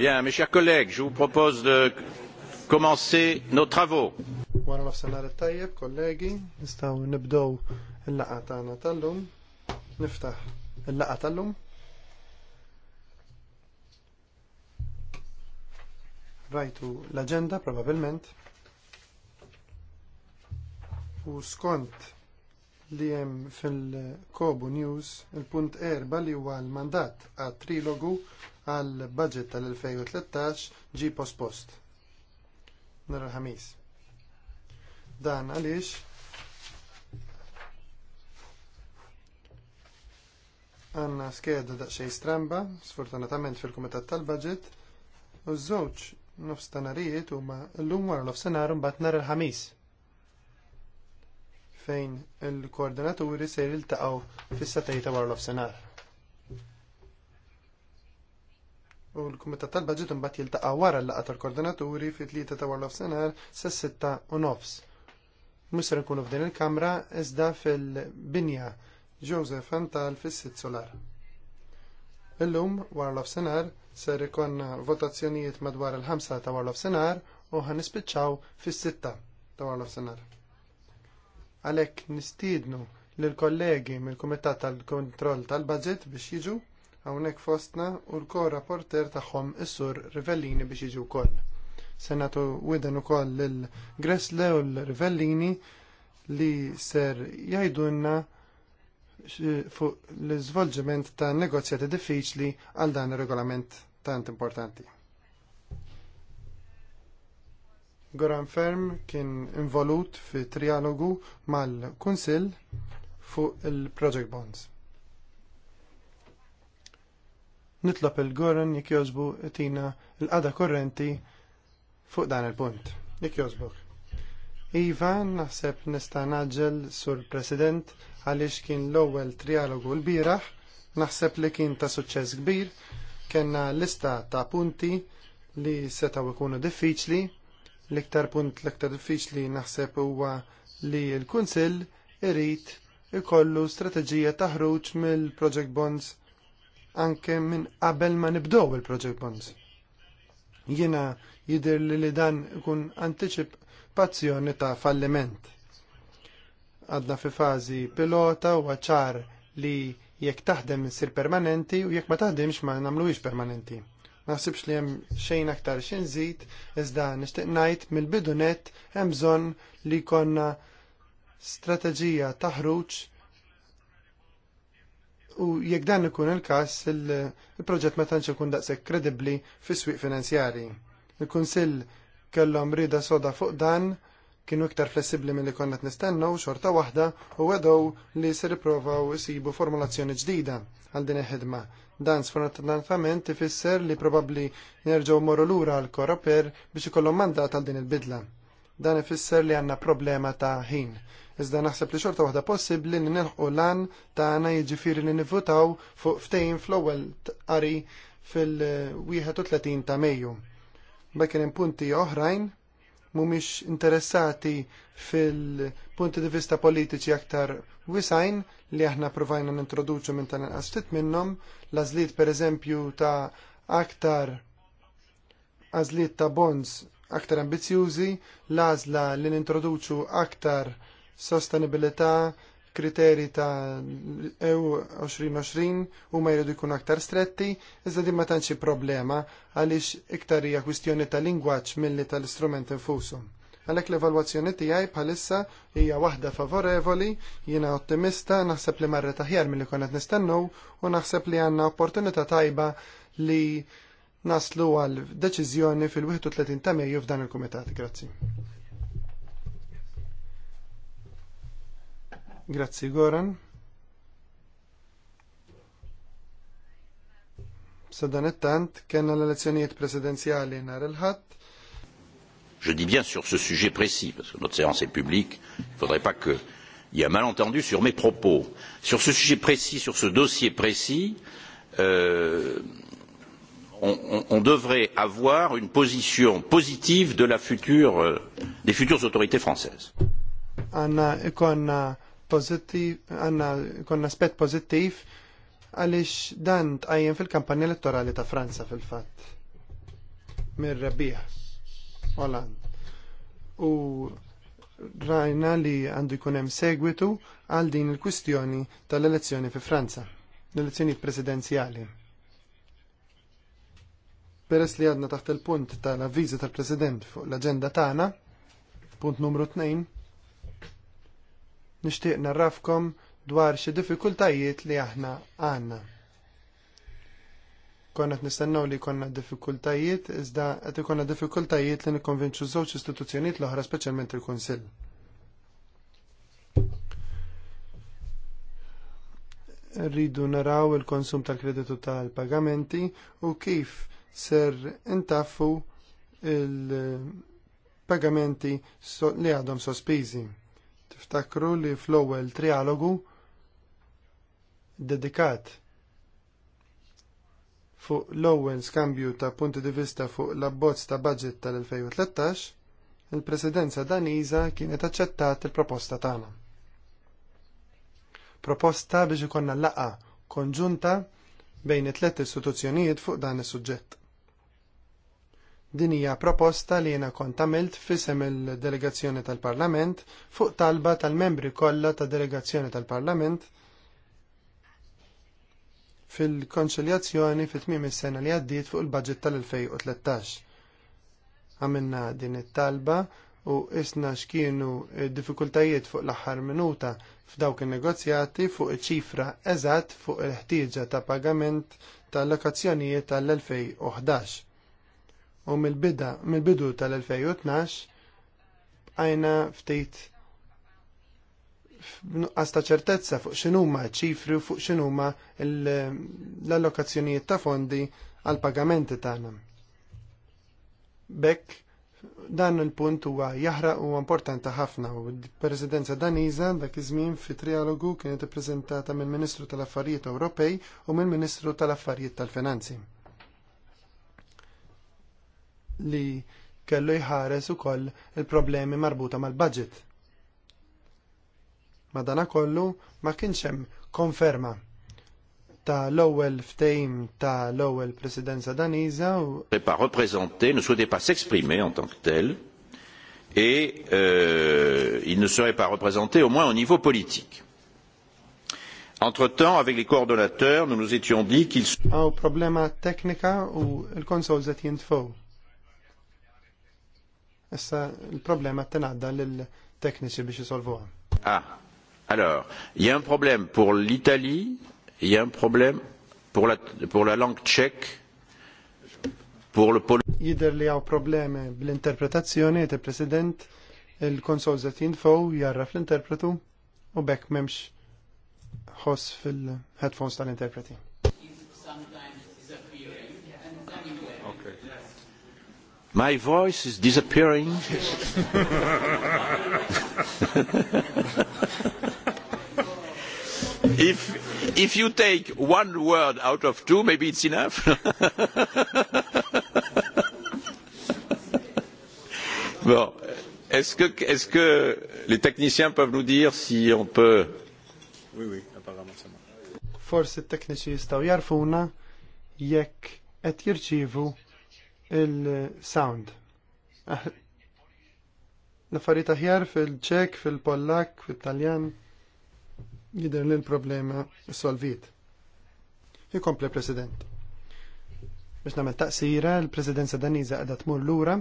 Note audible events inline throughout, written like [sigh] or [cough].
Bien, mes chers collègues, je vous propose de commencer nos travaux. Wara tajjeb kollegi, nistgħu nibdew il-laqgħa tagħna Niftaħ il-laqgħa Rajtu l-aġenda probabbilment. U skont li hemm fil-Kobu News il-punt erba li huwa l-mandat għat trilogu għal budget tal-2013 ġie pospost. Nar ħamis. Dan għaliex għandna skeda daqsxejn stramba, sfortunatament fil-Kumitat tal-Budget, u ż-żewġ nofstanarijiet huma llum wara nofsinhar mbagħad nhar il-ħamis fejn il-koordinaturi se jiltaqgħu fis-satejta wara l-ofsenar. u l-Kumitat tal-Budget imbagħad jiltaqa' wara l-laqgħa tal-koordinaturi fit-tlieta ta' warlof senar sas-sitta u nofs. Mhux nkunu f'din il-kamra iżda fil-binja Joseph Antal fis-sitt solar. Illum wara l ser ikonna votazzjonijiet madwar il-ħamsa ta' wara of Senar u ħanispiċċaw fis-sitta ta' wara l Għalhekk nistiednu lill kollegi mill-Kumitat tal-Kontroll tal-Budget biex jiġu hawnhekk fostna u l-ko-rapporter tagħhom is-sur Rivellini biex jiġi wkoll. Senatu widen ukoll lil Gressle u l-Rivellini li ser jgħidulna fuq l-iżvolġiment ta' negozjati diffiċli għal dan ir-regolament tant importanti. Goran Ferm kien involut fi trialogu mal-Kunsill fuq il-Project Bonds nitlob il-Goran jek jozbu tina l-qada korrenti fuq dan il-punt. Jek jozbuk. Iva, naħseb nista' naġġel sur President għaliex kien l-ewwel trialogu l-bieraħ, naħseb li kien ta' suċċess kbir, kellna lista ta' punti li setaw ikunu diffiċli, l-iktar punt l-iktar diffiċli naħseb huwa li l-Kunsill irid ikollu strateġija ta' ħruġ mill-Project Bonds anke minn qabel ma nibdow il-Project Bonds. Jiena jidir li, li dan ikun anticipazzjoni ta' falliment. Għadna fi fażi pilota u ċar li jekk taħdem sir permanenti u jekk ma taħdemx ma nagħmluhiex permanenti. Naħsibx li hemm xejn aktar xejn żid, iżda nixtieq ngħid mill-bidu nett hemm bżonn li jkollna strateġija taħruġ u jekk dan ikun il-każ il-proġett ma tantx ikun daqshekk kredibbli fis-swieq finanzjarji. Il-Kunsill kellhom rida soda fuq dan kienu iktar flessibbli milli konna qed nistennaw xorta waħda u għedow li se riprovaw isibu formulazzjoni ġdida għal din il-ħidma. Dan sfortunatament ifisser li probabli nerġgħu morru lura għal per biex ikollhom mandat għal din il-bidla dan ifisser li għandna problema ta' ħin. Iżda naħseb li xorta waħda possibbli li nilħqu lan ta' għana jiġifieri li nivvutaw fuq ftejn fl-ewwel qari fil-31 ta' Mejju. Bekken hemm punti oħrajn mumiex interessati fil-punti di vista politiċi aktar wisajn li aħna provajna nintroduċu minn tal ftit minnhom, l per eżempju ta' aktar għażliet ta' bonds aktar ambizjużi, l-għażla li nintroduċu aktar sostenibilità, kriteri ta' EU 2020 u ma jridu jkun aktar stretti, iżda din ma tantx problema għaliex iktar hija kwistjoni ta' lingwaġġ milli tal-istrument infushom. Għalhekk l-evalwazzjoni tiegħi bħalissa hija waħda favorevoli, jiena ottimista, naħseb li marret aħjar milli konna qed nistennew u naħseb li għandna opportunità tajba li naslu għal deċizjoni fil-31 ta' Mejju f'dan il-Kumitat. Grazzi. Grazzi Goran. Sadan it-tant kellna l-elezzjonijiet presidenzjali nar il ħat Je dis bien sur ce sujet précis, parce que notre séance est publique, il ne faudrait pas qu'il y ait un malentendu sur mes propos. Sur ce sujet précis, sur ce dossier précis, euh, on, on, on devrait avoir une position positive de la future, euh, des futures autorités françaises. Anna, ikonna pozittiv, anna, ikonna aspet pozittiv, għalix dan tqajjem fil-kampanja elettorali ta' Franza fil-fatt. Mir-rebbieħ, Oland. U rajna li għandu jkun segwitu għal din il-kwistjoni tal-elezzjoni fi Franza, l-elezzjoni presidenzjali. Peress li għadna taħt il-punt tal-avviżi tal-President fuq l-aġenda tagħna, punt numru 2, nixtieq narrafkom dwar xi diffikultajiet li aħna għandna. Konna qed nistennew li konna diffikultajiet iżda qed ikonna diffikultajiet li nikkonvinċu żewġ istituzzjonijiet l-oħra speċjalment il-Kunsill. Rridu naraw il-konsum tal-kreditu tal-pagamenti u kif ser intaffu il-pagamenti li għadhom sospiżi. Tiftakru li fl-ewwel trialogu dedikat fuq l-ewwel skambju ta' punti di vista fuq l-abbozz ta' budget tal-2013, il-presidenza Daniża kienet aċċettat il-proposta tagħna. Proposta biex ikonna laqgħa konġunta bejn it-tlet istituzzjonijiet fuq dan is-suġġett. Din hija proposta li jiena kont għamilt fisem il-delegazzjoni tal-Parlament fuq talba tal-membri kollha tad delegazzjoni tal-Parlament fil-konċiljazzjoni fit-tmiem is-sena li għaddiet fuq il-budget tal-2013. Għamilna din it-talba u isna x'kienu diffikultajiet fuq l-aħħar minuta f'dawk in-negozjati fuq iċ-ċifra eżatt fuq il-ħtieġa ta' pagament tal-lokazzjonijiet tal-2011 u mill-bida, mill-bidu tal-2012 għajna ftit għasta ta' ċertezza fuq x'inhuma ċifri u fuq xinuma l-allokazzjonijiet ta' fondi għal pagamenti tagħna. Bekk dan il-punt huwa jaħraq u importanti ħafna u d-Presidenza Daniża dak iż-żmien fi trialogu kienet ippreżentata mill-Ministru tal-Affarijiet Ewropej u mill-Ministru tal-Affarijiet tal-Finanzi li kellu jħares ukoll il-problemi marbuta mal-budget. Madana kollu ma kienx hemm konferma ta' l-ewwel ftehim ta' l-ewwel presidenza Daniża u pas représenté, ne souhaitait pas s'exprimer en tant que tel et euh, il ne serait pas représenté au moins au niveau politique. Entre-temps, avec les coordonnateurs, nous nous étions dit qu'il... Għaw problema teknika u l-konsol zet jintfow. Issa il-problema t-tenadda l-tekniċi biex jisolvuha. Ah, allora, il y a un problème pour l'Italie, il y a un problème pour la, pour la langue tchèque, pour le pol... Jider li għaw problemi bl-interpretazzjoni, te president, il-konsol zetin fow jarra fl interpretu u bekk memx ħoss fil-headphones tal-interpreti. My voice is disappearing. if, if you take one word out of two, maybe it's enough. bon. Est-ce que, est que les techniciens peuvent nous dire si on peut... Oui, oui, apparemment ça marche. Forse tekniċi jistaw jarfuna jekk qed jirċievu il-sound. Ah. L-affarijiet aħjar fil-ċek, fil-Pollak, fil-Taljan jidher li l-problema solvit. Jikompli President. Biex nagħmel taqsira, l-Presidenza Daniża qiegħda tmur lura.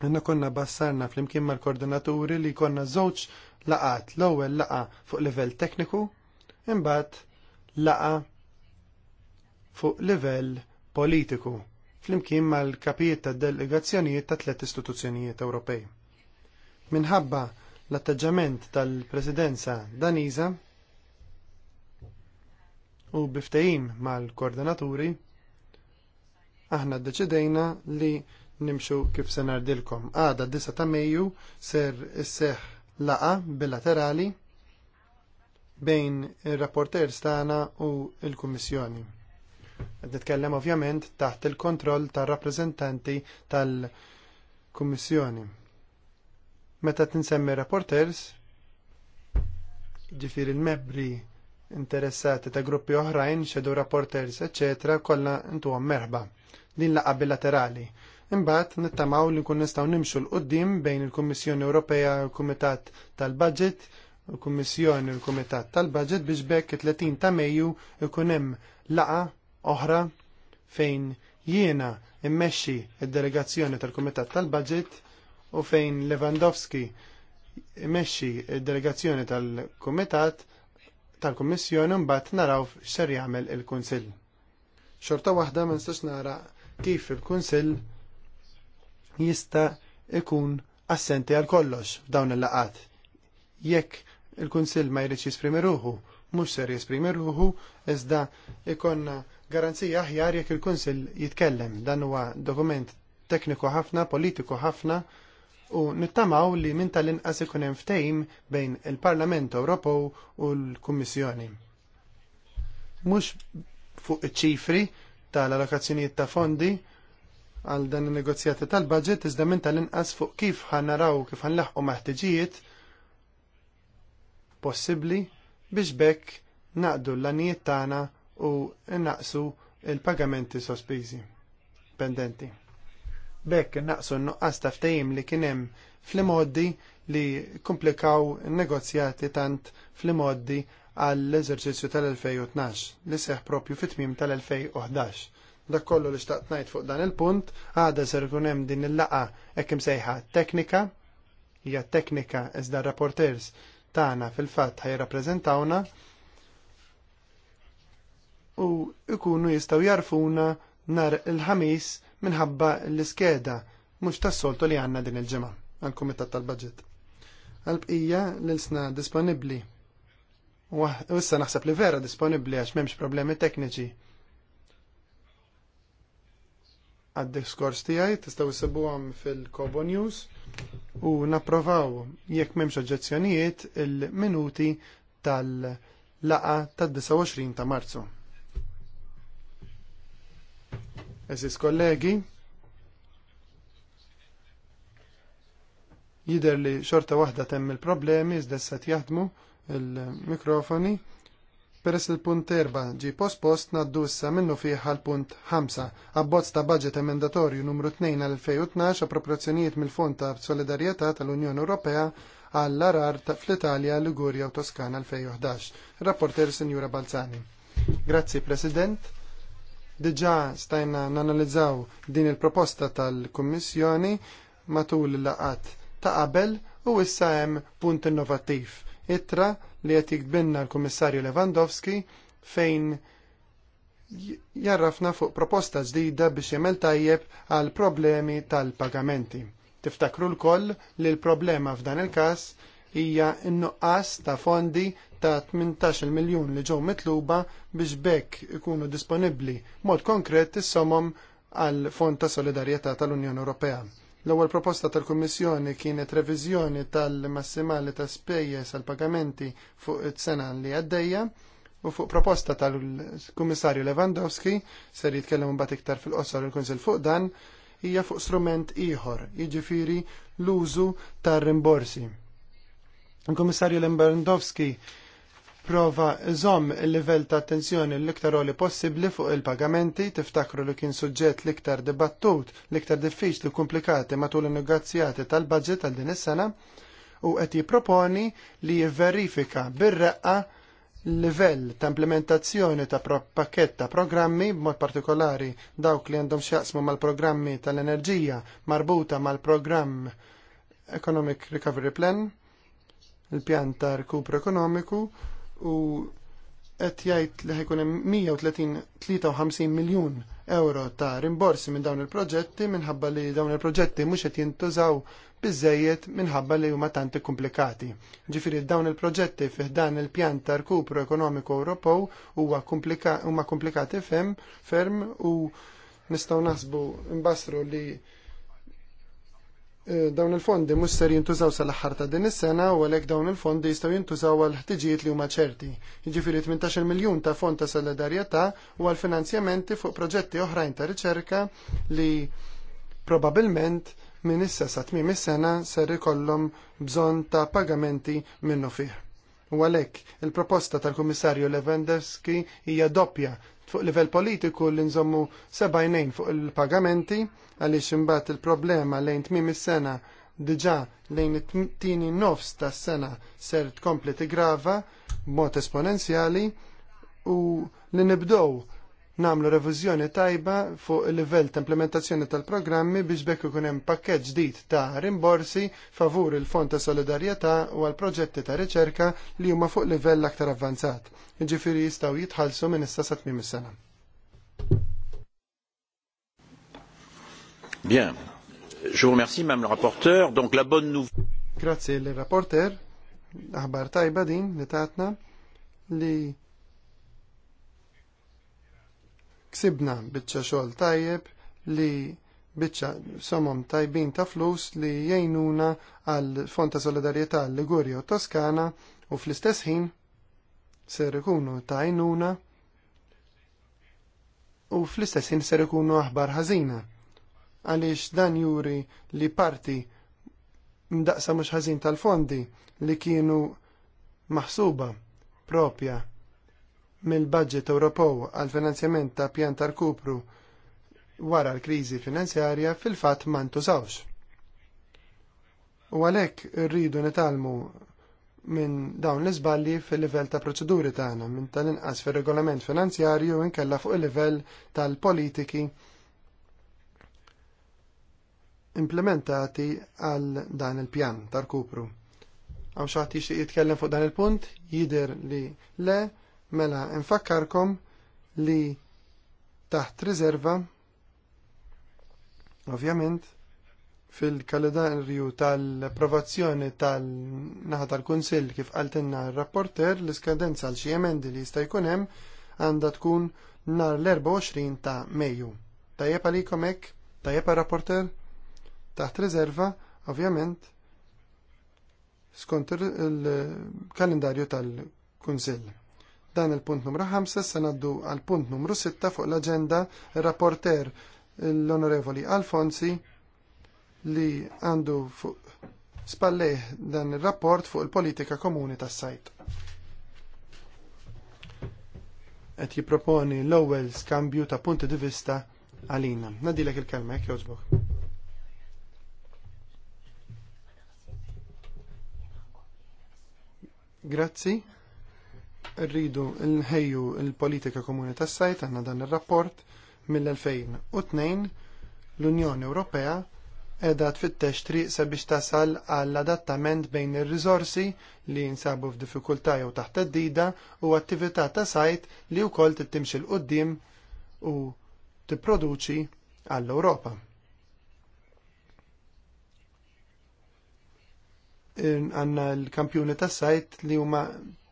Għanna konna bassarna fl-imkien mal-koordinaturi li konna żewġ laqat l-ewwel laqa fuq livell tekniku, imbagħad laqa fuq livell politiku flimkien mal-kapijiet tad delegazzjonijiet ta' tliet istituzzjonijiet Ewropej. Minħabba l-atteġġament tal-Presidenza Daniża u biftejim mal-koordinaturi aħna ddeċidejna li nimxu kif se nardilkom. Għada 9 ta' Mejju ser isseħ laqa bilaterali bejn ir rapporters tagħna u l-Kummissjoni. Qed nitkellem ovvjament taħt il-kontroll tar-rappreżentanti tal-Kummissjoni. Meta tinsemmi rapporters, ġifir l membri interessati ta' gruppi oħrajn, xedu rapporters, ecc., kollha intuhom merħba. Din laqa' bilaterali. Imbagħad nittamaw li nkun nistgħu nimxu l qudiem bejn il-Kummissjoni Ewropea u l-Kumitat tal-Budget, u l-Kummissjoni u l-Kumitat tal-Budget biex bekk 30 ta' Mejju ikun hemm laqa oħra fejn jiena immexxi id-delegazzjoni tal-Kumitat tal-Budget u fejn Lewandowski immexxi id-delegazzjoni tal-Kumitat tal-Kummissjoni mbagħad naraw x'ser jagħmel il-Kunsill. Xorta waħda ma nistax nara kif il-Kunsill jista' ikun assenti għal kollox f'dawn il-laqat. Jekk il-Kunsill ma jridx jisprimi ruħu, mhux ser jisprimi ruħu, iżda ikonna garanzija aħjar jekk il kunsill jitkellem. Dan huwa dokument tekniku ħafna, politiku ħafna u nittamaw li minn tal-inqas ikun hemm ftehim bejn il-Parlament Ewropew u l-Kummissjoni. Mhux fuq iċ-ċifri tal-allokazzjonijiet ta' fondi għal dan il-negozjati tal-budget iżda minn tal-inqas fuq kif ħanaraw kif laħqu maħtiġijiet possibbli biex bekk naqdu l-lanijiet tagħna u innaqsu il-pagamenti sospiżi pendenti. Bekk innaqsu n-nuqqas taftajim li kien hemm fl moddi li komplikaw negozjati tant fl moddi għall-eżerċizzju tal-2012 li seħ propju fit-tmim tal-2011 dak kollu li xtaqt ngħid fuq dan il-punt, għada ser ikun hemm din il-laqa hekk imsejħa teknika, hija teknika iżda rapporters tagħna fil-fatt ħajrappreżentawna u ikunu jistaw jarfuna nar il-ħamis minħabba l-iskeda mhux tas-soltu li għandna din il-ġimgħa għal kumitat tal għal Għalbqija l-sna disponibbli. U issa naħseb li vera disponibbli għax m'hemmx problemi tekniċi. Għad-diskors tiegħi jisibu għam fil-Kobo News u napprovaw jekk m'hemmx oġġezzjonijiet il-minuti tal- laqa tad-29 ta' Marzu. Eżis kollegi, jider li xorta waħda temm il-problemi, iżdessat jaħdmu il-mikrofoni. Peress il-punt erba ġi post-post naddu issa minnu fiħa punt 5. Abbozz ta' budget emendatorju numru 2 għal-2012 appropriazzjonijiet mill-Fond ta' Solidarjetà tal-Unjoni Ewropea għall-arar fl-Italja, Ligurja u Toskana għal 2011. Rapporter Signora Balzani. Grazzi, President. Diġà stajna nanalizzaw din il-proposta tal-Kummissjoni matul il-laqat ta' qabel u issa hemm punt innovattiv. Ittra li qed jikbinna l-Kummissarju Lewandowski fejn jarrafna fuq proposta ġdida biex jemel tajjeb għal problemi tal-pagamenti. Tiftakru l-koll li l-problema f'dan il-kas hija n-nuqqas ta' fondi ta' 18 miljun li ġew mitluba biex bekk ikunu disponibbli mod konkret is-somom għal Fond ta' Solidarjetà tal-Unjoni Ewropea. L-ewwel proposta tal-Kummissjoni kienet reviżjoni tal-massimali ta' spejjeż għal pagamenti fuq it-sena li għaddejja u fuq proposta tal-Kummissarju Lewandowski ser jitkellem mbagħad iktar fil-qosor il kunsill fuq dan hija fuq strument ieħor, jiġifieri l-użu tar-rimborsi Il-Kummissarju Lemberndowski prova zom il-livell ta' attenzjoni l-iktar oli possibbli fuq il-pagamenti, tiftakru li kien suġġett l-iktar dibattut, l-iktar diffiċli u komplikati matul il-negozjati tal-budget tal din is-sena u qed jipproponi li jivverifika bir-reqqa livell ta' implementazzjoni ta' pakket ta' programmi b'mod partikolari dawk li għandhom xjaqsmu mal-programmi tal-enerġija marbuta mal-programm Economic Recovery Plan il-pjan ta' rikupru ekonomiku u qed jgħid li ħajkun hemm 153 miljun euro ta' rimborsi minn dawn il-proġetti minħabba li dawn il-proġetti mhux qed jintużaw biżejjed minħabba li huma tant komplikati. Ġifieri dawn il-proġetti fih dan il-pjan ta' rkupru ekonomiku Ewropew huwa huma komplikati ferm ferm u nistgħu naħsbu imbastru li Eh, dawn il-fondi mhux ser jintużaw sal-aħħar ta' din is-sena u għalhekk dawn il-fondi jistgħu jintużaw għal ħtiġijiet li huma ċerti. Jiġifieri 18 miljun ta' fond ta' solidarjetà u għal finanzjamenti fuq proġetti oħrajn ta' riċerka li probabbilment minn issa sa tmiem is-sena ser ikollhom bżonn ta' pagamenti minnu fih. U għalhekk il-proposta tal-Kummissarju Lewandowski hija doppja fuq livell politiku li nżommu sebajnejn fuq il-pagamenti għaliex imbagħad il-problema lejn tmiem is-sena diġà lejn it-tieni nofs tas-sena ser tkompli tigrava b'mod esponenzjali u li nibdow namlu reviżjoni tajba fuq il-livell ta' implementazzjoni tal-programmi biex bekk ikun hemm pakkeġġ ġdid ta' rimborsi favur il-Fond ta' Solidarjetà u għal proġetti ta' riċerka li huma fuq livell aktar avvanzat. Jiġifieri jistgħu jitħallsu minn issa sa tmiem is-sena. Bien. Je vous remercie, Madame le rapporteur. Donc la bonne nouvelle. Grazie, le rapporteur. Aħbar tajba din li tatna li ksibna biċċa xogħol tajjeb li biċċa somom tajbin ta' flus li jgħinuna għal Fond ta' Solidarjetà Ligurja u Toskana u fl-istess ħin ser ikunu ta' għajnuna u fl-istess ħin ser ikunu aħbar ħażina għaliex dan juri li parti mdaqsa mhux ħażin tal-fondi li kienu maħsuba propja mill-budget Ewropew għal finanzjament ta' pjan tar-kupru wara l-kriżi finanzjarja fil-fatt ma ntużawx. U għalhekk irridu nitalmu minn dawn l-iżballi fil-livell ta' proċeduri tagħna minn tal-inqas fir-regolament finanzjarju inkella fuq il-livell tal-politiki implementati għal dan il-pjan tar-kupru. Għaw xaħti xie jitkellem fuq dan il-punt, jider li le, Mela, infakkarkom li taħt riserva, ovvjament, fil-kalendarju tal-approvazzjoni tal-naħa tal-Kunsill kif qaltenna r-rapporter l-iskadenza għal xi emendi li jista' jkun hemm għandha tkun nhar l-24 ta' Mejju. Tajjeb għalikom hekk, tajjeb rapporter taħt riserva, ovvjament, skont il-kalendarju tal-Kunsill dan il-punt numru 5 se naddu għal punt numru 6 fuq l-agenda il-rapporter l-onorevoli Alfonsi li għandu fuq spalleh dan il-rapport fuq il-politika komuni tas sajt Et jiproponi l-ewwel skambju ta' punti di vista għalina. Nadilek il-kelma, jek joġbok. Grazzi rridu nħejju l-politika komuni tas sajt għandna dan ir-rapport mill-2002 l-Unjoni Ewropea edha tfittex triq sabiex tasal għall adattament bejn ir-riżorsi li jinsabu f'diffikultà jew taħt id-dida u attività ta' sajt li wkoll tittimxi l qudiem u tipproduċi għall-Ewropa. għanna l kampjuni tas sajt li huma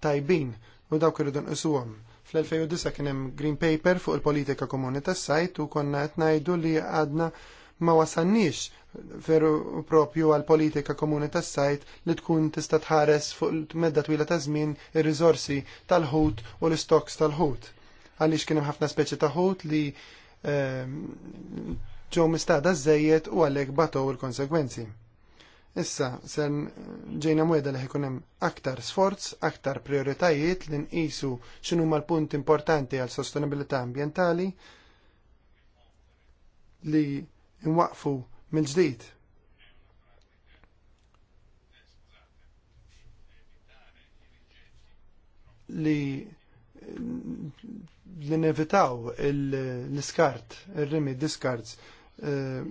tajbin u dawk irridu nqisuhom. Fl-2009 kien hemm Green Paper fuq il-politika komuni tas-sajt u konna qed ngħidu li għadna ma wasannix veru propju għal politika komuni tas-sajt li tkun tista' tħares fuq medda twila ta' żmien ir rizorsi tal-ħut u l-istoks tal-ħut. Għaliex kien hemm ħafna speċi ta' ħut li ehm, ġew mistada żejjed u għalhekk batow il-konsegwenzi. Issa, sen ġejna mweda li ħikunem aktar sforz, aktar prioritajiet li nqisu xinu l punt importanti għal sostenibilità ambientali li nwaqfu mill-ġdid. Li l nevitaw l-iskart, il-rimi diskards Eh,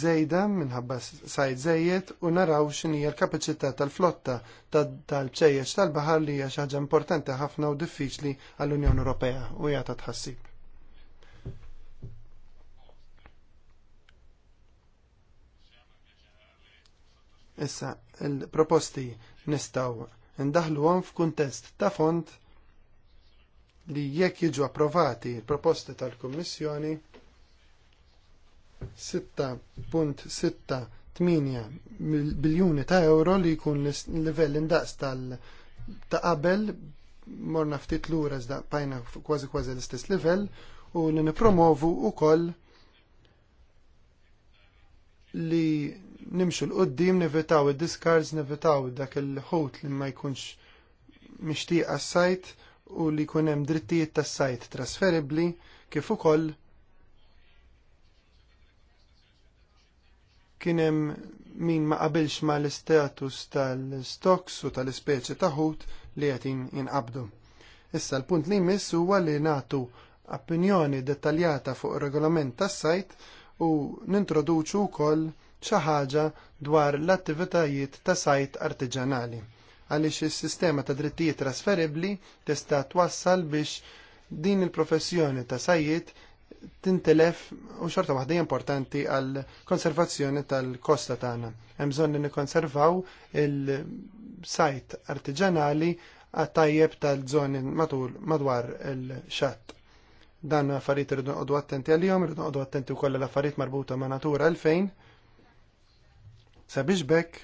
zejda minħabba sajt zejjed u naraw x'inhi l-kapaċità tal-flotta tal-ċejjeġ tal-baħar li hija xi ħaġa importanti ħafna u diffiċli għall-Unjoni Ewropea u hija tħassib. Issa, il-proposti nistgħu ndaħluhom f'kuntest ta' font li jekk jiġu approvati l proposti tal-Kummissjoni 6.68 biljuni ta' euro li jkun livell indaqs tal ta' qabel morna ftit lura iżda bajna kważi kważi l-istess livell u li nipromovu wkoll li nimxu l-qoddim nevetaw id-discards nevetaw dak il-ħut li ma jkunx mixtieq għas-sajt u li jkun hemm drittijiet tas-sajt trasferibbli kif ukoll kien hemm min ma qabilx ma l-istatus tal-stoks u tal-ispeċi taħut li jatin jinqabdu. Issa l-punt li jmiss huwa li nagħtu opinjoni dettaljata fuq ir-regolament tas-sajt u nintroduċu wkoll xi ħaġa dwar l-attivitajiet ta' sajt artiġanali għaliex is-sistema ta' drittijiet trasferibbli tista' twassal biex din il-professjoni ta' sajjiet tintelef u xorta waħda importanti għal konservazzjoni tal-kosta tagħna. Hemm bżonn li nikkonservaw il-sajt artiġanali għat-tajjeb tal-żoni matul madwar il-xatt. Dan affarijiet irridu noqogħdu attenti għalihom, irridu noqogħdu attenti wkoll l-affarijiet marbuta ma' natura għalfejn. Sabiex bekk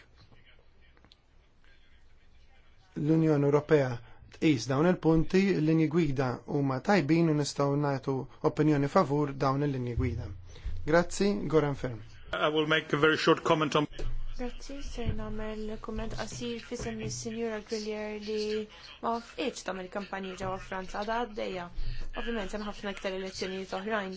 l-Unjoni Ewropea Is dawn il-punti l-linji gwida huma tajbin u nistgħu nagħtu opinjoni favur dawn il-linji gwida. Grazzi, Goran Ferm. I will make a very short comment on Grazzi, ser namel komment qasir fisem li Signora Grillier li ma tam tagħmel kampanji ġewwa Franza għadha għaddejja. Ovvjament hemm ħafna iktar elezzjonijiet oħrajn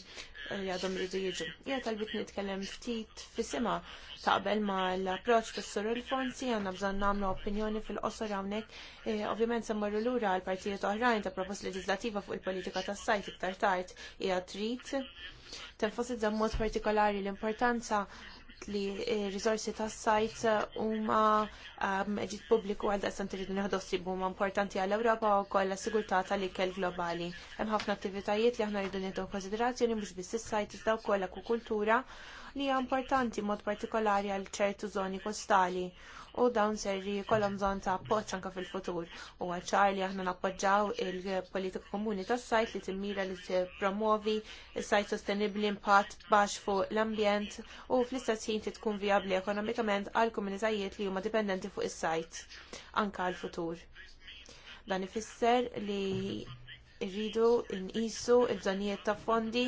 li għadhom ridu jiġu. Jien talbit nitkellem ftit fissima taqbel ma l-approċ fis sur il-fonsi għanna bżonn nagħmlu opinjoni fil-qosor hawnhekk. Eh, ovvjament semmarru marru lura għal partijiet oħrajn ta' propost leġislattiva fuq il-politika tas-sajt iktar tard hija trid tenfasizza mod partikolari l-importanza li r ta' tas-sajt eh, huma ehm, eġit pubbliku għal daqstant neħdu neħdossi huma importanti għall Ewropa u wkoll sigurtà tal-ikel globali. Hemm ħafna attivitajiet li aħna rridu nieħdu konsiderazzjoni mhux biss is-sajt iżda wkoll akwakultura li hija importanti mod partikolari għal ċertu żoni kostali u dawn serri jkollhom bżonn ta' appoġġ anke fil-futur. U għalċar li aħna nappoġġaw il-politika komuni tas-sajt li timmira li tippromovi s-sajt sostenibbli impatt baxx fuq l-ambjent u fl-istess ħin tkun vijabbli ekonomikament għal komunitajiet li huma dipendenti fuq is-sajt anke għall futur Dan ifisser li irridu nqisu il-bżonijiet ta' fondi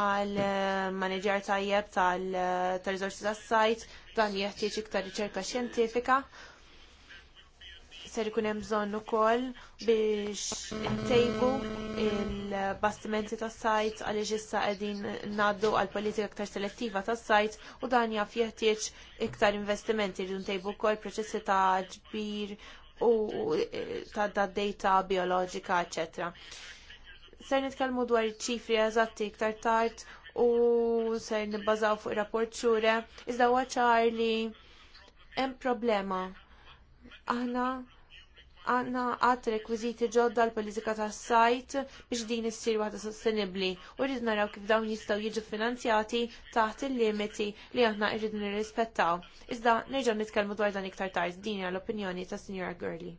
għal eh, maneġer tajjeb tal-rizorsi eh, tas-sajt dan jeħtieġ iktar riċerka xjentifika ser ikun hemm bżonn ukoll biex ntejbu il-bastimenti tas-sajt għaliex issa qegħdin ngħaddu għal politika aktar selettiva tas-sajt u dan jaf jeħtieġ iktar investimenti rridu ntejbu wkoll proċessi ta' ġbir u eh, ta' da' data biologika, etc. Ser nitkellmu dwar ċifri eżatti iktar tard u ser nibbażaw fuq rapport xure, iżda huwa ċar li hemm problema. Aħna għanna għat rekwiziti ġodda l-politika tas sajt biex din issir waħda sostenibbli u rrid naraw kif dawn jistgħu jiġu finanzjati taħt il-limiti li aħna rridu nirrispettaw. Iżda nerġa' nitkellmu dwar dan iktar tard din hija l-opinjoni ta' Sinjora Gurley.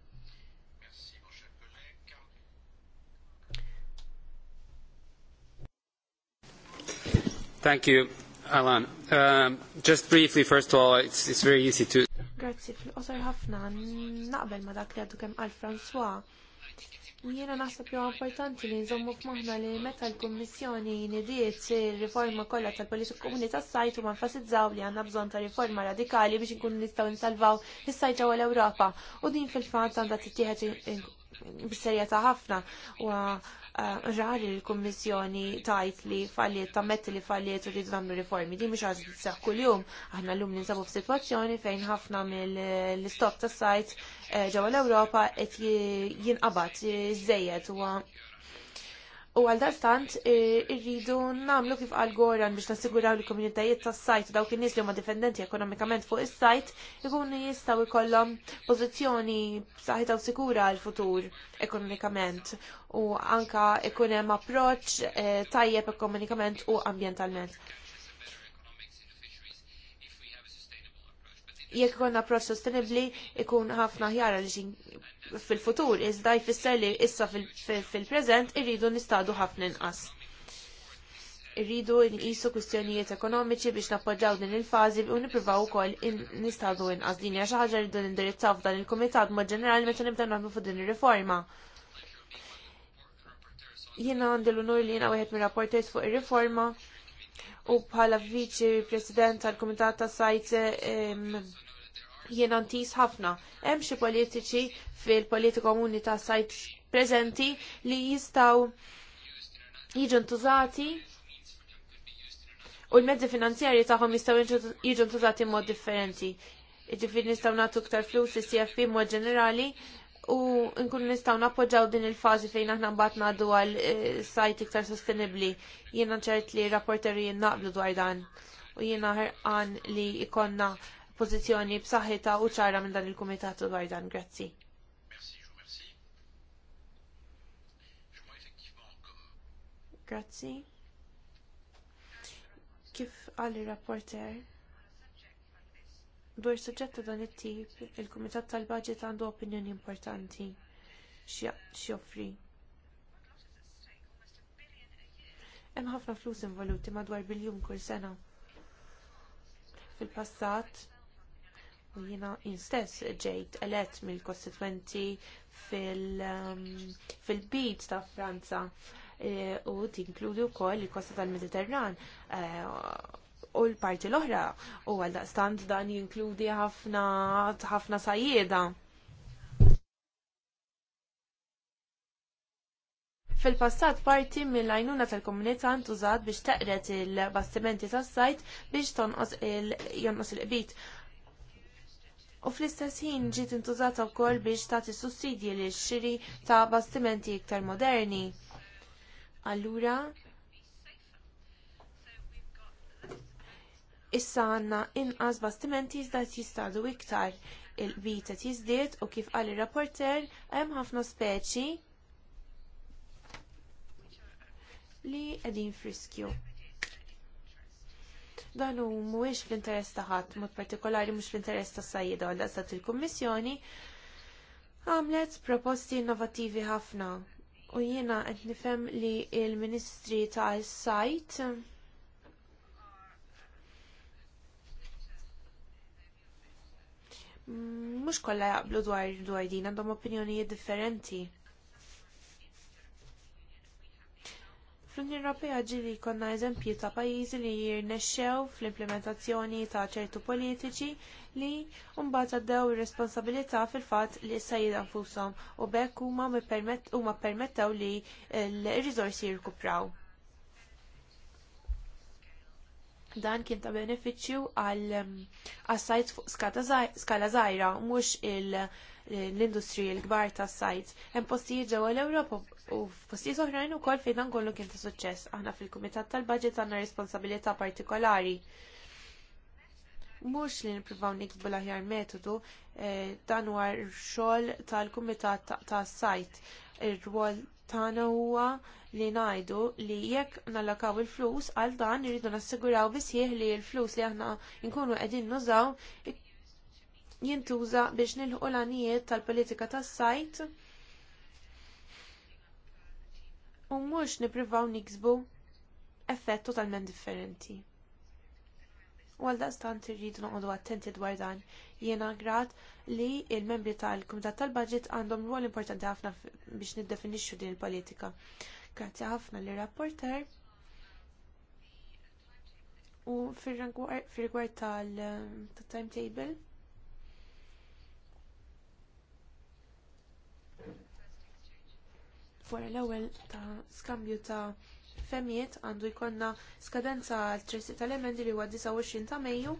Thank you, Alan. Um, just briefly, first of all, it's, it's very easy to Grazzi fil-qosor ħafna naqbel ma dak li għaddu kemm għal François. Jiena naħseb jew importanti li nżommu f'moħħna li meta l-Kummissjoni nidiet ir-riforma kollha tal-politika komuni tas-sajt ma nfasizzaw li għandna bżonn ta' riforma radikali biex inkunu nistgħu nsalvaw is-sajt ġewwa l-Ewropa. U din fil-fatt għandha tittieħed bis-serjetà ħafna u Eh, li l kommissjoni tajt li falliet, tammet li falliet u rridu nagħmlu riformi. Di mhux kull-jum, kuljum. Aħna llum ninsabu f'sitwazzjoni fejn ħafna mill-istok tas-sajt eh, ġewwa l-Ewropa qed jinqabad żejjed huwa U għal e, irridu namlu kif għal Goran biex nassiguraw li komunitajiet tas sajt u dawk il nies li huma dipendenti ekonomikament fuq is-sajt ikunu jistgħu jkollhom pożizzjoni saħita u sikura għal futur ekonomikament u anka ikun hemm approċċ e, tajjeb ekonomikament u ambjentalment. jekk ikun approċċ sostenibbli ikun ħafna ħjar xin fil-futur iżda jfisser li issa fil-preżent irridu nistadu ħafna inqas. Irridu nqisu kwistjonijiet ekonomiċi biex nappoġġaw din il-fażi u nippruvaw ukoll nistadu inqas din hija xi ħaġa rridu nindirizzaw f'dan il-kumitat mod ġenerali meta nibda nagħmlu fuq din ir-riforma jiena għandil unur li jiena wieħed mir rapporters fuq il-reforma u bħala viċi president tal-Kumitat ta' Sajt jiena ntis ħafna. Hemm xi politiċi fil-politika komuni ta' sajt preżenti li jistgħu jiġu ntużati u l-mezzi finanzjarji tagħhom jistgħu jiġu ntużati mod differenti. Ġifir nistgħu nagħtu iktar flus is-CFP mod ġenerali u nkun nistgħu nappoġġaw din il-fażi fejn aħna mbagħad ngħaddu għal eh, sajt iktar sostenibbli. Jiena ċert li rapporteri naqblu dwar dan u jiena ħerqan li ikonna pożizzjoni b'saħħitha u ċara minn dan il-kumitat dwar dan. Grazzi. Grazzi. Kif għal il-rapporter? Dwar suġġett ta' dan it-tip, il-Kumitat tal-Baġit għandu opinjoni importanti x'joffri. Hemm ħafna flus involuti madwar biljun kull sena. Fil-passat, u jiena instess ġejt elett mill-kostitwenti um, fil-bid ta' Franza eh, u tinkludi wkoll il-kosta tal-Mediterran eh, u l-parti l-oħra u għal daqstant dan jinkludi ħafna ħafna sajjeda. Fil-passat parti mill-għajnuna tal-komunità ntużat biex taqret il-bastimenti tas-sajt biex tonqos il-jonqos il-qbit. U fl-istess ħin ġiet intużata wkoll biex tagħti sussidji lix xiri ta' bastimenti iktar moderni. Allura, Issa għandna inqas bastimenti iżda jistadu iktar il-vita jiżdied u kif qal ir rapporter hemm ħafna speċi li qegħdin friskju. Dan mhuwiex fl-interess ta' ħadd, mod partikolari mhux fl-interess tas sajjida għal daqsat il-Kummissjoni għamlet proposti innovattivi ħafna u jiena qed nifhem li l ministri tas sajt mhux kollha jaqblu dwar dwar din għandhom opinjonijiet differenti. Fl-Unjoni Ewropea ġili jkollna eżempji ta' pajjiżi li jirnexxew fl-implementazzjoni ta' ċertu politiċi li mbagħad għaddew ir-responsabilità fil-fatt li issa sajjid anfushom u bekk huma huma permettew li l-riżorsi jirkupraw. Dan kien ta' benefiċċju għal għas-sajt fuq skala zaħira, mux l industriji l-kbar ta' sajt. Hemm postijiet ġewwa l-Ewropa u postijiet oħrajn ukoll fejn dan kollu kien ta' suċċess. Aħna fil-Kumitat tal-Baġit għandna responsabilità partikolari mux li nipprivaw nikbu l-aħjar metodu eh, dan huwa xogħol tal-kumitat tas sajt ir-rwol tagħna huwa li ngħidu li jekk nallakaw il-flus għal dan irridu nassiguraw bisħieħ li l-flus li aħna nkunu qegħdin nużaw jintuża biex nilħu l-għanijiet tal-politika tas-sajt u mhux nippruvaw niksbu effett totalment differenti. U għal daqstant irridu noqogħdu attenti dwar dan. Jiena grat li l membri tal-Kumitat tal-Budget għandhom rwol importanti ħafna biex niddefinixxu din il-politika. Grazzi ħafna lir rapporter U fir-rigward tal-timetable. Eh, Wara l-ewwel ta' skambju ta' femijiet għandu jkollna skadenza għal-tresi tal-emendi li huwa 29 ta' Mejju.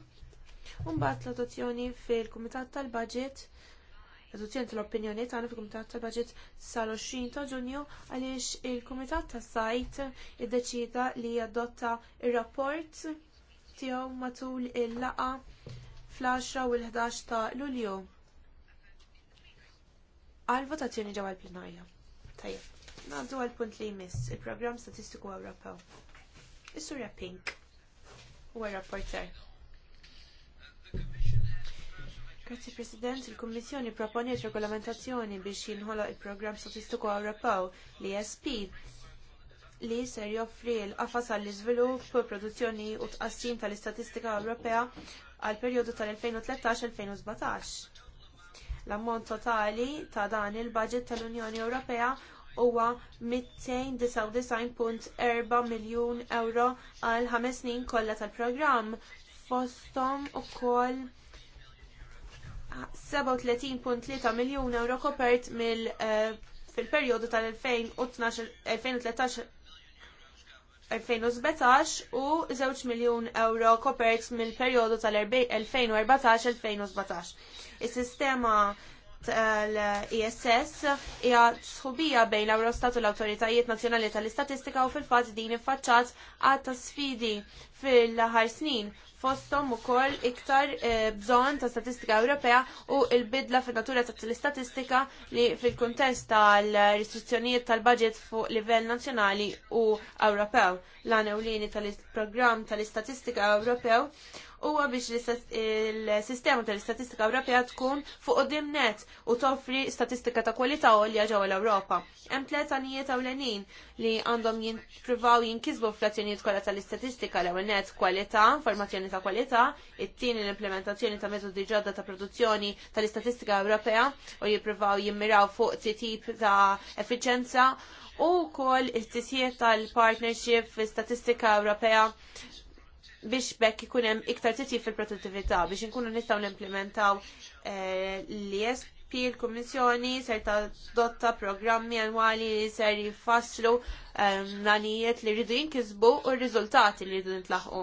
Mbagħad l-adozzjoni fil-Kumitat tal-Budget Adozzjoni fil kumitat tal l adozzjoni tal opinjoni tagħna fil-Kumitat tal-Budget sal-20 ta' Ġunju għaliex il-Kumitat tas-Sajt iddeċida li jadotta ir-rapport tiegħu matul il laqgħa fl-10 u l-11 ta' Lulju. Għal votazzjoni ġewwa l-plenarja. Tajjeb. Naddu għal punt li jmiss il-programm statistiku Ewropew. Is-surja Pink huwa rapporter. Grazie President, il-Kommissjoni pproponiet regolamentazzjoni biex jinħolo il-Programm Statistiku Ewropew l isp li ser joffri l-qafas għall iżvilupp produzzjoni u tqassim tal-istatistika Ewropea għal perjodu tal-2013-2017. L-ammont totali ta' dan il-budget tal-Unjoni Ewropea huwa 299.4 miljun euro għal ħames snin kollha tal-programm fosthom ukoll 37.3 miljun euro kopert mill eh, fil-perjodu tal 2013 2017 u 2 miljun euro kopert mill-perjodu tal-2014-2017. Is-sistema taħt l-ISS hija sħubija bejn l-Eurostat u l-Awtoritajiet Nazzjonali tal-Istatistika u fil-fatt din iffaċċat għad ta' sfidi fil-ħar snin fosthom ukoll iktar eh, bżonn ta' statistika Ewropea u l-bidla fin-natura tal-istatistika li fil-kuntest tal-restrizzjonijiet tal-budget fuq livell nazzjonali u Ewropew. L-għanewlini tal tal-istatistika Ewropew huwa biex il-sistema tal-istatistika Ewropea tkun fuq qudiem net u toffri statistika ta' kwalità għolja ġewwa l-Ewropa. Hemm tliet anijiet ewlenin li għandhom jippruvaw jinkisbu fl-azzjonijiet kollha tal-istatistika l-ewwel net kwalità, informazzjoni ta' kwalità, it-tieni l-implementazzjoni ta' metodi ġodda ta' produzzjoni tal-istatistika Ewropea u jippruvaw jimmiraw fuq tip ta' effiċenza u kol il tisjiet tal-partnership statistika Ewropea biex bekk ikun hemm iktar titji fil-produttività biex inkunu nistgħu nimplementaw eh, l-ISP l-Kummissjoni ser dotta programmi annwali li ser jifasslu nanijiet ehm, li rridu jinkisbu u r-riżultati li rridu nitlaħqu.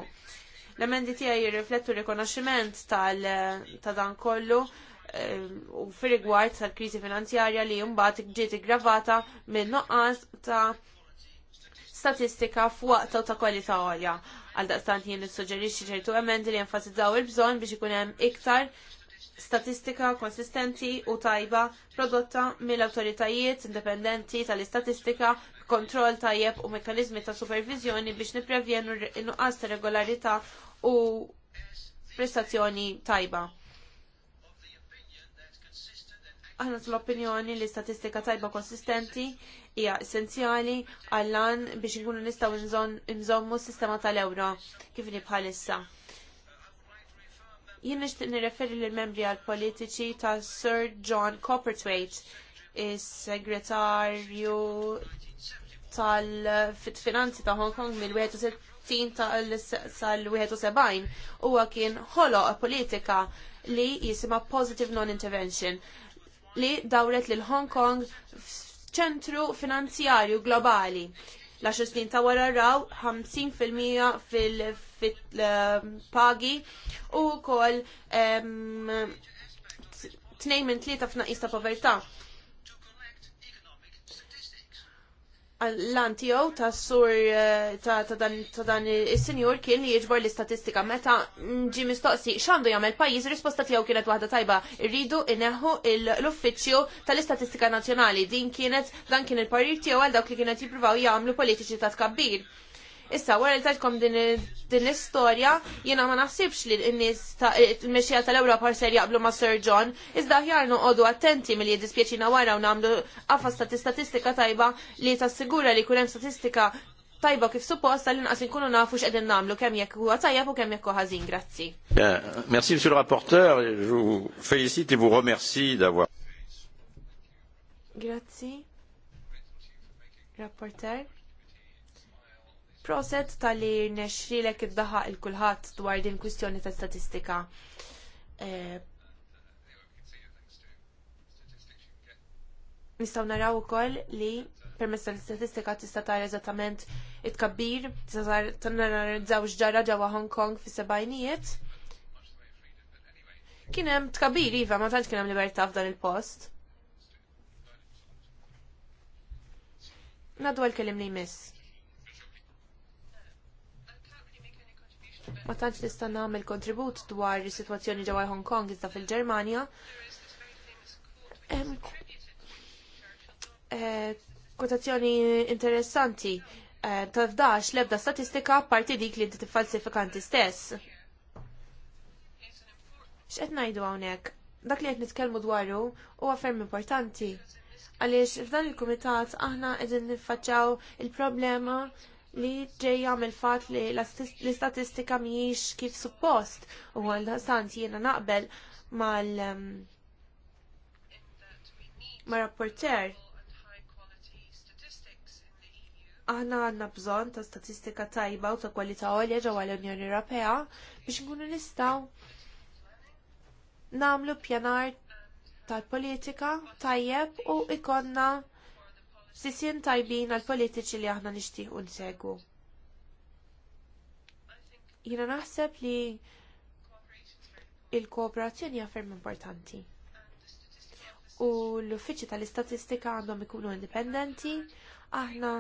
L-emendi tiegħi jirriflettu rikonoxximent ta' dan kollu ehm, u fir-rigward tal-kriżi finanzjarja li mbagħad ġiet iggravata minn noqqas ta' statistika f'waqta ta' kwalità għolja. Għal daqstant jien nissuġġerixxi ċertu emendi li jenfasizzaw il-bżonn biex ikun hemm iktar statistika konsistenti u tajba prodotta mill-awtoritajiet indipendenti tal-istatistika kontroll tajjeb u mekkaniżmi ta' supervizjoni biex niprevjenu nuqqas ta' regolarità u prestazzjoni tajba aħna l-opinjoni li statistika tajba konsistenti hija essenzjali għall biex nkunu nistgħu nżommu s-sistema tal-ewro kif nibħalissa. bħalissa. Jien nixtieq nirreferi lill membri għal politiċi ta' Sir John Copperthwaite, is-segretarju tal-finanzi ta' Hong Kong mill-61 tal-71 huwa kien ħoloq politika li jisima positive non-intervention li dawret lil Hong Kong ċentru finanzjarju globali. l xestin snin ta' wara raw 50% fil-pagi eh, u kol 2 minn 3 f'naqis ta' povertà. l-antijow ta' sur eh, ta' dan il-senjur kien li jġbor l-istatistika meta ġi mistoqsi xandu jagħmel pajjiż risposta tiegħu kienet waħda tajba irridu ineħħu l-uffiċċju tal-istatistika nazzjonali din kienet dan kien il-parir tiegħu għal dawk li kienet jippruvaw jagħmlu politiċi ta' tkabbir. Issa, wara li tajtkom din istorja jiena ma naħsibx li n-nies il mexija tal-Ewropa ser jaqblu ma' Sir John, iżda ħjarnu għodu attenti milli jiddispjaċina wara u nagħmlu qafas ta' statistika tajba li tassigura li kull hemm statistika tajba kif supposta li nqas nkunu nafu x'qegħdin nagħmlu kemm jekk huwa tajjeb u kemm jekk huwa ħażin, grazzi. Merci Monsieur le rapporteur, je vous félicite et vous remercie d'avoir Grazzi. Rapporteur. Proset tal-li nexrilek id-daħa il-kulħat dwar din kwistjoni ta' statistika. Eh, nistaw naraw ukoll li permess tal-istatistika tista' tara eżattament it-kabbir, tista' narazzaw x'ġara ġewwa Hong Kong fi sebajnijiet. Kien hemm kabbir iva, ma tantx kien hemm libertà f'dan il-post. Nadwa l-kelim li jmiss. ma tantx nista' nagħmel kontribut dwar is-sitwazzjoni ġewwa Hong Kong iżda fil-Ġermanja. Eh, Kotazzjoni interessanti eh, tafdax l-ebda statistika parti dik li tifalsifika inti stess. X'qed ngħidu hawnhekk? Dak li qed nitkellmu dwaru huwa ferm importanti. Għaliex f'dan il-kumitat aħna qegħdin niffaċċaw il-problema il problema li ġej mill fat li l-istatistika mhijiex kif suppost u għal sant jiena naqbel mal um, ma' rapporter. Aħna għandna bżonn ta' statistika tajba u ta' kwalità għolja ġewwa l-Unjoni Ewropea biex nkunu nistgħu nagħmlu pjanar tal-politika tajjeb u ikonna sisien tajbin għall politiċi li aħna nixtiequ nsegu. Jiena naħseb li l kooperazzjoni hija ferm importanti. U l uffiċċju tal-istatistika għandhom ikunu indipendenti, aħna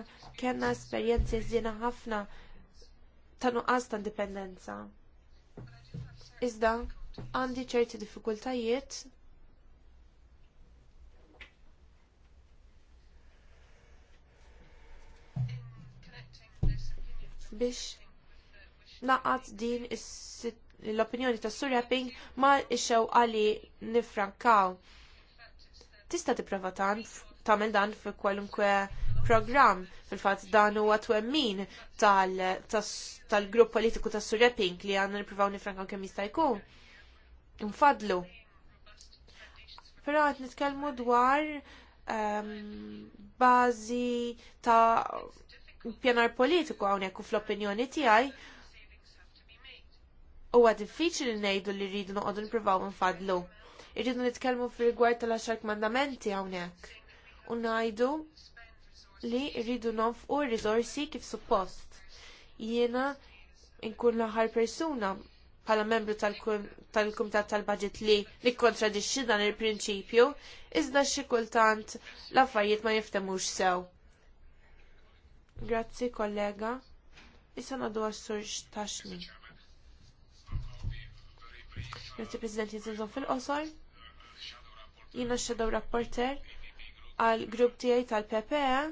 kellna esperjenzi żiena ħafna ta' nuqqas ta' indipendenza. Iżda, għandi ċerti diffikultajiet biex naqat din l-opinjoni ta' Surja Pink ma' ixew għali nifrankaw. Tista tipprova tagħmel dan fi kwalunkwe programm fil-fatt dan huwa twemmin tal-grupp politiku tas Surja Pink li għandna nippruvaw nifrankaw kemm jista' jkun. Nfadlu. Però qed nitkellmu dwar ehm, bażi ta' pjanar politiku hawnhekk u fl-opinjoni tiegħi huwa diffiċli ngħidu li rridu noqogħdu nippruvaw nfadlu. Irridu nitkellmu fir-rigward tal axar mandamenti hawnhekk u ngħidu li rridu nof r rizorsi kif suppost. Jiena nkun l-aħħar persuna bħala membru tal-Kumitat tal-Budget li nikkontradixxi dan il-prinċipju, iżda xi kultant l-affarijiet ma jiftemux sew. Grazzi kollega. Issa nadu għas-sur taxmi. Grazzi President jizinżon fil-qosor. Jina shadow rapporter għal grupp tijaj tal-PPE.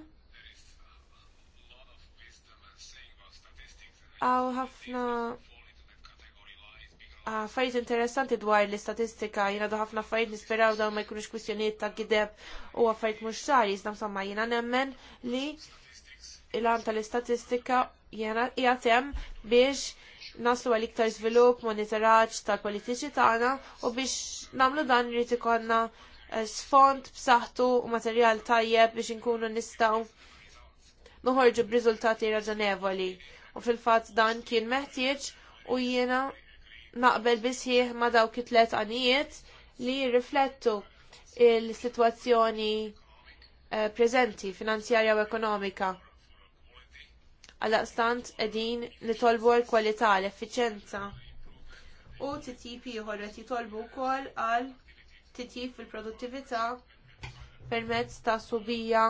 Għaw ħafna Affarijiet interessanti dwar l-istatistika, jina da ħafna affarijiet nisperaw dawn ma jkunux kwistjoniet ta' gideb u affarijiet mhux xar, jisna msamma jina nemmen li il-għan tal-istatistika jena jgħatem biex naslu għal iktar svilup monitoraġġ tal-politiċi tagħna u biex namlu dan rrid ikonna eh, sfond b'saħħtu u materjal tajjeb biex inkunu nistgħu noħorġu b'riżultati raġonevoli. U fil-fatt dan kien meħtieġ u jiena naqbel bisħieħ ma dawk it-tlet għanijiet li jirriflettu il-sitwazzjoni eh, preżenti, finanzjarja u ekonomika Għaldaqstant qegħdin nitolbu l-kwalità, l-effiċenza. U titjib ieħor qed jitolbu wkoll għal titjib fil-produttività permezz ta' subija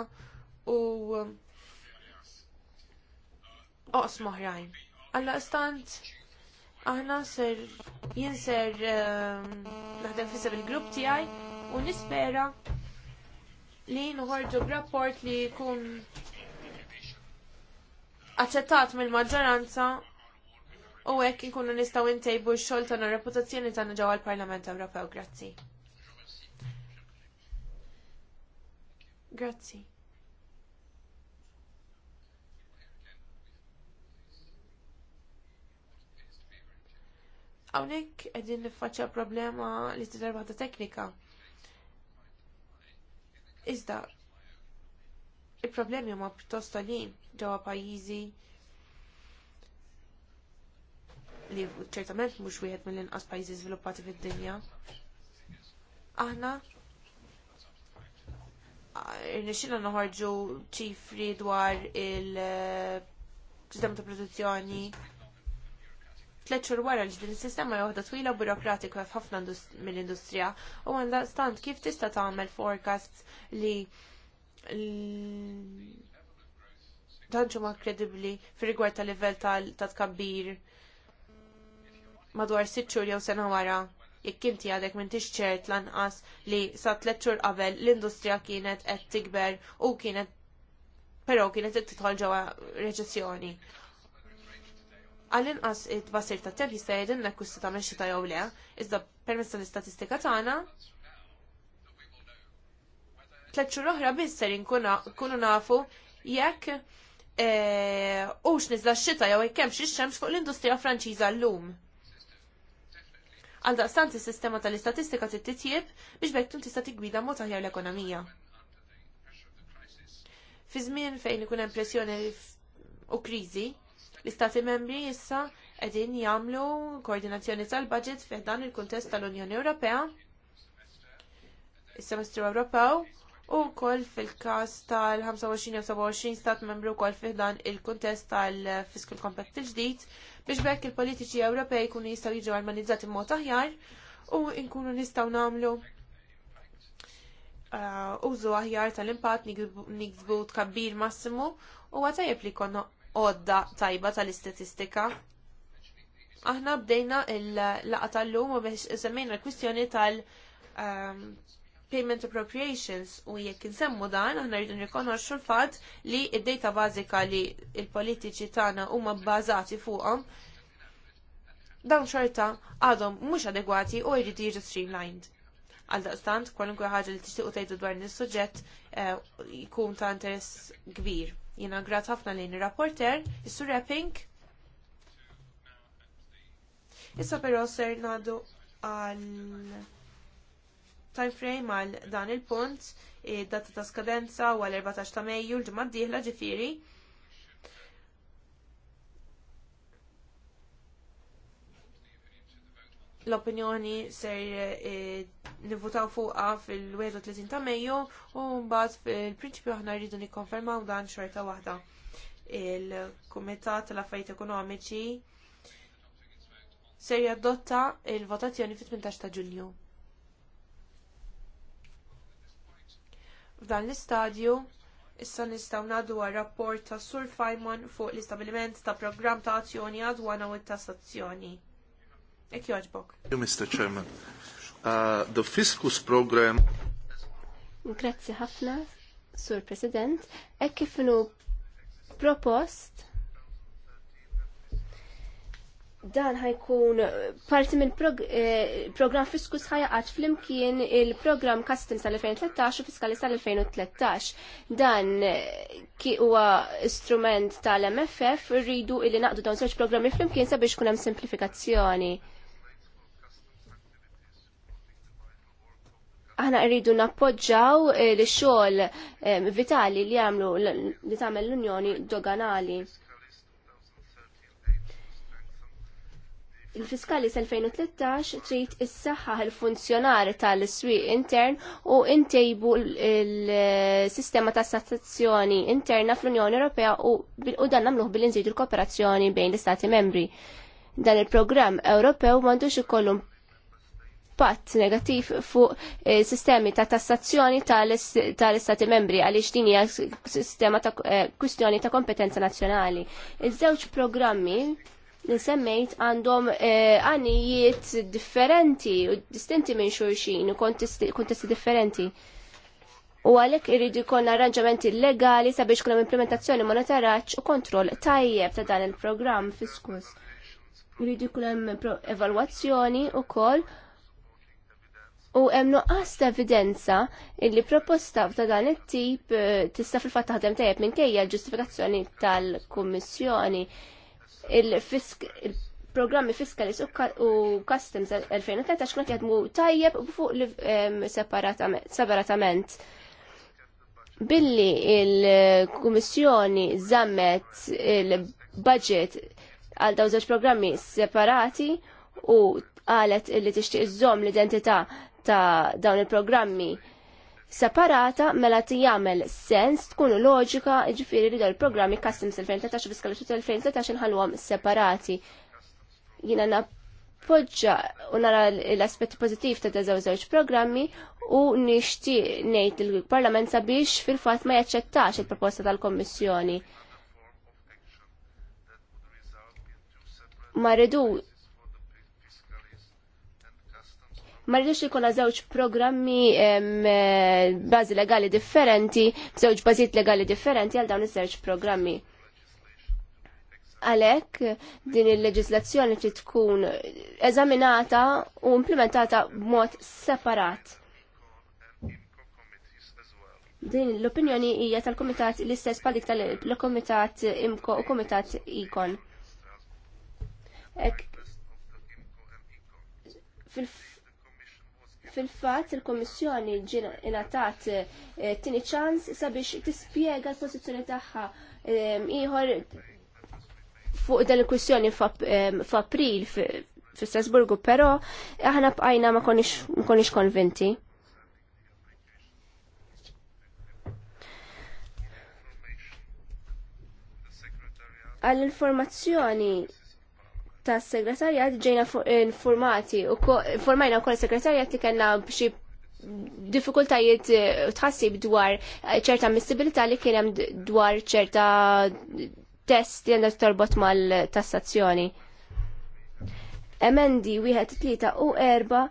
u oqs moħrajn. Għaldaqstant aħna ser jien ser ehm, naħdem fisem il-grupp tiegħi u nispera li nħorġu b'rapport li jkun aċċettat mill-maġġoranza u hekk inkunu nistgħu ntejbu x-xogħol tagħna reputazzjoni tagħna ġewwa l-Parlament Ewropew. Grazzi. Grazzi. Hawnhekk qegħdin niffaċċja problema li tidher waħda teknika. Iżda, il-problemi huma pjuttost għalin ġewwa pajjiżi li ċertament mhux wieħed mill-inqas pajjiżi żviluppati fid-dinja. Aħna irnexxilna noħorġu ċifri dwar il-sistema ta' produzzjoni tliet xhur wara li din is-sistema joħda waħda twila u burokratika f'ħafna mill-industrija u għandha stant kif tista' tagħmel forecasts li tanċu ma kredibli fir rigward tal livell ta' tkabbir madwar sitt xhur jew sena wara jekk inti għadek minn ċert lanqas li sa tliet xhur qabel l-industrija kienet qed tikber u kienet però kienet qed tidħol ġewwa reċessjoni. Għall-inqas it-basir ta' temp jista' jgħidilna kwista ta' meċċi jew le, iżda permezz tal-istatistika tagħna tlet xhur oħra biss ser nkunu nafu jekk e, hux nizla x-xita jew jekk hemmx ix-xemx fuq l-industrija Franċiża llum. Għal daqstant is-sistema tal-istatistika trid biex bekk tista' tigbida mod aħjar l-ekonomija. Fi żmien fejn ikun hemm pressjoni u kriżi, l-istati membri issa qegħdin jagħmlu koordinazzjoni tal-budget fejn dan il-kuntest tal-Unjoni Ewropea, is-Semestru Ewropew u wkoll fil każ tal-25 u 27 stat membru wkoll fi dan il-kuntest tal-Fiscal Compact il-ġdid biex bekk il-politiċi Ewropej jkunu jistgħu jiġu armonizzati mod aħjar u nkunu nistgħu nagħmlu uh, użu aħjar tal-impatt niksbu tkabbir massimu u għatajab li konna għodda tajba tal-istatistika. Aħna bdejna il-laqa tal-lum u biex semmejna l-kwistjoni tal- um, payment appropriations u jekk insemmu dan aħna rridu nirrikonoxxu l-fatt li id-data bażika li l-politiċi tagħna huma bbażati fuqhom dawn xorta għadhom mhux adegwati u jridu jiġu streamlined. Għaldaqstant, kwalunkwe ħaġa li tixtiequ tgħidu dwar is-suġġett eh, jkun ta' interess kbir. Jiena grat ħafna lejn ir-rapporter, is-sur Epping. Issa però ser ngħadu għal time frame għal dan il-punt, id data ta' skadenza u għal 14 ta' Mejju l-ġimgħa d-dieħla ġifieri. L-opinjoni ser e, nivutaw fuqha fil-31 ta' Mejju u mbagħad fil-prinċipju aħna rridu nikkonfermaw dan xorta waħda. Il-Kumitat tal-Affarijiet Ekonomiċi ser jadotta il-votazzjoni fit-18 ta' Ġunju. F'dan l-istadju, issa nistgħu ngħaddu rapport ta' Sur Feynman fuq l-istabiliment ta' programm ta' azzjoni għadwana u tassazzjoni. Ek joġbok. Mr. Chairman, uh, the Fiscus program. Grazzi ħafna, Sur President. Ek kif propost dan ħajkun eh, parti minn prog eh, program fiskus ħajaqat flimkien il-program Customs tal-2013 u Fiskalis tal-2013. Dan eh, ki huwa strument tal-MFF rridu illi naqdu dawn żewġ programmi flimkien sabiex kun hemm simplifikazzjoni. Aħna rridu nappoġġaw eh, li xogħol eh, vitali li għamlu li tagħmel l-Unjoni Doganali. il-fiskali sal-2013 trid issaħħaħ il-funzjonari tal-iswiq intern u intejbu l-sistema ta' sassazzjoni interna fl-Unjoni Ewropea u dan nagħmluh bil nżidu l-kooperazzjoni bejn l-Istati membri. Dan il-programm Ewropew m'għandux ikollu pat negattiv fuq eh, sistemi ta' tassazzjoni tal-Istati membri għaliex din hija sistema ta' eh, kwistjoni ta' kompetenza nazzjonali. Iż-żewġ programmi nisemmejt għandhom eh, għanijiet differenti u distinti minn xulxin u kontesti differenti. U għalek irridu jkollna arranġamenti legali sabiex kunem implementazzjoni monitoraġġ u kontroll tajjeb ta' dan il-programm fiskus. Irridu hemm evalwazzjoni u u hemm nuqqas ta' evidenza illi proposta ta' dan it-tip eh, tista' fil-fatt taħdem tajjeb minkejja l-ġustifikazzjoni tal-Kummissjoni il-programmi fiskali u customs 2013 kienet jadmu tajjeb u fuq separatament. Billi il-Kummissjoni zammet il-budget għal daw żewġ programmi separati u qalet li tixtieq iżżomm l-identità ta' dawn il-programmi separata mela ti jagħmel sens tkun loġika jiġifieri li dal-programmi customs 2013 fiskal 2013 inħallhom separati. Jiena nappoġġa u nara l-aspett pożittiv ta' dażew żewġ programmi u nixtieq ngħid il-Parlament sabiex fil-fatt ma jaċċettax il-proposta tal-Kommissjoni. Ma rridu ma rridux ikun żewġ programmi eh, bażi legali differenti, żewġ bażijiet legali differenti għal dawn iż-żewġ programmi. Għalhekk din il-leġislazzjoni trid tkun eżaminata u implementata b'mod separat. Din l-opinjoni hija tal-Kumitat l-istess pal dik tal-Kumitat Imco u Kumitat Ikon. fil fil-fatt il-Kommissjoni ġina ingħatat eh, tini ċans sabiex tispjega l-pożizzjoni tagħha eh, ieħor fuq dan il-kwistjoni eh, f'April fi Strasburgu, però aħna bqajna ma konniex konvinti. Għall-informazzjoni tas segretarjat ġejna informati u informajna wkoll segretarjat li kellna b'xi diffikultajiet eh, tħassib dwar eh, ċerta missibilità li kien hemm dwar ċerta test li għandha torbot mal-tassazzjoni. Emendi wieħed 3 u erba'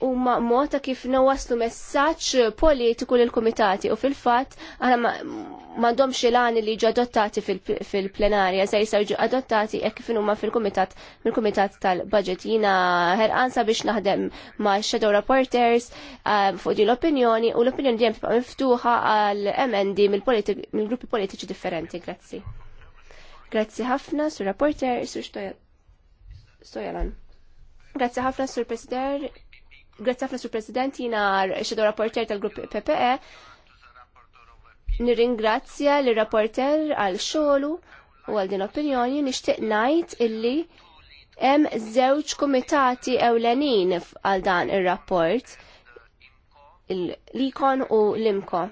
u mod ta' kif nawaslu messaġġ politiku l kumitati u fil-fatt aħna m'għandhomx dom xilan li jiġu adottati fil-plenarja se ġu adottati hekk kif huma fil-kumitat mill-kumitat tal-budget jiena ħerqan biex naħdem ma' shadow reporters eh, fuq di l-opinjoni u l-opinjoni dejjem tibqa' miftuħa għal emendi mill-gruppi politiċi differenti. Grazzi. Grazzi ħafna sur reporter sur Stojalan. Grazzi ħafna sur presidente. Grazzi ħafna sur President jina xedu rapporter tal-grupp PPE. Nirringrazzja li rapporter għal xogħlu u għal din opinjoni nixtieq ngħid illi hemm żewġ kumitati ewlenin għal dan ir-rapport l-ikon u l-imko.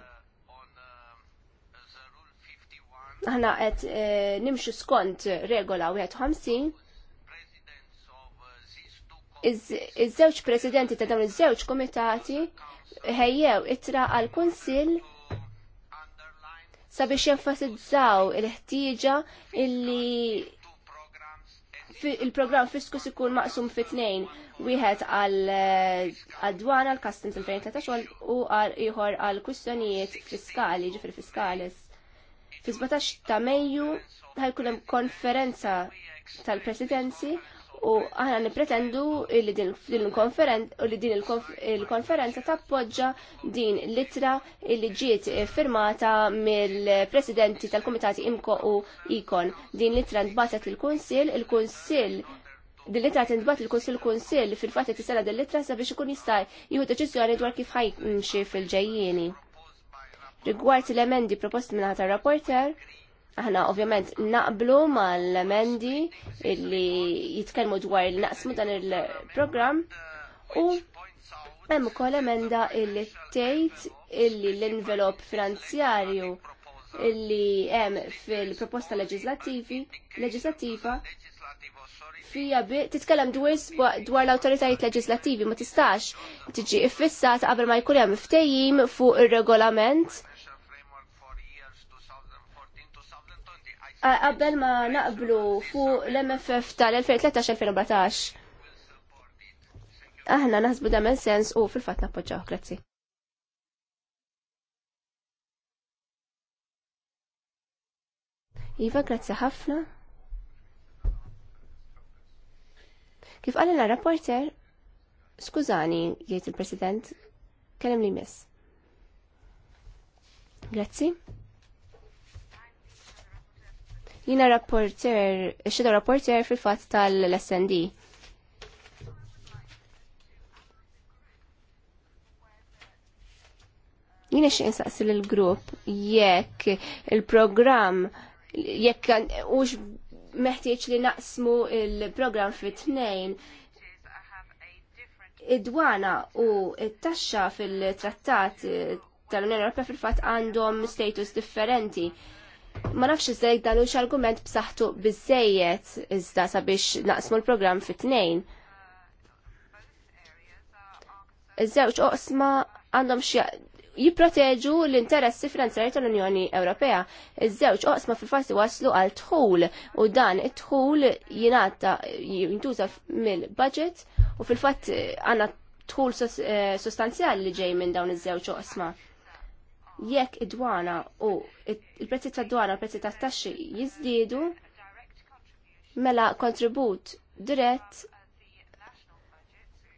Aħna qed eh, nimxu skont regola 51 iż-żewġ presidenti ta' dawn iż-żewġ komitati ħejjew itra għal kunsill sabiex jenfasizzaw il-ħtieġa illi il-programm fiskus ikun maqsum fi tnejn wieħed għal eh, dwana l customs il-2013 u għal ieħor għal kwistjonijiet fiskali ġifri fiskalis. Fi 17 ta' Mejju ħajkun hemm konferenza tal-presidenzi u aħna nipretendu li din il-konferenza tappoġġa din l li ġiet firmata mill-presidenti tal-komitati IMCO u ICON. Din l-itra ntbatet il-Kunsil, il-Kunsil din l-itra tintbat il-Kunsil Kunsil il kunsil din l tintbat il kunsil kunsil fil fatt qed isela din l sabiex ikun jista' jieħu deċiżjoni dwar kif ħajmxi fil-ġejjieni. Rigward l-emendi proposti minn ħata rapporter, Aħna ovvjament naqblu mal-emendi illi jitkellmu dwar il-naqsmu dan il-programm u hemm ukoll emenda illi tgħid illi l-envelop finanzjarju illi hemm fil-proposta leġislattivi leġislattiva fija bi titkellem dwar dwar l-awtoritajiet leġislattivi ma tistax tiġi iffissat qabel ma jkun hemm ftehim fuq ir-regolament qabel ma naqblu fuq l-MFF tal-2013-2014. Aħna naħsbu da men sens u fil-fat nappoġġaw, grazzi. Iva, grazzi ħafna. Kif għalina rapporter, skużani, jgħid il-President, kellem li miss. Grazzi. Jina rapporter, xida rapporter fil-fat tal-SND. Jina xie insaqsi l-grupp jekk il-program jekk ux meħtieġ li naqsmu il-program fit-tnejn id-dwana u it-taxxa fil-trattat tal-Unjoni Ewropea fil-fatt għandhom status differenti. Ma nafx iżdejk dan hux argument b'saħħtu biżejjed iżda sabiex naqsmu l-programm fit-tnejn. Iż-żewġ oqsma għandhom jipproteġu l-interessi finanzjari tal-Unjoni Ewropea. Iż-żewġ oqsma fil fassi waslu għal tħul u dan it-tħul jingħata jintuża mill-budget u fil-fatt għandna tħul eh, sostanzjali li ġej minn dawn iż-żewġ oqsma jekk id-dwana u il-prezzi ta' dwana u prezzi ta' taxxi jiżdiedu, mela kontribut dirett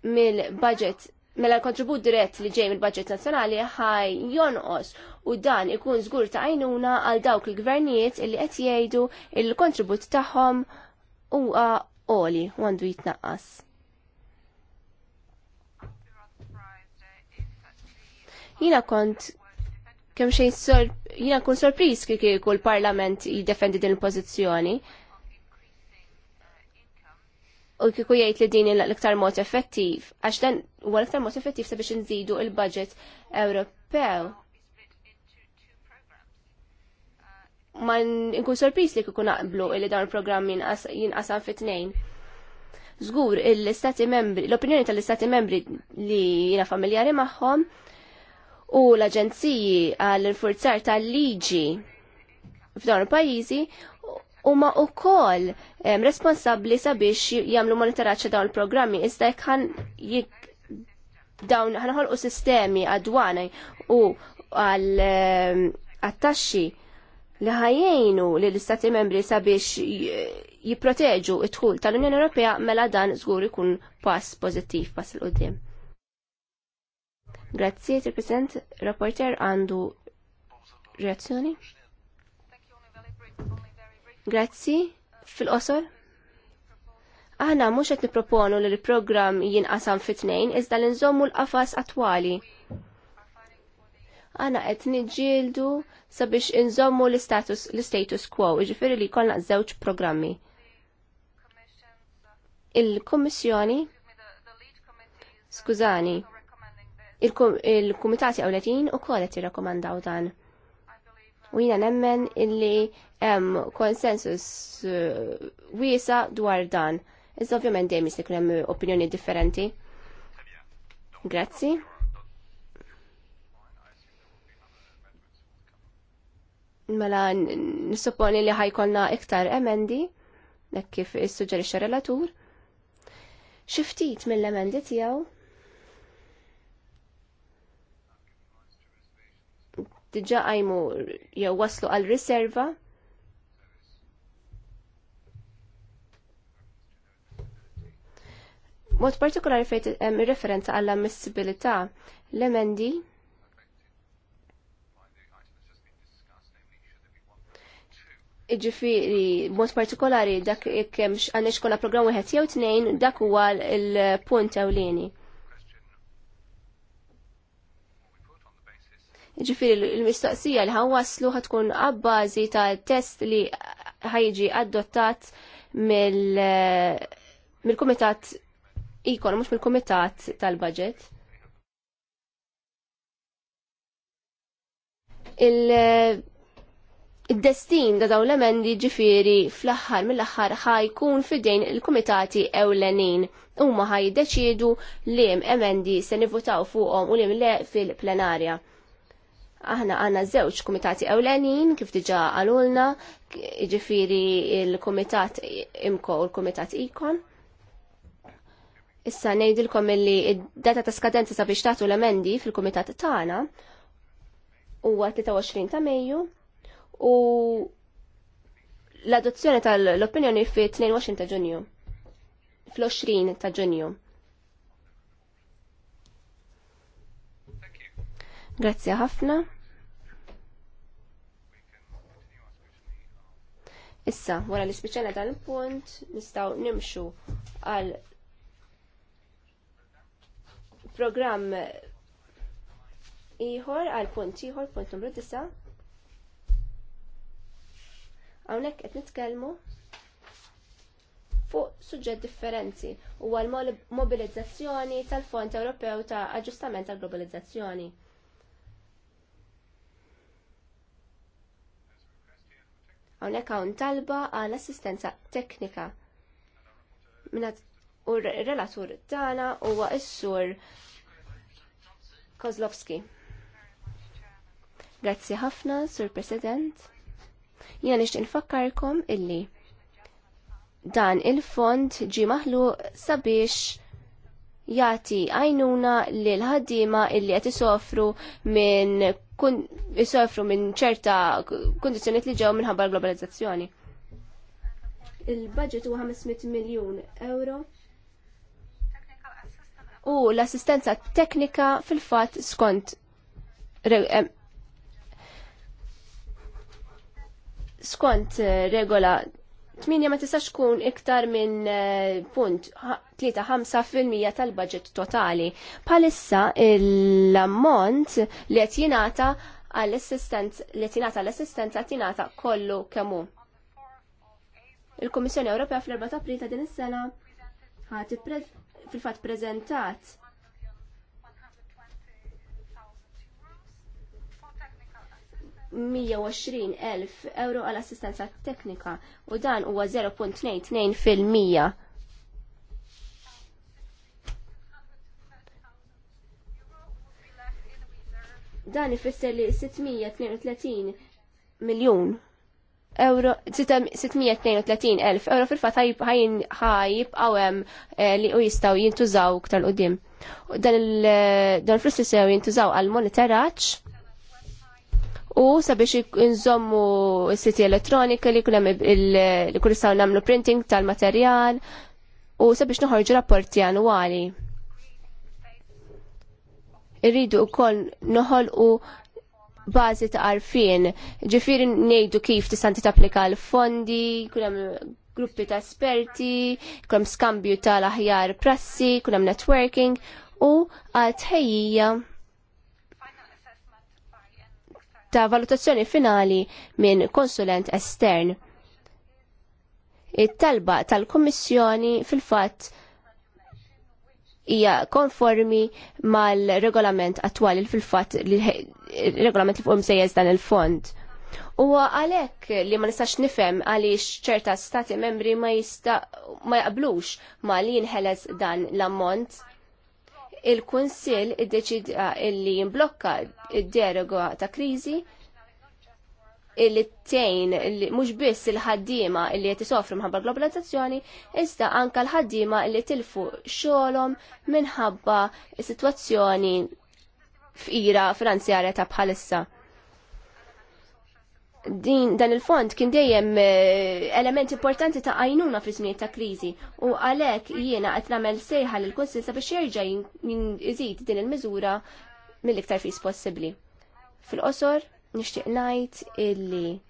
mill-budget mela l-kontribut dirett li ġej mill-budget nazzjonali ħaj jonqos u dan ikun żgur ta' għajnuna għal dawk il-gvernijiet li qed jgħidu il-kontribut tagħhom huwa għoli u għandu jitnaqqas. Jina kont kemm xejn sor jiena kun sorpriż kif kieku l-Parlament jiddefendi din il-pożizzjoni. U kieku jgħid li din l-iktar mod effettiv, għax dan huwa l-iktar mod effettiv sabiex nżidu il-budget Ewropew. Ma nkun sorpriż li kieku naqblu li dawn il-programm jinqasam fit-tnejn. Żgur, l membri, l-opinjoni tal-istati membri li jiena familjari magħhom u l-Aġenziji għall-Infurzar tal-Liġi f'dawn il-pajjiżi huma wkoll responsabbli sabiex jagħmlu monitoraġġ dawn il-programmi iżda jekk dawn ħolqu sistemi għadwana u għal attaxxi li ħajjenu li l-istati membri sabiex jipproteġu it-tħul tal-Unjoni Ewropea mela dan żgur ikun pass pożittiv pass il qudiem Grazzi, President. Rapporter għandu reazzjoni? Grazzi, fil-qosor? Aħna mhux qed nipproponu li l-programm jinqasam fit-tnejn iżda li nżommu l-qafas attwali. Aħna qed niġġieldu sabiex inżommu l-status l-status quo, jiġifieri li jkollna żewġ programmi. Il-Kummissjoni Skużani, il-kumitati għawletin u kolet jirrakomandaw dan. U jina nemmen illi hemm konsensus eh, wiesa dwar dan. Iżda ovvjament dejjem jista' jkun hemm opinjoni differenti. Grazzi. Mela nissupponi li ħajkolna iktar emendi, nek kif issuġġerixxa relatur. Xi ftit mill-emendi tiegħu diġa għajmu jew waslu għal riserva. Mod partikolari fejt hemm referenza għall ammissibilità l-emendi Iġifiri, mod partikolari dak jekk hemmx għandna xkola programm wieħed jew tnejn dak huwa l-punt ewlieni. Ġifiri l-mistoqsija li ħawaslu ħatkun għabbażi ta' test li ħajġi adottat mill-Kumitat ikon, mux mill-Kumitat tal-Budget. Il-destin da daw l-emendi ġifiri fl-axħar mill-axħar ħajkun fidejn il-Kumitati ewlenin huma ħajdeċiedu li emendi se nivutaw fuqhom u li le fil-plenarja aħna għanna żewġ kumitati ewlenin kif diġa għalulna, ġifiri il-kumitat imko u l-kumitat ikon. Issa nejdilkom illi id-data ta' skadenza sabiex tagħtu l-emendi fil-kumitat tagħna huwa 23 ta' Mejju u l-adozzjoni tal-opinjoni fi 22 ta' Ġunju. Fl-20 ta' Ġunju. Grazzi ħafna. Issa, wara li spiċċana dan il-punt, nistgħu nimxu għal programm ieħor għal punt ieħor, punt numru tisa. Hawnhekk qed nitkellmu fuq suġġett differenzi u għal mobilizzazzjoni tal-Fond Ewropew ta' Aġġustament tal-Globalizzazzjoni. Hawnhekk hawn talba għal assistenza teknika. Minat u relatur tagħna huwa s-sur Kozlowski. Grazzi ħafna, Sur President. Jena nixtieq nfakkarkom illi dan il-fond ġi maħlu sabiex jati għajnuna li l-ħaddima illi għati sofru minn sofru minn ċerta kondizjoniet li ġew minħabba globalizzazzjoni. Il-budget huwa 500 miljun euro u l-assistenza teknika fil-fat skont skont regola 8 ma tistax tkun iktar minn eh, punt 3-5% tal-budget totali. Palissa l-ammont li qed jingħata għall li tingħata l-assistenza tingħata kollu kemmu. Il-Kummissjoni Ewropea fl-4 ta' April ta' din is-sena ħati fil-fatt preżentat 120.000 euro għal assistenza teknika u dan huwa 0.22%. Dan ifisser li 632 miljun euro 632.000 euro fil-fat ħajib hemm eh, li u jistgħu jintużaw ktar qudiem. Dan eh, il-flus li sew jintużaw għal monitoraġġ u sabiex nżommu s-siti elettronika li kunem il kuristaw namlu printing tal-materjal u sabiex noħorġu rapporti annwali. Irridu u koll noħol u bazi ta' arfin, ġifiri nejdu kif tistanti tapplika l-fondi, kunem gruppi ta' esperti, kunem skambju tal-aħjar prassi, kunem networking u għal tħejjija ta' valutazzjoni finali minn konsulent estern. It-talba tal-Kummissjoni fil-fatt hija konformi mal-regolament attwali fil-fatt il-regolament li fuq msejjeż dan il-fond. U għalek li ma nistax nifem għaliex ċerta stati membri ma jista ma jaqblux ma li jinħeles dan l-ammont il-Kunsill deċida illi jimblokka id-deroga ta' kriżi illi t-tejn mhux biss il-ħaddiema illi qed isofru minħabba globalizzazzjoni, iżda anka l-ħaddiema illi tilfu xogħolhom minħabba sitwazzjoni f'ira finanzjarja ta' bħalissa din dan il-fond kien dejjem eh, element importanti ta' għajnuna fi żmien ta' kriżi u għalhekk jiena qed nagħmel sejħa lil kunsil sabiex jerġa' iżid din il-miżura mill-iktar fis possibbli. Fil-qosor nixtieq ngħid illi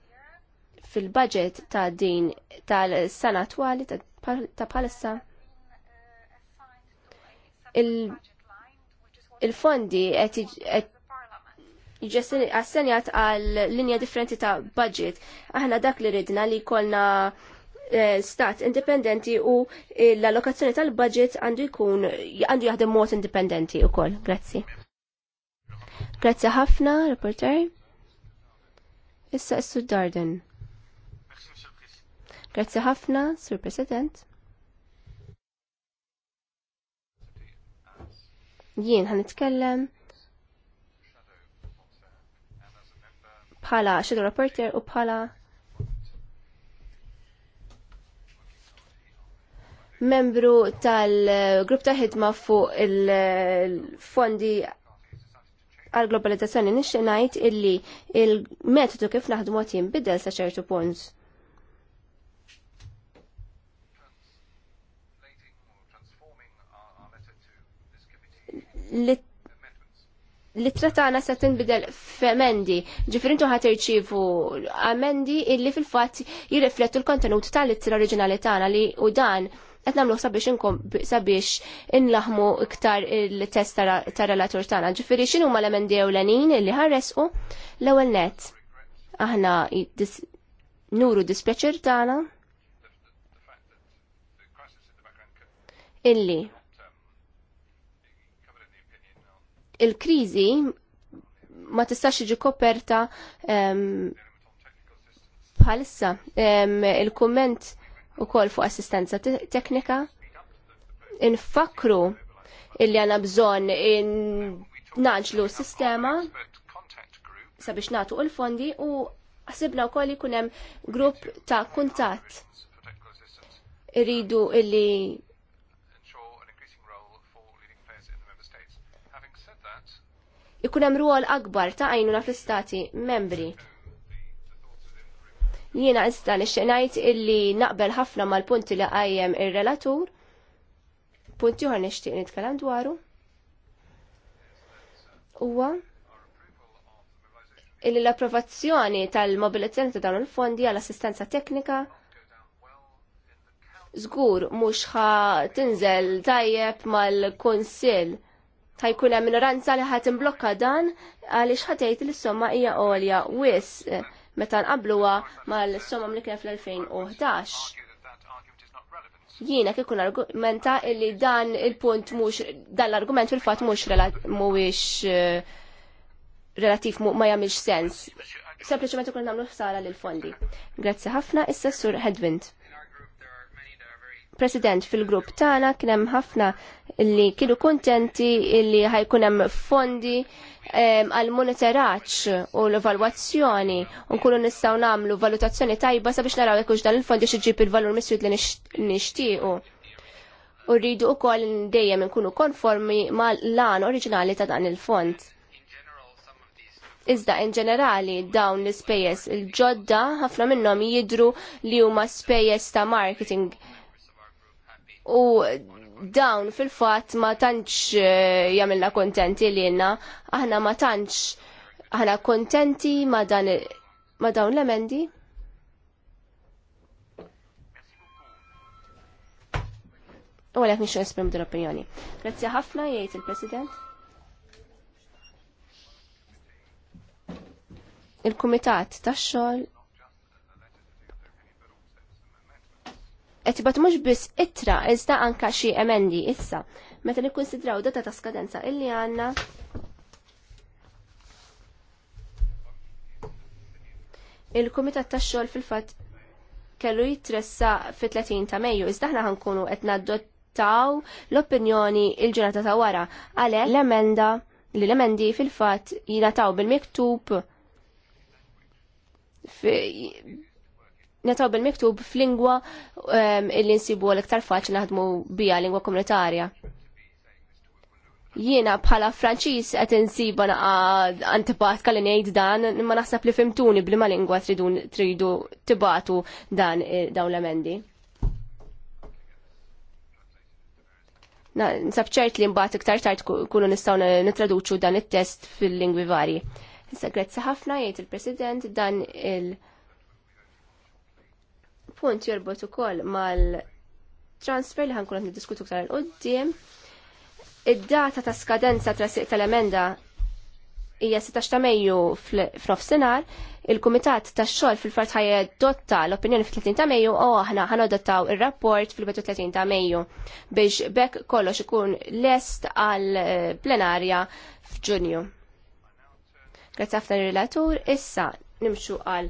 fil-budget ta' din tal-sena attwali ta' bħalissa il-fondi qed jiġi assenjat għal linja differenti ta' budget. Aħna dak li ridna li kolna eh, stat indipendenti u l-allokazzjoni tal-budget għandu jkun għandu jaħdem mod indipendenti u koll. Grazzi. Grazzi ħafna, reporter. Issa Issu Darden. Grazzi ħafna, Sur President. Jien għan nitkellem bħala shadow reporter u bħala membru tal-grupp ta' ħidma fuq il-fondi għal-globalizzazzjoni nixtieq ngħid illi il-metodu kif naħdmu qed jinbidel sa ċertu punt. li l-ittra tagħna se tinbidel f'emendi. Ġifieri intu ħadd irċievu emendi illi fil-fatt jirriflettu l-kontenut tal-ittra oriġinali tagħna li u dan qed nagħmlu sabiex sabiex inlaħmu iktar il-test tar-relatur tagħna. Ġifieri x'inhu huma l-emendi ewlenin illi ħarresqu l-ewwel net. Aħna nuru dispjaċir tagħna illi il-kriżi ma tistax iġi koperta ehm, bħalissa ehm, il-kumment ukoll fuq assistenza teknika infakru illi għana bżon naġlu sistema sabiex natu u l-fondi u għasibna u koll jikunem grupp ta' kuntat irridu illi ikun hemm rwol akbar ta' għajnuna fl-istati membri. Jiena iżda nixtieq ngħid illi naqbel ħafna mal-punti li qajjem ir-relatur, punti oħra nixtieq nitkellem dwaru. Huwa illi l-approvazzjoni tal-mobilizzazzjoni ta' dawn il-fondi għall-assistenza teknika żgur mhux ħa tinżel tajjeb mal-Kunsill ta' jkun hemm minoranza li ħadd imblokka dan għaliex ħadd jgħid li s-somma hija għolja wis eh, meta nqabluha mal-somma li kien fl-2011. Jiena kikun argumenta illi dan il-punt mhux dan l-argument fil-fatt mhux mhuwiex eh, relattiv ma jagħmilx sens. Sempliċement ikun nagħmlu ħsara lill fondi Grazzi ħafna, issa sur Hedwind. President fil-grupp tagħna kien hemm ħafna li kienu kuntenti li ħajkun hemm fondi għal monitoraġġ u l-evalwazzjoni u nkunu nistgħu nagħmlu valutazzjoni tajba sabiex naraw jekk dan il-fondi ġib il-valur misjud li nixtiequ. U rridu wkoll dejjem inkunu konformi mal-lan oriġinali ta' dan il-fond. Iżda in ġenerali dawn l-ispejjeż il-ġodda ħafna minnhom jidru li huma spejjeż ta' marketing u dawn fil-fatt ma tantx eh, jagħmilna kontenti li jenna, aħna ma tantx aħna kontenti ma dan ma dawn l-emendi. U għalek nixu nesprim din opinjoni. Grazzi ħafna jgħid il-President. il kumitat tax-xogħol etbat mux biss itra, iżda anka xi emendi issa. Meta nikkunsidraw data ta' skadenza illi għanna. Il-Kumitat ta' xogħol fil-fatt kellu jitressa fit-30 ta' Mejju, iżda aħna ħankunu qed naddottaw l-opinjoni il-ġurnata ta' wara. Għalhekk l-emenda li l-emendi fil-fatt jingħataw bil-miktub netaw bil-miktub f'lingwa ehm, illi nsibu l-iktar faċli naħdmu bija lingwa komunitarja. Jiena bħala Franċiż qed insiba naqa antipatka li ngħid dan, imma naħseb li fimtuni bli ma lingwa tridu tibatu dan eh, dawn l-emendi. Nsab ċert li mbagħad iktar tard kunu nistgħu nitraduċu dan it-test fil-lingwi varji. Issa grazzi ħafna jgħid il-President dan il-, -president, punt jorbot ukoll mal-transfer li ħankun qed niddiskutu aktar il qudiem Id-data ta' skadenza siq tal-emenda hija 16 ta' Mejju f'nofsinhar, il-Kumitat tax-xogħol fil-Fart dotta l-opinjoni fil-30 ta' Mejju u aħna adottaw ir-rapport fil-30 ta' Mejju biex bekk kollox ikun lest għal eh, plenarja f'Ġunju. Grazzi ħafna relatur issa nimxu għal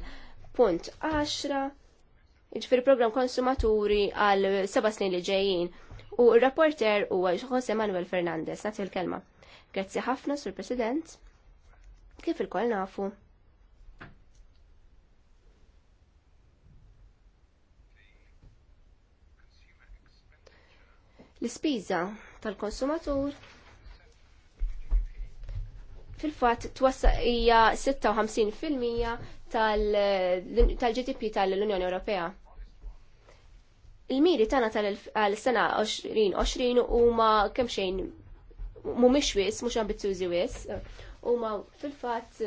punt 10 ġifir program konsumaturi għal seba snin li ġejjin. U il-rapporter u Jose Manuel Fernandez, nati il-kelma. Grazzi ħafna, Sur President. Kif il-koll nafu? L-ispiża tal-konsumatur fil-fatt twassa hija 56% tal-GDP tal-Unjoni Ewropea. Il-miri tagħna tal-sena 2020 huma kemm xejn mhumiex wis, mhux ambizzjużi wis, huma fil-fatt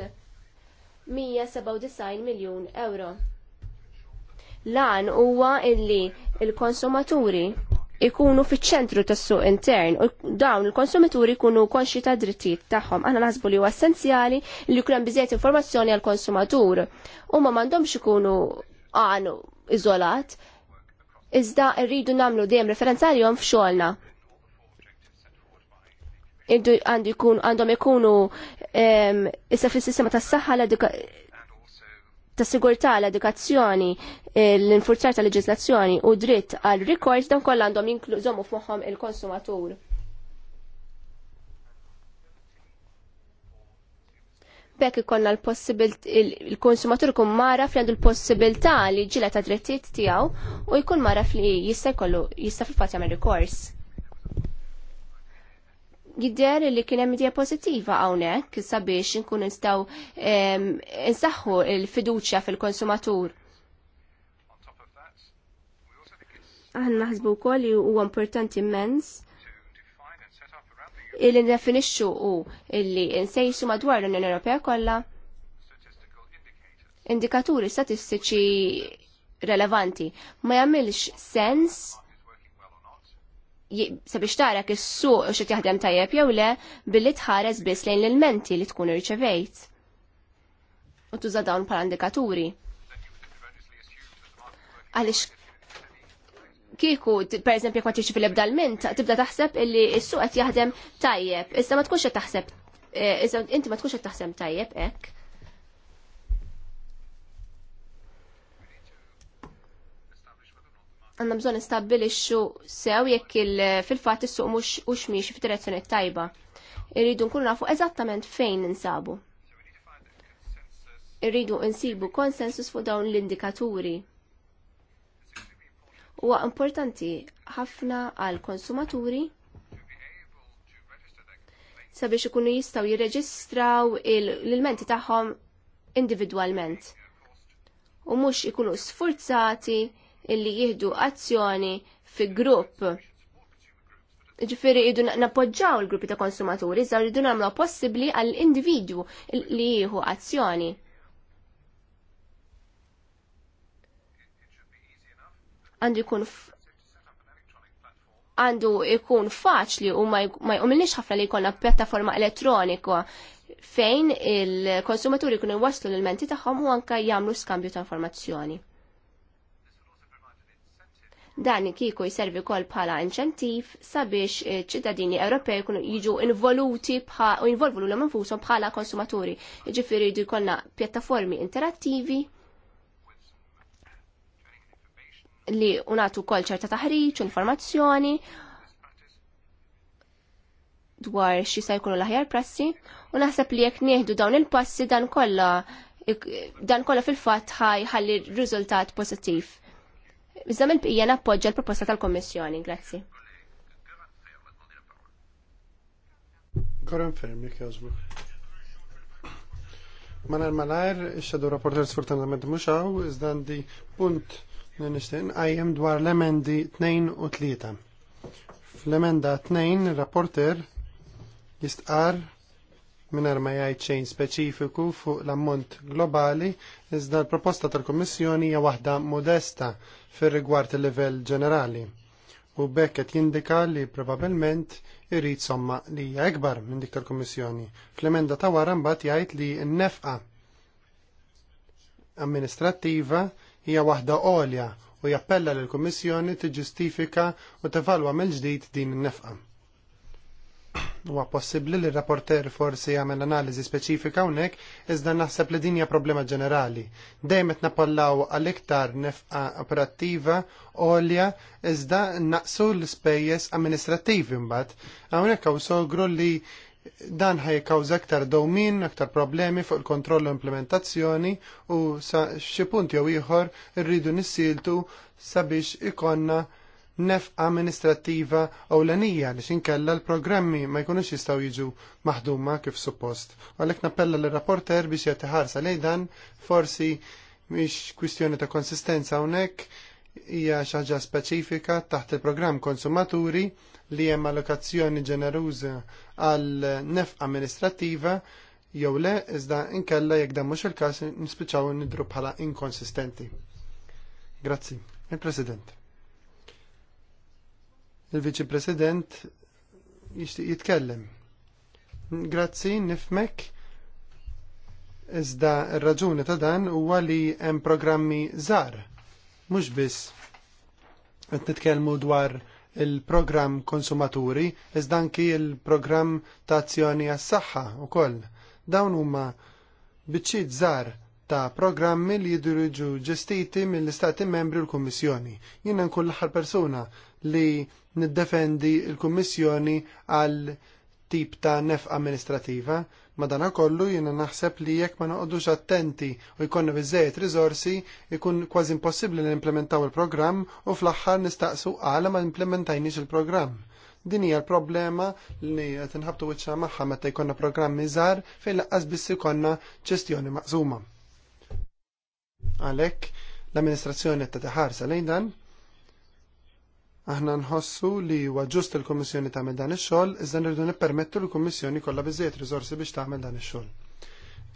197 miljun euro. Lan huwa illi il-konsumaturi ikunu fiċ-ċentru tas-suq intern u dawn il-konsumaturi jkunu konxi ta' drittijiet tagħhom. Aħna naħsbu li huwa essenzjali li jkun hemm biżejjed informazzjoni għall konsumatur Huma m'għandhomx ikunu għanu iżolat, iżda rridu nagħmlu dejjem referenza f'xogħolna għandu għandhom ikunu ehm, issa fis-sistema tas-saħħa l-edika ta' sigurtà l-edukazzjoni, eh, l-infurzar ta' leġislazzjoni u dritt għal rikors dan kollha għandhom u f'moħħom il-konsumatur. Bek ikonna l-konsumatur kun mara fl għandu l-possibilità li ġila ta' drittijiet tiegħu u jkun mara fli jista' jkollu jista' fil jagħmel rikors jidder li kien hemm idea pożittiva hawnhekk sabiex inkun nistgħu insaħħu l-fiduċja fil-konsumatur. Aħna naħsbu wkoll li huwa importanti immens illi nefinixxu u illi nsejsu madwar l-Unjoni Ewropea kollha indikaturi statistiċi relevanti. Ma jagħmilx sens sabiex tara is-suq xi jaħdem tajjeb jew le billi tħares biss lejn l-elementi li tkun irċevejt. U tuża dawn bħala indikaturi. Għaliex kieku, per eżempju, jekk ma fil-ebda l-mint, tibda taħseb illi s-suq qed jaħdem tajjeb, issa ma tkunx taħseb, eh, inti ma tkunx qed taħseb tajjeb hekk. għanna bżon nistabilixxu sew jekk il fil-fatt il suq mhux hux miex f'direzzjoni tajba. Irridu nkunu nafu eżattament fejn ninsabu. Irridu nsibu konsensus fuq dawn l-indikaturi. Huwa importanti ħafna għal konsumaturi sabiex ikunu jistgħu jirreġistraw l-menti tagħhom individwalment u mhux ikunu sfurzati illi jihdu azzjoni fi grupp. Ġifiri idu napoġġaw il-gruppi ta' konsumaturi, iżda rridu namlu possibli għall-individwu li jieħu azzjoni. Għandu jkun għandu ikun faċli u ma jqumilniex ħafna li jkollna pjattaforma elettronika fejn il-konsumaturi jkunu waslu l-menti tagħhom u anka jagħmlu skambju ta' informazzjoni. Dan kiku jservi kol bħala inċentiv sabiex ċittadini Ewropej kunu jiġu involuti u involvu l infushom bħala konsumaturi. Ġifiri jdu jkollna pjattaformi interattivi li unatu kol ċerta taħriġ u informazzjoni dwar xi se jkunu l-aħjar prassi u naħseb li jekk nieħdu dawn il-passi dan kolla dan kollha fil-fatt ħalli riżultat pożittiv. Bizzam il bqija nappoġġa l-proposta tal-Kommissjoni. Grazzi. Għoran fermi, kħazmu. Manar Manar malar, xedu rapporter sfortunatament muxaw, izdan di punt n-nishtin, għajem dwar l-emendi 2 u 3. Fl-emenda 2, rapporter jistqar minar ma jgħid xejn speċifiku fuq l-ammont globali, iżda l-proposta tal-Kommissjoni hija waħda modesta fir-rigward il-livell ġenerali. U bekk qed jindika li probabbilment irid somma li hija ikbar minn dik tal-Kummissjoni. Fl-emenda ta' wara mbagħad jgħid li n-nefqa amministrattiva hija waħda għolja u jappella lill kummissjoni tiġġustifika u tevalwa mill-ġdid din in-nefqa. Huwa possibbli li r-rapporter forsi jagħmel analiżi speċifika hawnhekk iżda naħseb li din hija problema ġenerali. Dejjem qed napollaw għal iktar nefqa operattiva għolja iżda naqsu l-ispejjeż amministrattivi mbagħad. Hawnhekk hawn sogru li dan ħajkawża aktar dawmin, aktar problemi fuq il-kontroll u implementazzjoni u sa xi punt jew ieħor irridu nissiltu sabiex ikonna Nef amministrattiva ewlenija li xinkella l-programmi ma jkunux jistgħu jiġu maħduma kif suppost. Għalhekk nappella l-rapporter biex jagħti ħarsa lejn forsi mhix kwistjoni ta' konsistenza hawnhekk hija xi ħaġa speċifika taħt il-programm konsumaturi li hemm allokazzjoni ġeneruża għal nef amministrattiva jew le iżda inkella jekk dan mhux il-każ nispiċċaw nidru bħala inkonsistenti. Grazzi. Il-President il-Viċi President jixtieq jitkellem. Grazzi, nifmek. Iżda r-raġuni ta' dan huwa li hemm programmi żgħar. Mhux biss qed titkellmu dwar il-programm konsumaturi, iżda anki il-programm ta' azzjoni għas-saħħa wkoll. Dawn huma biċċiet żgħar ta' programmi li jidriġu ġestiti mill-Istati Membri u l-Kummissjoni. Jiena nkun l-aħħar persuna li niddefendi l-Kummissjoni għal tip ta' nef amministrativa, madana kollu jina naħseb li jekk ma noqodux attenti u jkonna bizzejet rizorsi, jkun kważi impossibbli li implementaw il-programm u fl-aħħar nistaqsu għala ma implementajniex il-programm. Din hija l-problema li qed inħabtu wiċċa magħha meta jkollna programmi żgħar fejn laqqas biss ikollna ġestjoni maqsuma. Għalhekk l-amministrazzjoni qed titħarsa lejn dan Aħna nħossu li huwa ġust il-Kummissjoni tagħmel dan ix-xogħol iżda nirdu nippermettu l-Kummissjoni kollha biżejjed riżorsi biex tagħmel dan ix-xogħol.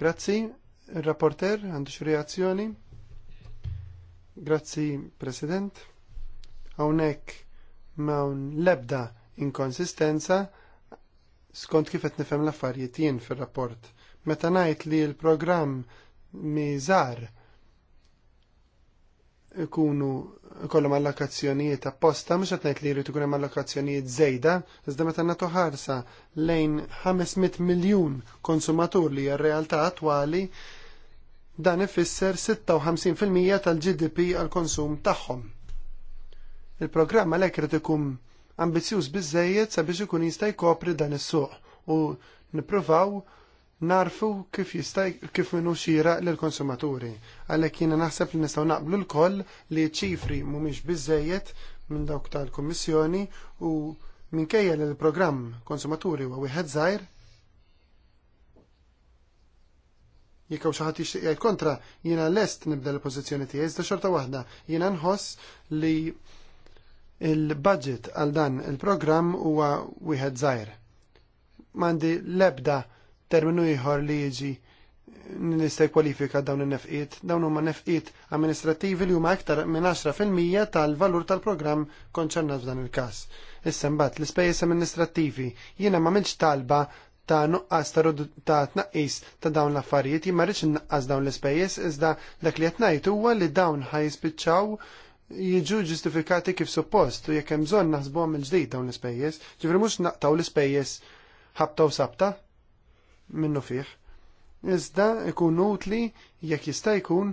Grazzi, ir-rapporter għandu xi reazzjoni? Grazzi, President. Hawnhekk m'hawn l-ebda inkonsistenza skont kif qed nifhem l-affarijiet jien fir-rapport. Meta ngħid li l-programm miżar ikunu kollom allokazzjonijiet apposta, mux għatnajt li jritu kunem allokazzjonijiet zejda, iżda meta natu ħarsa lejn 500 miljon konsumatur li r-realtà attwali, dan ifisser 56% tal-GDP għal-konsum tagħhom. Il-programm għalhekk irid ikun ambizjus bizzejiet sabiex ikun jista' jkopri dan is-suq u nippruvaw narfu kif jista' kif minu xira lill-konsumaturi. Għalhekk jiena naħseb li nistgħu naqblu l-koll li ċifri mhumiex bizzejiet minn dawk tal-Kummissjoni u minkejja li l-programm konsumaturi huwa wieħed zaħir. Jekaw hawn xi ħadd jixtieq jgħid kontra jiena lest nibda l-pożizzjoni tiegħi iżda xorta waħda jiena nħoss li il-budget għal dan il-programm huwa wieħed zaħir. Mandi l-ebda terminu ieħor li jiġi nista' jkwalifika dawn in-nefqiet, dawn huma nefqiet amministrativi li huma aktar minn 10% tal-valur tal-programm konċernat f'dan il-każ. Issa mbagħad l-ispejjeż amministrattivi jiena m'għamilx talba ta' nuqqas ta' tnaqqis ta' dawn l-affarijiet jien ma rridx innaqqas dawn l-ispejjeż iżda dak li qed ngħid huwa li dawn ħajspiċċaw jiġu ġustifikati kif suppost u jekk hemm bżonn naħsbuhom il-ġdid dawn l-ispejjeż, ġifri mhux naqtaw l-ispejjeż ħabta u sabta, minnu fih. Iżda ikun utli jekk jista' jkun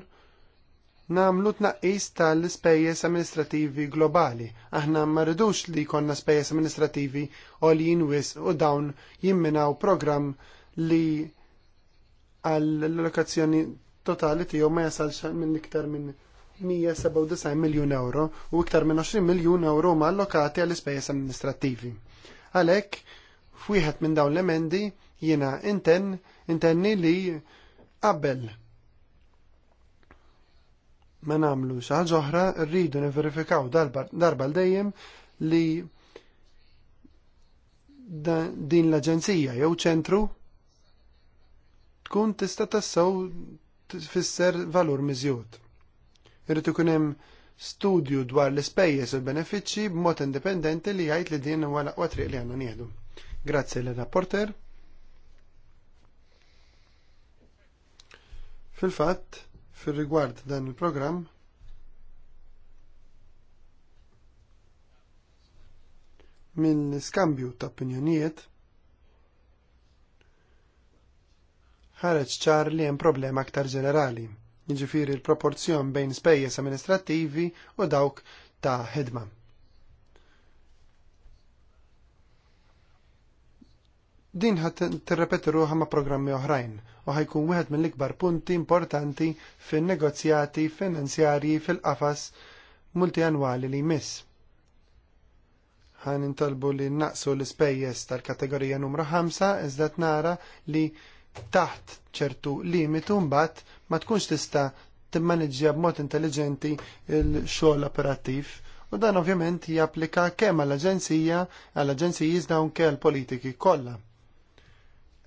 namlu tnaqqis tal-ispejjeż amministrativi globali. Aħna ma rridux li jkollna spejjeż amministrativi għoljin wis u dawn jimminaw programm li għall-allokazzjoni totali tiegħu ma jasalx minn iktar minn 197 miljun euro u iktar minn 20 miljun euro ma allokati għall ispejjeż amministrattivi. Għalhekk, f'wieħed minn dawn l-emendi, jiena inten, intenni li qabel ma namlu xaħġa oħra rridu niverifikaw darba l-dejjem li din l-aġenzija jew ċentru tkun tista' tassew tfisser valur miżjud. Irrid ikun hemm studju dwar l-ispejjeż u l-benefiċċji b'mod indipendenti li jgħid li din huwa l triq li għandna nieħdu. Grazzi l-rapporter. Fil-fatt, fil-rigward dan il-programm, minn skambju ta' opinjonijiet, ħareġ ċar li hemm problema aktar ġenerali, jiġifieri l-proporzjon bejn spejjeż amministrattivi u dawk ta' ħidma. Din ħat t-repeti ruħa ma' programmi oħrajn u ħajkun wieħed mill-ikbar punti importanti fin-negozjati finanzjarji fil-qafas multianwali li jmiss ħan intalbu li naqsu l-spejjes tal-kategorija numru 5 iżda nara li taħt ċertu limitu mbagħad ma tkunx tista' timmaneġġja b'mod intelligenti l-xogħol operattiv u dan ovvjament japplika kemm għall-aġenzija għall-aġenziji iżda unke għall-politiki kollha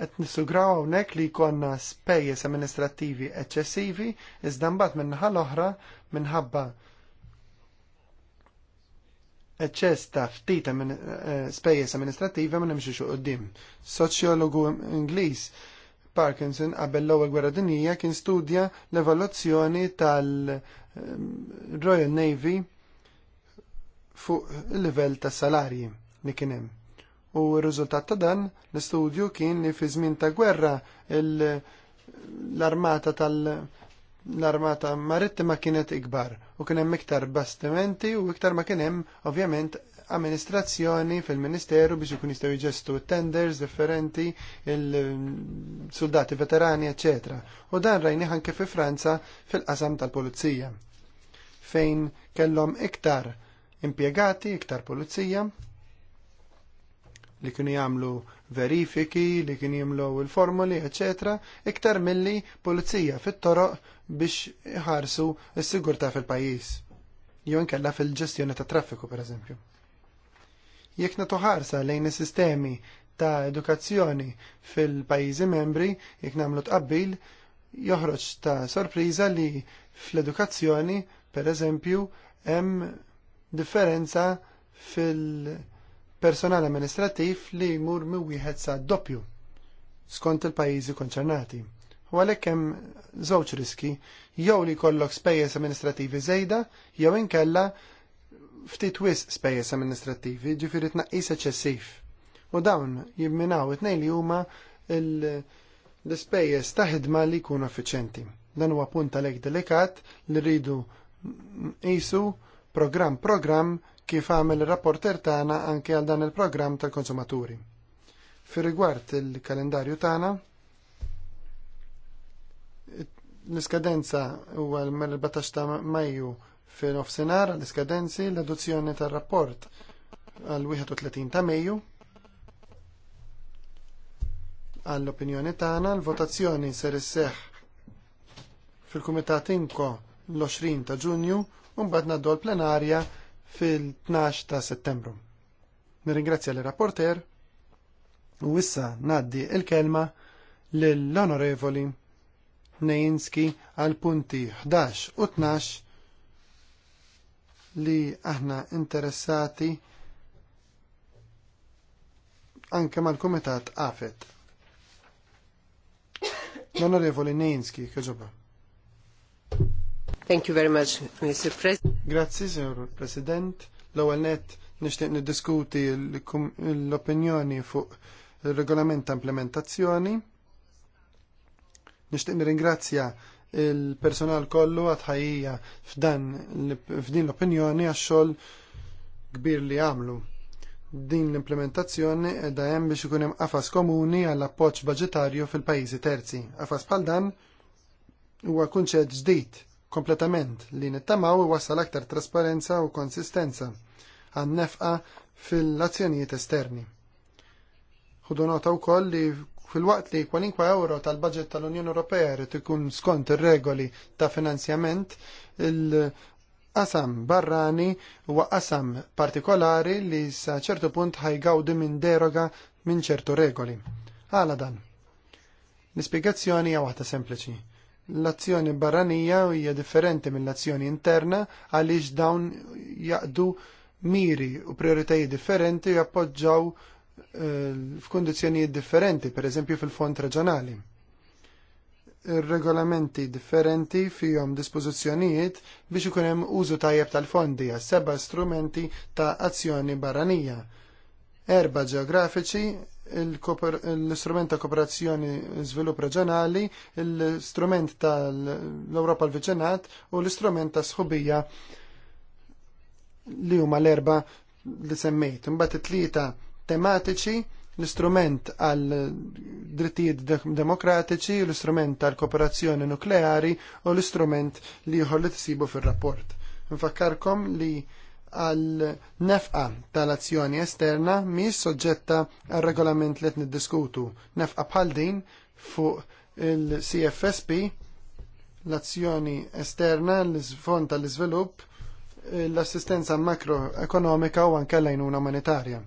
qed nisugraw hawnhekk li jkollna spejjeż amministrattivi eċċessivi iżda mbagħad min-naħa l-oħra minħabba eċċess ta' ftit eh, spejjeż amministrativa ma nimxu xuq qudiem. Soċjologu Ingliż Parkinson qabel l-ewwel gwerra dinjija kien studja l-evoluzzjoni tal-Royal Navy fuq il-livell tas salarji li kien hemm. U r-riżultat ta' dan l-istudju kien li fi żmien ta' gwerra l-armata tal- l-armata marittima kienet ikbar u kien hemm iktar bastimenti u iktar ma kien hemm ovvjament amministrazzjoni fil-ministeru biex ikun jistgħu jġestu tenders differenti, il-soldati veterani, ecc. U dan rajni anke fi Franza fil-qasam tal-pulizija fejn kellhom iktar impjegati, iktar pulizija li kienu jagħmlu verifiki, li kienu jimlu il-formuli, eċetera, iktar milli pulizija fit-toroq biex iħarsu s-sigurtà fil-pajjiż. Jew inkella fil-ġestjoni ta' traffiku pereżempju. Jekk nagħtu ħarsa lejn is-sistemi ta' edukazzjoni fil-pajjiżi membri, jekk nagħmlu tqabbil, joħroġ ta' sorpriża li fl-edukazzjoni, pereżempju, hemm differenza fil- personal amministrattiv li jmur mi wieħed sa doppju skont il-pajjiżi konċernati. U għalhekk hemm żewġ riski jew li jkollok spejjeż amministrativi żejda jew inkella ftit wis spejjeż amministrattivi ġifieri tnaqqis eċċessiv. U dawn jimminaw it-tnejn li huma l-ispejjeż ta' ħidma li jkunu effiċenti. Dan huwa punt għalhekk delikat li rridu qisu programm programm kif għamel il-rapporter tagħna anke għal dan il-programm tal-konsumaturi. Fi rigward il-kalendarju tagħna, l-iskadenza huwa l-14 ta' Maju fil-nofsinhar l-iskadenzi l-adozzjoni tar-rapport għal 31 ta' Mejju għall-opinjoni tagħna l-votazzjoni ser isseħħ fil-Kumitat Inko l-20 ta' Ġunju u mbagħad ngħaddu dol plenarja fil-12 ta' settembru. Nirringrazzja l rapporter u issa naddi il-kelma l-onorevoli Nejinski għal punti 11 u 12 li aħna interessati anke mal-Kumitat Afet. L-Onorevoli Nejinski, kħeġoba. Thank you very much, Mr. President. Grazzi, Sr. President. L-ewwel nett nixtieq niddiskuti l-opinjoni fuq il-regolament ta' implementazzjoni. Nixtieq nirringrazzja il-personal kollu għadħajija f'din l-opinjoni għax-xogħol kbir li għamlu din l-implementazzjoni edha hemm biex ikun hemm qafas komuni għall appoġġ budġetarju fil-pajjiżi terzi. Qafas bħal dan huwa kunċett ġdid kompletament li nittamaw wassal aktar trasparenza u konsistenza għan nefqa fil-azzjonijiet esterni. Ħudu nota wkoll li fil-waqt li kwalinkwa euro tal-budget tal-Unjoni Ewropea rid ikun skont ir-regoli ta' finanzjament il- qasam barrani huwa qasam partikolari li sa ċertu punt ħajgawdi minn deroga minn ċertu regoli. Għala dan. L-ispiegazzjoni hija waħda sempliċi l-azzjoni barranija hija differenti mill-azzjoni interna għaliex dawn jaqdu miri u prioritajiet differenti u jappoġġaw eh, f'kundizzjonijiet differenti, per eżempju fil-fond reġjonali. Regolamenti differenti fihom dispożizzjonijiet biex ikun hemm użu tajjeb tal-fondi għas seba strumenti ta' azzjoni barranija. Erba ġeografiċi, l-istrument ta' kooperazzjoni żvilupp reġjonali, l-istrument tal-Ewropa l-Viċenat u l-istrument ta' sħubija li huma l-erba li semmejt. Imbagħad it-tlieta tematiċi l-istrument għal drittijiet demokratiċi, l-istrument tal kooperazzjoni nukleari u l-istrument li jħolli li tisibu fil-rapport. Nfakkarkom li għal nefqa tal-azzjoni esterna miex soġġetta għal regolament li qed niddiskutu. Nefqa bħal din fuq il-CFSP l-azzjoni esterna l-fond tal-iżvilupp l-assistenza makroekonomika u anke l-għajnuna monetarja.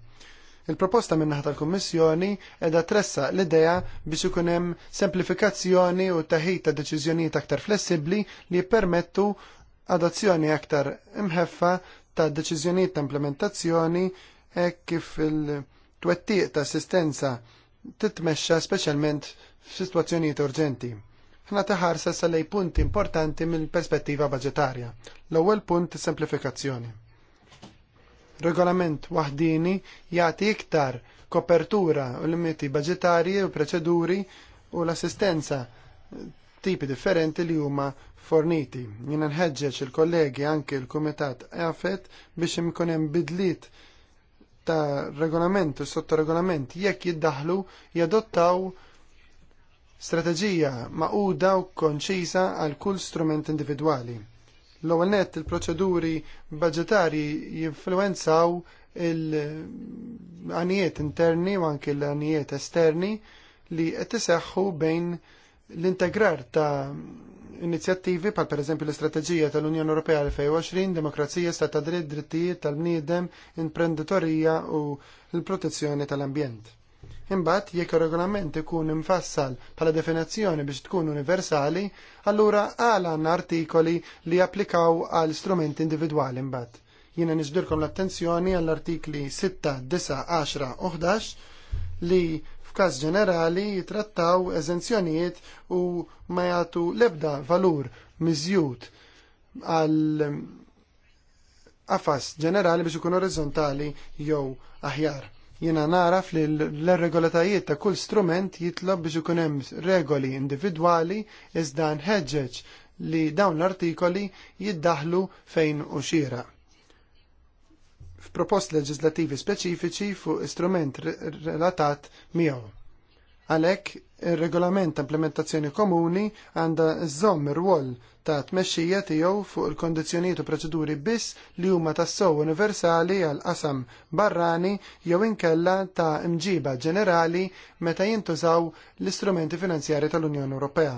Il-proposta minnaħat tal-Kommissjoni edha tressa l-idea biex ikun hemm semplifikazzjoni u taħid ta' deċiżjonijiet aktar flessibbli li jippermettu adozzjoni aktar imħeffa ta' deċiżjonijiet ta' implementazzjoni hekk kif il-twettiq ta' assistenza titmexxa speċjalment f'sitwazzjonijiet urġenti. Ħna taħarsa sa lej punti importanti mill-perspettiva budgetarja. L-ewwel punt semplifikazzjoni. Regolament waħdini jagħti iktar kopertura u limiti budgetarji u preċeduri u l-assistenza tipi differenti li huma forniti. Jina nħedġeċ il-kollegi anke il-Kumitat għafet biex imkunem bidliet ta' regolament u regolament jekk jiddaħlu jadottaw strateġija maquda u konċisa għal kull strument individwali. L-ewwel nett il-proċeduri budġetarji jinfluwenzaw il-għanijiet interni u anke l-għanijiet esterni li qed iseħħu bejn l-integrar ta' inizjattivi pal per eżempju l-Istrateġija tal-Unjoni Ewropea 2020, Demokrazija, Stat ta' Dritt, Drittijiet tal-Bniedem, Imprenditorija u l-Protezzjoni tal-Ambjent. Imbagħad jekk ir-regolament ikun imfassal bħala definizzjoni biex tkun universali, allura għala għandna artikoli li japplikaw għal strumenti individwali imbagħad. Jiena niġdirkom l-attenzjoni għall-artikli 6, 9, 10 u 11 li f'każ ġenerali jitrattaw eżenzjonijiet u ma jagħtu l-ebda valur miżjud għal qafas ġenerali biex ikun orizzontali jew aħjar. Jiena naraf li l-regolatajiet ta' kull strument jitlob biex ikun hemm regoli individwali iżda nħeġġeġ li dawn l-artikoli jiddaħlu fejn u xira f'propost leġislativi speċifiċi fuq istrument relatat miegħu. Għalhekk ir-regolament ta' implementazzjoni komuni għandha żomm ir-rwol ta' tmexxija tiegħu fuq il-kondizzjonijiet u proċeduri biss li huma tassew universali għal qasam barrani jew inkella ta' imġiba ġenerali meta jintużaw l-istrumenti finanzjari tal-Unjoni Ewropea.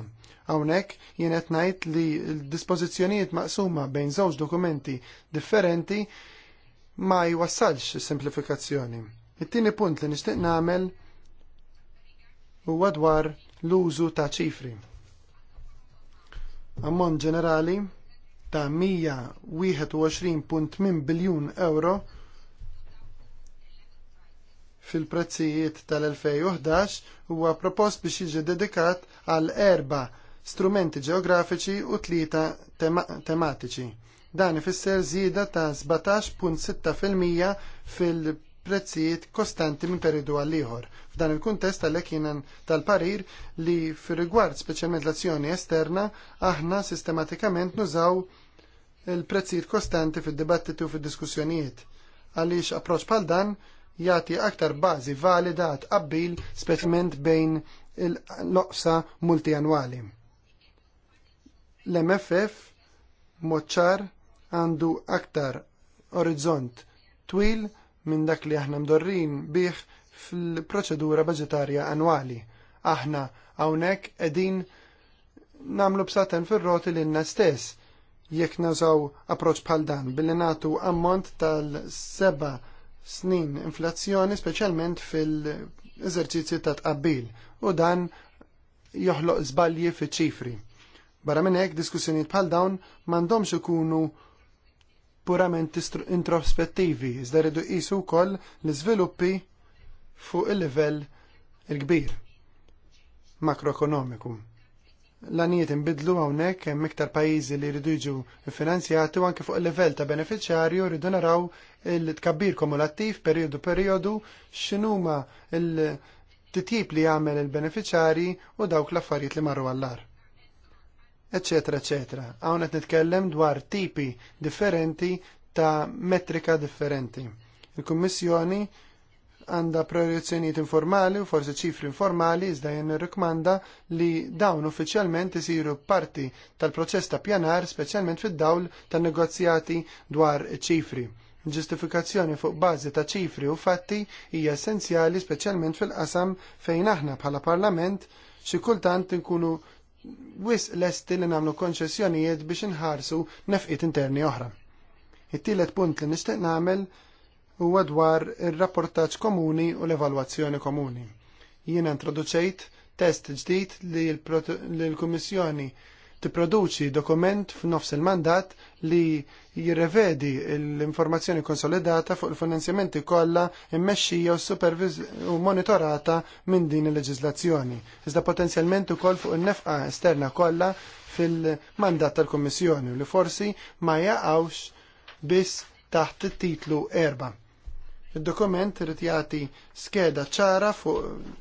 Hawnhekk jien qed ngħid li l-dispożizzjonijiet maqsuma bejn żewġ dokumenti differenti ma jwassalx simplifikazzjoni. It-tieni punt li nixtieq nagħmel huwa dwar l-użu ta' ċifri. Ammont ġenerali ta' 121.8 biljun euro fil-prezzijiet tal-2011 huwa propost biex jiġi dedikat għal erba strumenti ġeografiċi u tlieta tematiċi. Dan ifisser żieda ta' 17.6% fil-prezzijiet kostanti minn periodu għal ieħor. F'dan il-kuntest għalhekk jiena tal-parir li fir-rigward speċjalment l-azzjoni esterna aħna sistematikament nużaw il-prezzijiet kostanti fid-dibattitu u fid-diskussjonijiet. Għaliex approċċ bħal dan jagħti aktar bażi valida tqabbil speċjalment bejn il-loqsa multianwali. L-MFF moċċar għandu aktar orizzont twil minn dak li aħna mdorrin bih fil-proċedura budgetarja annwali. Aħna hawnhekk qegħdin namlu b'saten fir-roti lilna stess jekk nażaw approċċ bħal dan billi nagħtu ammont tal-seba snin inflazzjoni speċjalment fil-eżerċizzju ta' tqabbil u dan joħloq żbalji fiċ-ċifri. Barra minn hekk diskussjonijiet bħal dawn m'għandhomx ikunu purament introspettivi, iżda rridu qisu wkoll l-iżviluppi fuq il-livell il-kbir makroekonomiku. L-għaniet imbidlu hawnhekk hemm iktar pajjiżi li rridu jiġu finanzjati u anke fuq il-livell ta' beneficjarju rridu naraw il-tkabbir kumulattiv perjodu perjodu x'inhuma il-titjib li jagħmel il-beneficjari u dawk l-affarijiet li marru għall-għar eccetera, eccetera. Hawn qed nitkellem dwar tipi differenti ta' metrika differenti. Il-Kummissjoni għandha projezzjonijiet informali u forsi ċifri informali iżda jen rikmanda li dawn uffiċjalment isiru parti tal-proċess ta' pjanar speċjalment fid-dawl tan negozjati dwar ċifri. Ġustifikazzjoni fuq bażi ta' ċifri u fatti hija essenzjali speċjalment fil-qasam fejn aħna bħala Parlament xi kultant nkunu wis lesti li nagħmlu konċessjonijiet biex inħarsu nefqiet interni oħra. It-tielet punt li nixtieq nagħmel huwa dwar ir-rapportaġġ komuni u l-evalwazzjoni komuni. Jiena introduċejt test ġdid li l-Kummissjoni tipproduċi dokument f'nofs il-mandat li jirrevedi l-informazzjoni konsolidata fuq il-finanzjamenti kollha immexxija u monitorata minn din il-leġiżlazzjoni. Iżda potenzjalment ukoll fuq in-nefqa esterna kollha fil-mandat tal-Kommissjoni li forsi ma jaqgħux biss taħt it-titlu erba'. Il-dokument irid jagħti skeda ċara fuq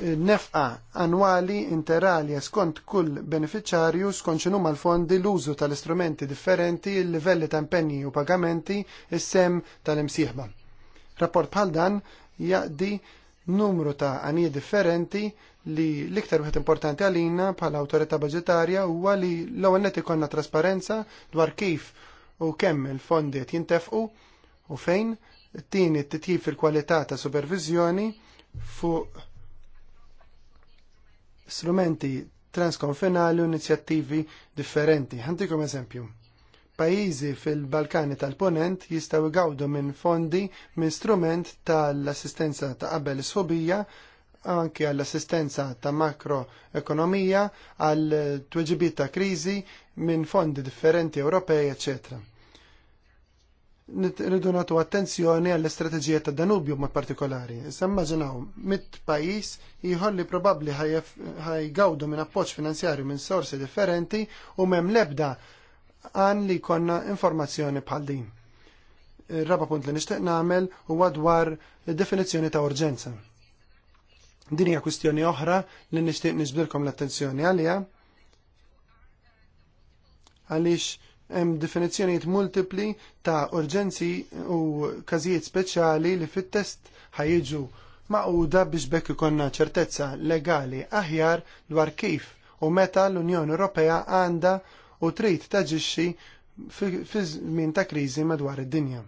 nefqa annwali interalja skont kull beneficjarju skont xinu mal-fondi l-użu tal-istrumenti differenti, il-livelli ta' impenni u pagamenti, is-sem tal-imsieħba. Rapport bħal dan jaqdi numru ta' għanije differenti li l-iktar wieħed importanti għalina bħala awtorità budgetarja huwa li l-ewwel ikonna trasparenza dwar kif u kemm il-fondi qed jintefqu u fejn, t tieni t tjib fil-kwalità ta' supervizjoni fuq strumenti transkonfinali u inizjattivi differenti. Ħantikom eżempju. Pajizi fil-Balkani tal-Ponent jistaw għawdu minn fondi minn strument tal-assistenza ta' qabel sfobija anki għall-assistenza ta' makroekonomija, għall tweġibiet ta' krizi minn fondi differenti Ewropej, eccetera rridu nagħtu attenzjoni għall istrateġija ta' Danubju mod partikolari. Issa immaġinaw mit pajjiż ieħor li probabbli ħajgawdu minn appoġġ finanzjarju minn sorsi differenti u m'hemm lebda għan li konna informazzjoni bħal din. Ir-raba punt li nixtieq nagħmel huwa dwar definizzjoni ta' urġenza. Din hija kwistjoni oħra li nixtieq niġbdilkom l-attenzjoni għaliha għaliex hemm definizzjonijiet multipli ta' urġenzi u każijiet speċjali li fit-test ħajġu maquda biex bekk ikonna ċertezza legali aħjar dwar kif u meta l-Unjoni Ewropea għandha u trid taġixxi fi żmien ta' kriżi madwar id-dinja.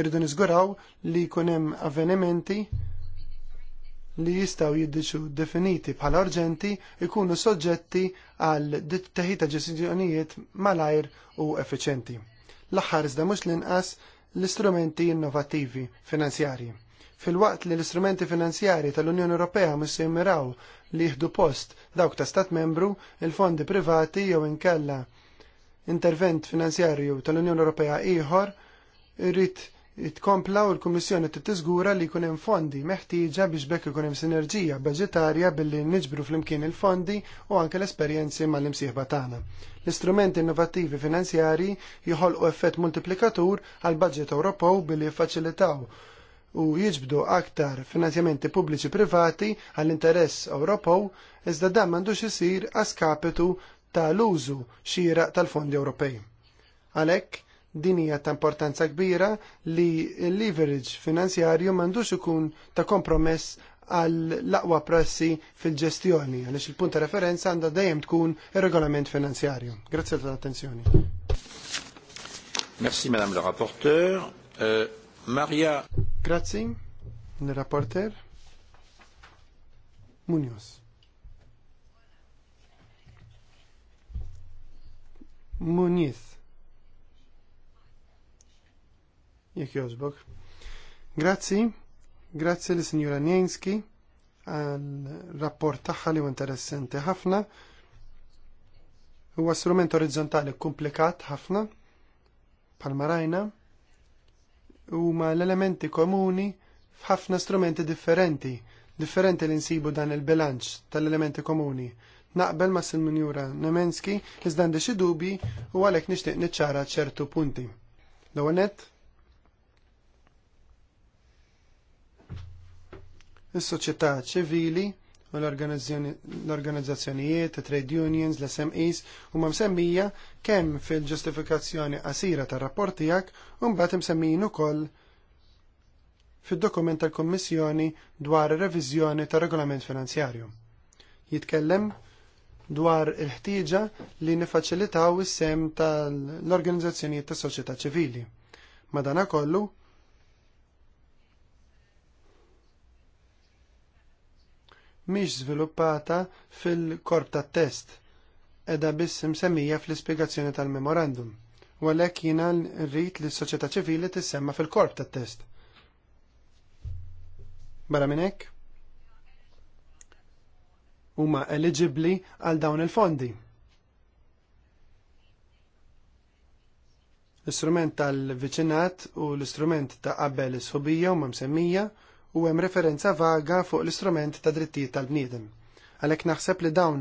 Irridu niżguraw li jkun hemm avvenimenti li jistaw jiddiċu definiti bħala urġenti ikunu soġġetti għal teħita ġesizjonijiet malajr u effiċenti. L-aħħar iżda mhux l-inqas l-istrumenti innovativi finanzjarji. Fil-waqt li l-istrumenti finanzjari tal-Unjoni Ewropea mhux se jimmiraw li jieħdu post dawk ta' stat membru, il-fondi privati jew inkella intervent finanzjarju tal-Unjoni Ewropea ieħor irrid tkompla u l-Kummissjoni titiżgura li jkun hemm fondi meħtieġa biex bekk ikun hemm sinerġija budgetarja billi niġbru flimkien il-fondi u anke l-esperjenzi mal-imsieħba tagħna. L-istrumenti innovattivi finanzjarji jħolqu effett multiplikatur għal budget Ewropew billi jiffaċilitaw u jiġbdu aktar finanzjamenti pubbliċi privati għall-interess Ewropew iżda dan m'għandux isir għaskapitu tal-użu xieraq tal-fondi Ewropej. Għalhekk, Din hija ta' importanza kbira li l-leverage finanzjarju m'għandux ikun ta' kompromess għall aqwa prassi fil-ġestjoni, għalix il punta referenza għandha dejjem tkun ir-regolament finanzjarju. Grazzi tal-attenzjoni. Merci Madame le rapporteur. Euh, Maria. Grazie, le rapporteur. Munoz. Muniz. jekk jogħġbok. Grazzi, grazzi li sinjura Njenski għal rapport tagħha li interessanti ħafna. Huwa strument orizzontali komplikat ħafna Palmarajna. u ma l-elementi komuni f'ħafna strumenti differenti, differenti li nsibu dan il-bilanċ tal-elementi komuni. Naqbel ma' Silminjura Nemenski, iżdan xi dubi u għalhekk nixtieq niċċara ċertu punti. l nett, is-soċjetà ċivili u l-organizzazzjonijiet, trade unions, l-SMEs huma msemmija kemm fil-ġustifikazzjoni qasira tar-rapport tiegħek u mbagħad imsemmijin ukoll fid-dokument tal-Kommissjoni dwar ir-reviżjoni tar-regolament finanzjarju. Jitkellem dwar il-ħtieġa li nifaċilitaw is-sem tal-organizzazzjonijiet tas-soċjetà ċivili. Madanakollu, mhix żviluppata fil-korp tat-test edha biss msemmija fl-ispjegazzjoni tal-memorandum. U għalhekk jiena rrid li s-soċjetà ċivili tissemma fil-korp tat-test. Barra minn hekk huma eligibbli għal dawn il-fondi. L-istrument tal-viċinat u l-istrument ta' qabel is ħobija huma msemmija u hemm referenza vaga fuq l-istrument ta' drittijiet tal-bniedem. Għalhekk naħseb li dawn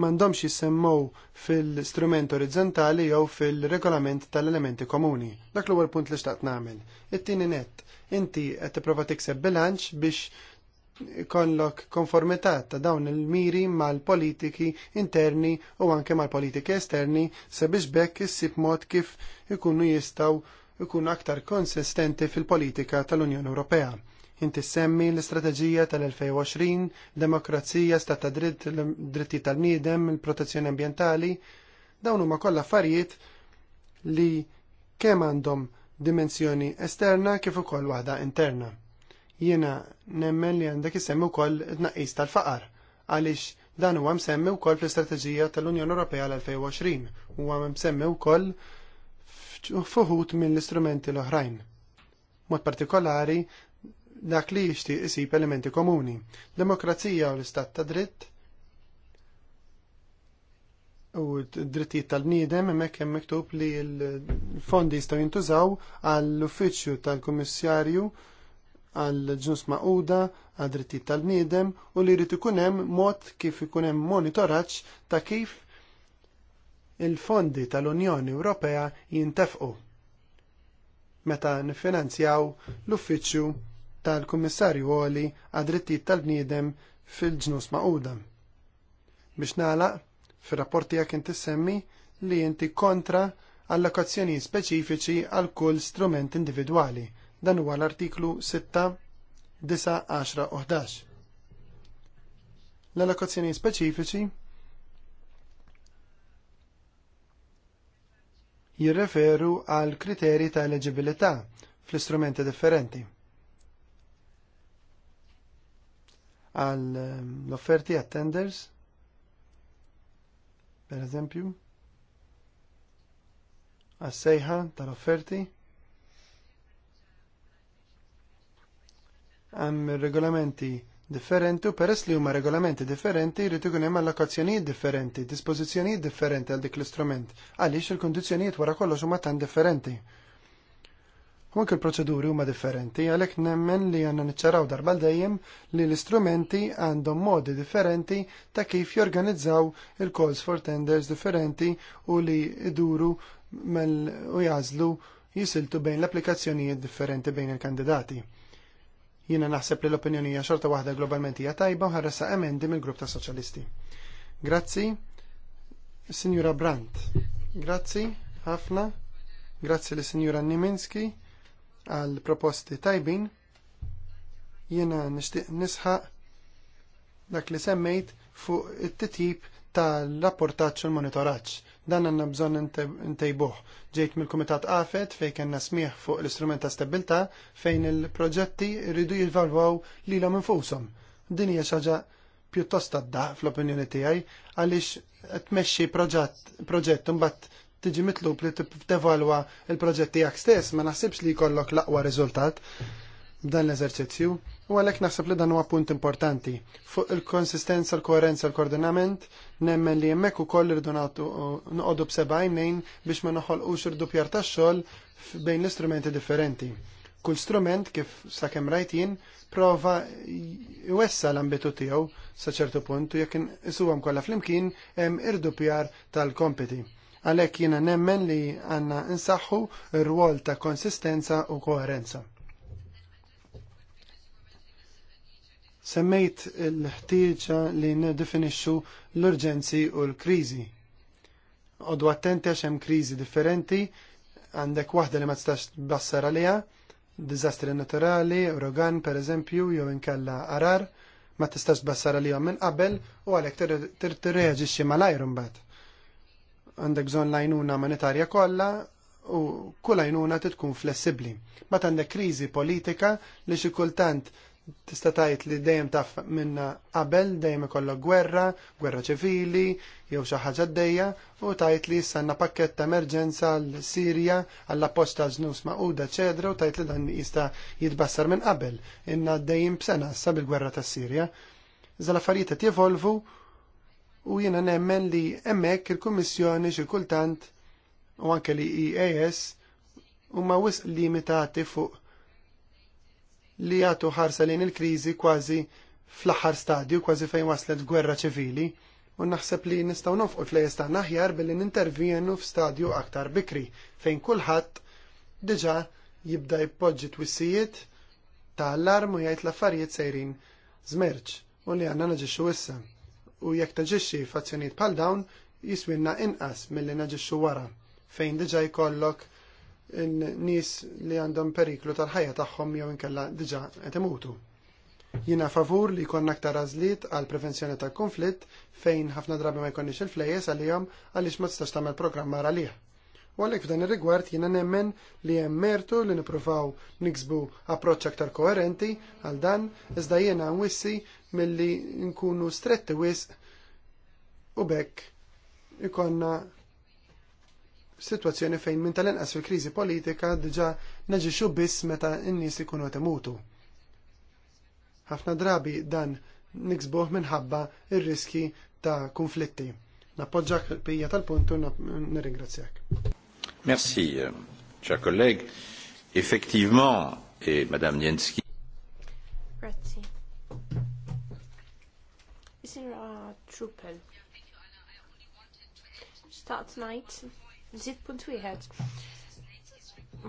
m'għandhomx jissemmow fil-strument orizzontali jew fil-regolament tal-elementi komuni. Dak l-ewwel punt li xtaqt nagħmel. It-tieni nett, inti qed tipprova tikseb bilanċ biex ikollok konformità ta' dawn il-miri mal-politiki interni u anke mal-politiki esterni sabiex bekk issib mod kif ikunu jistgħu ikun aktar konsistenti fil-politika tal-Unjoni Ewropea. Inti semmi l-istrateġija tal-2020, demokrazija, stat ta' dritt, dritti tal-niedem, il-protezzjoni ambientali, dawn huma kollha affarijiet li kemm għandhom dimensjoni esterna kif ukoll waħda interna. Jiena nemmen li għandek isemmi wkoll it-tnaqqis tal-faqar għaliex dan huwa msemmi wkoll fl-istrateġija tal-Unjoni Ewropea l-2020 huwa msemmi wkoll fuħut l istrumenti l-oħrajn. Mod partikolari, dak li jixtieq isib elementi komuni. Demokrazija u l-istat ta' dritt u drittijiet tal-bniedem hemmhekk hemm miktub li l-fondi jistgħu jintużaw għall-uffiċċju tal-Kummissarju għall ġnus maquda għal drittijiet tal-bniedem u li jrid ikun hemm mod kif ikun hemm monitoraġġ ta' kif il-fondi tal-Unjoni Ewropea jintefqu meta niffinanzjaw l-uffiċċju tal-Kummissarju Oli għad-drittijiet tal-bniedem fil-ġnus Magħquda. Biex nagħlaq fir-rapport tiegħek inti semmi li inti kontra allokazzjoni speċifiċi għal kull strument individwali. Dan huwa l-artiklu 6, 9, 10, 11. L-allokazzjoni speċifiċi jirreferu għal kriteri ta' eleġibilità fl-istrumenti differenti. Għal ehm, l-offerti għat per eżempju, għas sejħa tal-offerti, għam regolamenti differenti u peress li huma regolamenti differenti jrid ikun hemm allokazzjonijiet differenti, dispożizzjonijiet differenti għal dik l-istrument għaliex il-kundizzjonijiet wara kollox huma tant differenti. U il l-proċeduri huma differenti għalhekk nemmen li għandna niċċaraw darba dejjem li l-istrumenti għandhom modi differenti ta' kif jorganizzaw il-calls for tenders differenti u li iduru u jażlu jisiltu bejn l-applikazzjonijiet differenti bejn il-kandidati. Jiena naħseb li l-opinjoni hija xorta waħda globalment hija tajba u ħarresa emendi mill-grupp ta' soċjalisti. Grazzi, Sinjura Brandt. Grazzi, ħafna. Grazzi li Sinjura Niminski għal proposti tajbin. Jiena nixtieq nisħaq dak li semmejt fuq it-titjib tal-rapportaċ u l-monitoraċ Dan għanna bżon ntejbuħ. Ġejt mill-Kumitat Afet fej kena smieħ fuq l-istrument ta' stabilta fejn il-proġetti rridu jivalwaw li l infusom. Din hija xaġa pjuttost għadda fl-opinjoni tiegħi għaliex tmexxi proġett mbagħad tiġi mitlub li tevalwa il-proġett tiegħek stess ma naħsibx li jkollok l-aqwa riżultat b'dan l-eżerċizzju. U għalhekk naħseb li dan huwa punt importanti. Fuq il-konsistenza, l-koerenza, l-koordinament, nemmen li hemmhekk ukoll irdu noqodu b'seba' għajnejn biex ma noħolqux irdupjar tax-xogħol bejn l-istrumenti differenti. Kull strument kif sakemm rajt jien prova jwessa l-ambitu tiegħu sa ċertu punt u jekk isuhom kollha flimkien hemm irdupjar tal-kompiti. Għalhekk jiena nemmen li għandna insaħħu r-rwol ta' konsistenza u koerenza. Semmejt l-ħtieġa li nedefinixxu l-urġenzi u l-kriżi. Odu attenti għax hemm kriżi differenti, għandek waħda li ma tistax tbassar għaliha, diżastri naturali, urogan pereżempju, jew inkella arar, ma tistax tbassar għalihom minn qabel u għalhekk tirreaġixxi malajr imbagħad. Għandek bżonn lajnuna monetarja kollha, u kull għajnuna titkun flessibbli. Ma għandek kriżi politika li xi kultant tista' tgħid li dejjem taf minna qabel dejjem ikollok gwerra, gwerra ċivili, jew xi ħaġa għaddejja u tgħid li issa għandna pakkett ta' emerġenza għal Sirja għall apposta ġnus maquda ċedra u tgħid li dan jista' jitbassar minn qabel inna dejjem b'sena issa bil-gwerra tas-Sirja. Iżda l-affarijiet qed jevolvu u jiena nemmen li hemmhekk il-Kummissjoni xi kultant u anke li EAS huma wisq limitati fuq li għatu ħarsa lejn il-kriżi kważi fl-aħħar stadju, kważi fejn waslet gwerra ċivili, u naħseb li nistgħu nofqu fl tagħna aħjar billi nintervjenu f'stadju aktar bikri fejn kulħadd diġà jibda jpoġġi twissijiet ta' allarm u jgħid l-affarijiet sejrin żmerġ u li għandna naġixxu issa. U jekk taġixxi f'azzjonijiet bħal dawn jiswinna inqas milli naġixxu wara fejn diġà jkollok n-nies li għandhom periklu tal-ħajja tagħhom jew inkella diġà qed imutu. Jiena favur li jkollna aktar għażliet għal prevenzjoni tal-konflitt fejn ħafna drabi ma jkollniex il-flejjes għalihom għaliex ma tistax tagħmel programm mara lih. U għalhekk f'dan ir-rigward jiena nemmen li hemm mertu li nippruvaw niksbu approċċ aktar koerenti għal dan iżda jiena nwissi milli nkunu stretti wisq u bekk ikonna situazzjoni fejn minn tal-inqas fil-kriżi politika diġa naġixxu biss meta n-nies ikunu qed imutu. Ħafna drabi dan niksbuħ minħabba ir-riski ta' konflitti. Nappoġġak bija tal-puntu nirringrazzjak. Merci, cher collègue. Effectivement, et Madame Jenski. Grazie. Uh, Truppel. Staqt najt Nżid punt wieħed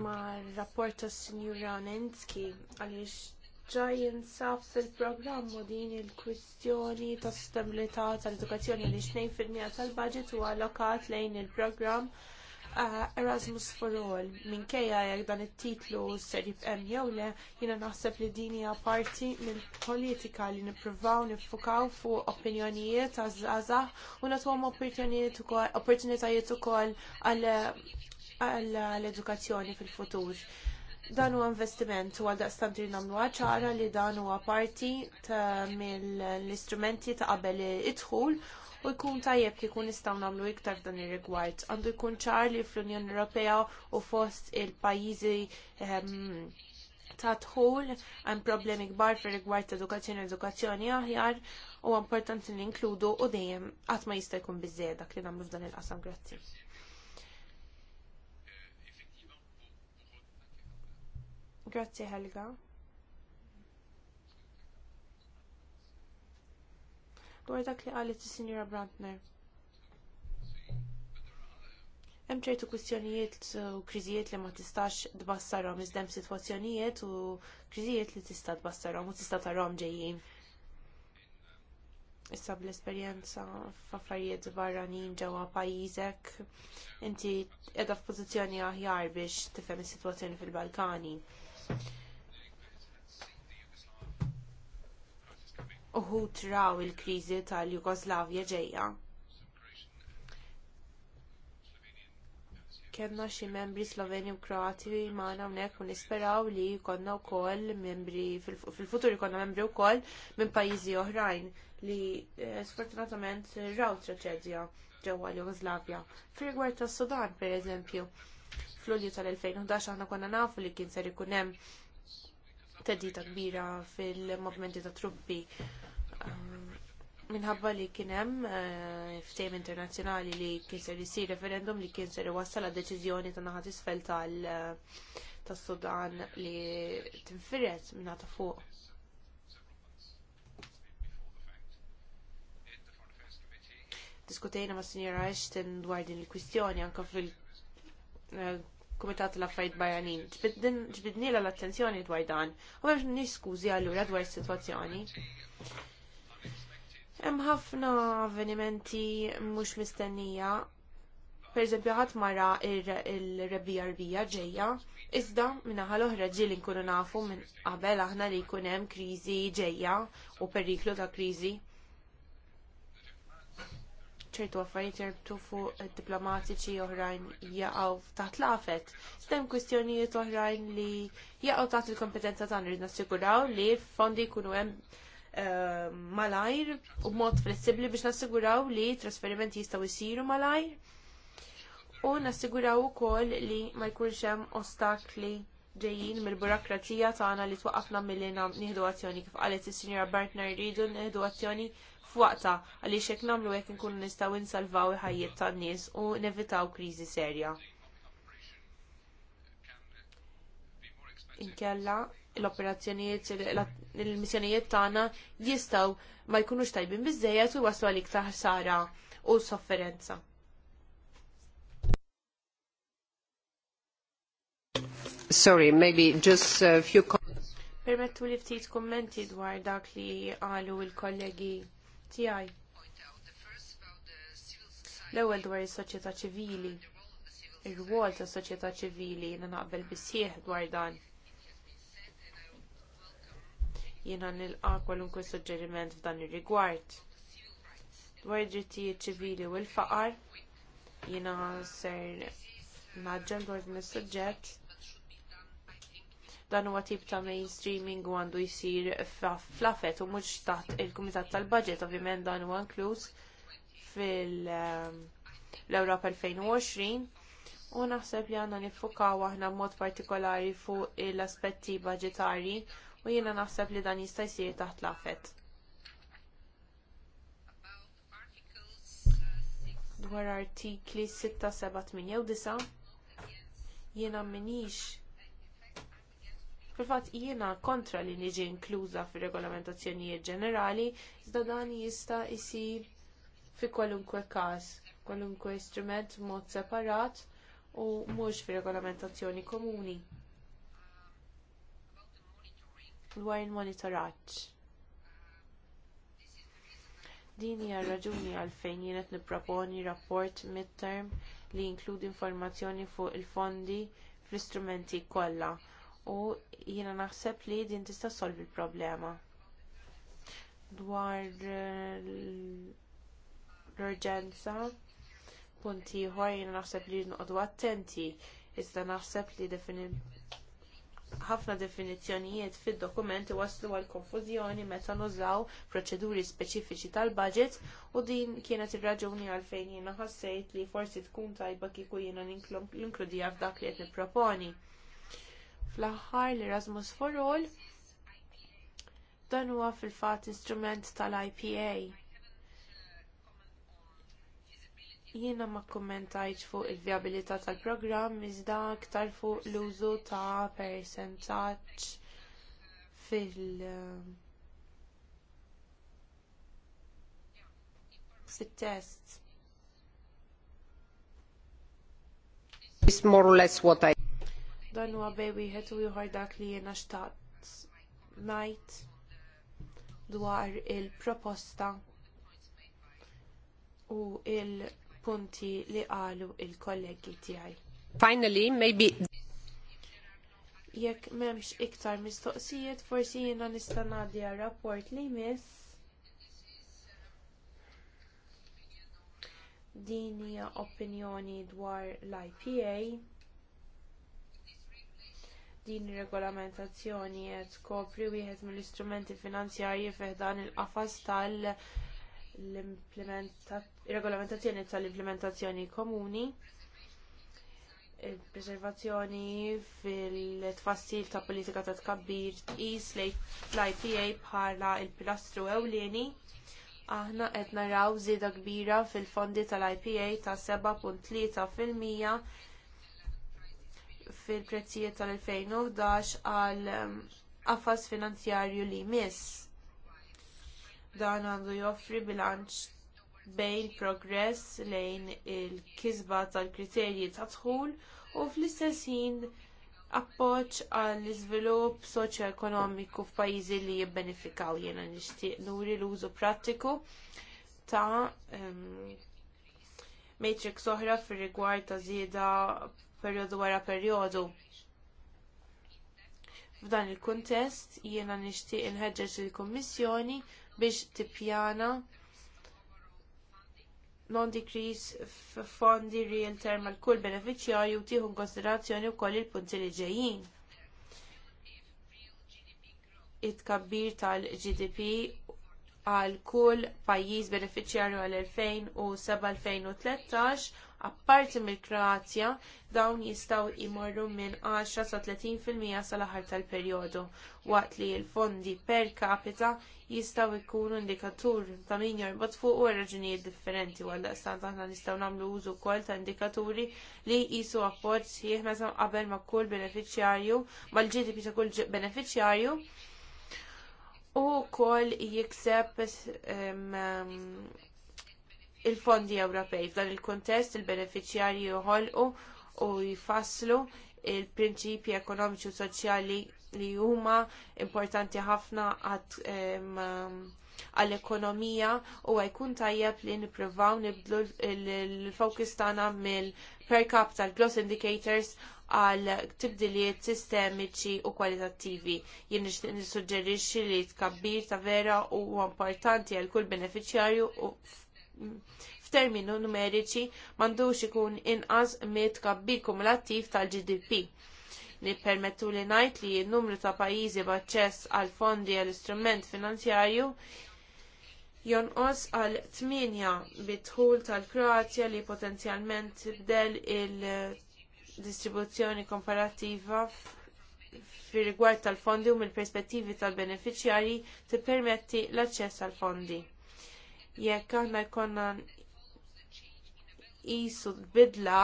ma' rapport ta' Signora Nenski għaliex ġajin saf fil-programm u din il-kwistjoni ta' stabilità tal-edukazzjoni li 2% tal-budget huwa allokat lejn il-programm Erasmus for All, minkejja jekk dan it-titlu ser jibqem jew le, jiena naħseb li din hija parti mill-politika li nippruvaw niffukaw fuq opinjonijiet għażagħ u nagħtuhom opportunitajiet ukoll għall-edukazzjoni fil-futur. Dan huwa investiment u għal daqstant nagħmlu ċara li dan huwa parti mill-istrumenti ta' qabel id-dħul u jkun tajjeb kieku nistgħu nagħmlu iktar dan ir-rigward. Għandu jkun ċar li fl-Unjoni Ewropea u fost il-pajjiżi ehm, ta' dħul hemm problemi kbar fir rigward edukazzjoni edukazzjoni aħjar u importanti li inkludu u dejjem qatt ma jista' jkun biżżejjed dak li nagħmlu f'dan il-qasam grazzi. Grazie Helga. dwar dak li qalet is-Sinjura Brantner. Hemm ċertu kwistjonijiet u kriżijiet li ma tistax tbassarhom iżda hemm sitwazzjonijiet u kriżijiet li tista' tbassarhom u tista' tarhom ġejjin. Issa bl-esperjenza f'affarijiet barranin ġewwa pajjiżek, inti qiegħda f'pożizzjoni aħjar biex tifhem is-sitwazzjoni fil-Balkani. Uħud raw il kriżi tal-Jugoslavja ġejja. Kellna xi membri Sloveni u Kroati magħna hawnhekk u nisperaw li jkollna wkoll membri fil-futur jkollna membri wkoll minn pajjiżi oħrajn li eh, sfortunatament raw traċedja ġewwa l-Jugoslavja. Fir-rigward tas-Sudan pereżempju, fl lulju tal-2011 aħna konna nafu li kien ser ikun hemm teddita kbira fil-movimenti ta' truppi minħabba li kien hemm eh, ftehim internazzjonali li kien ser isir referendum li kien ser iwassal għad deċiżjoni ta' naħat isfel tal eh, tas-Sudan li tinfiret minna ta' fuq. Diskutejna ma' Sinjora Ashton dwar din il-kwistjoni anke fil eh, Kumitat l affajt Bajanin. Ġbidnila l-attenzjoni dwar dan. U għax skużi allura dwar is-sitwazzjoni. Hemm ħafna avvenimenti mhux mistennija. Pereżempju ħadd mara il-rebbija rbija ġejja, iżda minnaħa l-oħra ġieli nkunu nafu minn qabel aħna li jkun hemm kriżi ġejja u periklu ta' kriżi. ċertu affarijiet jirbtu fuq diplomatiċi oħrajn jaqgħu taħt lafet. Stem kwistjonijiet oħrajn li jaqgħu taħt il-kompetenza tagħna rid nassiguraw li fondi jkunu hemm Eh, malajr u b'mod flessibbli biex nassiguraw li trasferimenti jistgħu jsiru malajr u nassiguraw ukoll li ma jkunx hemm ostakli ġejjin mill-burokrazija tagħna li twaqafna milli nieħdu azzjoni kif qalet is-Sinjora Bartner rridu nieħdu azzjoni f'waqta għaliex hekk nagħmlu hekk inkunu nistgħu insalvaw il-ħajjiet tan-nies u nevitaw kriżi serja. Inkella l-operazzjonijiet, il-missjonijiet tagħna jistgħu ma jkunux tajbin biżejjed u waslu għal iktar ħsara u sofferenza. Sorry, maybe just a few comments. Permettu li ftit kommenti dwar dak li qalu il-kollegi tiegħi. L-ewwel dwar is-soċjetà ċivili ir-rwol tas soċjetà ċivili jiena naqbel bissieħ dwar dan. Jiena nilqa kwalunkwe suġġeriment f'dan ir-rigward. Dwar id-drittijiet ċivili u l-faqar, jiena ser naġġel dwar din is-suġġett. Dan huwa tip ta' mainstreaming u għandu jsir flafet u mhux taħt il-Kumitat tal-Budget, ovvjament dan huwa inkluż fil-Ewropa ehm, 2020 u naħseb li għandna nifukaw aħna b'mod partikolari fuq l-aspetti baġitarji u jiena naħseb li dan jista' jsir taħt l Dwar artikli 6789 jiena minix Fil-fatt jiena kontra li niġi inkluża fir-regolamentazzjonijiet ġenerali, iżda dan jista' jsir fi kwalunkwe każ, kwalunkwe strument mod separat u mhux fir-regolamentazzjoni komuni. dwar il-monitoraġġ. Din hija raġuni għalfejn jien qed nipproponi rapport midterm li jinkludi informazzjoni fuq il-fondi fl-istrumenti kollha u jiena naħseb li din tista' solvi l-problema. Dwar eh, l-urġenza punti ieħor jiena naħseb li nqodu attenti iżda naħseb li ħafna definizzjonijiet fid-dokumenti waslu għal konfużjoni meta nużaw proċeduri speċifiċi tal-budget u din kienet ir-raġuni għalfejn jiena ħassejt li forsi tkun tajba kieku jiena ninkludija f'dak li qed nipproponi. Fl-aħħar l-Erasmus for All dan huwa fil-fatt instrument tal-IPA Jiena ma kommentajt fuq il-vjabilità tal-programm iżda aktar fuq l-użu ta' persentaġġ fil- fit-test. more or less what I Dan huwa bej wieħed u ieħor dak li jiena xtaqt ngħid dwar il-proposta u il- punti li qalu il-kollegi tiegħi. Finally, maybe jekk m'hemmx iktar mistoqsijiet, forsi jiena nista' ngħaddi rapport li mis. Din hija opinjoni dwar l-IPA. Din ir-regolamentazzjoni qed tkopri wieħed mill-istrumenti finanzjarji fih dan il-qafas tal implementazzjoni regolamentazzjoni tal-implementazzjoni komuni, il-preservazzjoni fil-tfassil ta' politika ta' tkabbir tqis l-IPA bħala il-pilastru ewlieni. Aħna qed naraw żieda kbira fil-fondi tal-IPA ta' 7.3 fil-mija fil-prezzijiet tal-2011 għal ehm, qafas finanzjarju li jmiss. Dan għandu joffri bilanċ bejn progress lejn il-kisba tal-kriterji ta' dħul u fl-istess ħin appoġġ għall iżvilupp soċjoekonomiku f'pajjiżi li jibbenefikaw jiena nixtieq nuri l-użu prattiku ta' um, matrix oħra fir-rigward ta' żieda perjodu wara perjodu. F'dan il kuntest jiena nixtieq inħeġġeġ il-Kummissjoni biex tippjana non-decrease fondi real term għal kull beneficjarju tieħu konsiderazzjoni wkoll il-punti li ġejjin. It-kabbir tal-GDP għal kull pajjiż beneficjarju għal 2007-2013 apparti mill kroazja dawn jistgħu jmorru minn 10 sa 30% sal-aħħar tal-perjodu waqt li l-fondi per capita jistgħu jkunu indikatur ta' min jorbot fuq raġunijiet differenti għal daqstant aħna nistgħu nagħmlu użu kol ta' indikaturi li jqisu apport sħiħ qabel ma' kull ma' mal-GDP ta' kull beneficjarju, u kol jikseb il-fondi Ewropej. F'dan il-kontest il-beneficjarji joħolqu u jfasslu il-prinċipji ekonomiċi u soċjali li huma importanti ħafna għall-ekonomija u għajkun tajjeb li nippruvaw nibdlu l-fokus tagħna mill-per capita gross indicators għal tibdiliet sistemiċi u kwalitattivi. Jien nissuġġerixxi li tkabbir ta' vera u importanti għal kull beneficjarju u f'terminu numeriċi m'għandux ikun inqas mit kabbir kumulattiv tal-GDP. Nippermettu li ngħid li n-numru ta' pajjiżi b'aċċess għal fondi għall istrument finanzjarju jonqos għal 8 bitħul tal kroazja li potenzjalment tibdel il-distribuzzjoni komparattiva fir rigward tal-fondi u mill-perspettivi tal benefiċjarji tippermetti l-aċċess għal fondi jekk aħna jkollna qisu bidla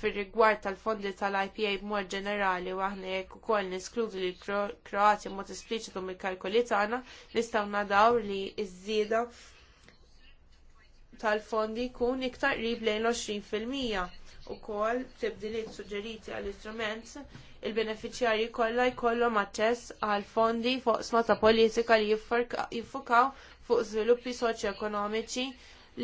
fir-rigward tal-fondi tal-IPA b'mod ġenerali u aħna jekk ukoll niskludu li Kroatja mod espliċitu mill-kalkoli tagħna nistgħu nadaw li ż-żieda tal-fondi jkun iktar qrib lejn 20% ukoll tibdiliet suġġeriti għall-istrument il-beneficjarji kollha jkollhom aċċess għal fondi fuq sma ta' politika li jiffukaw fuq żviluppi soċjoekonomiċi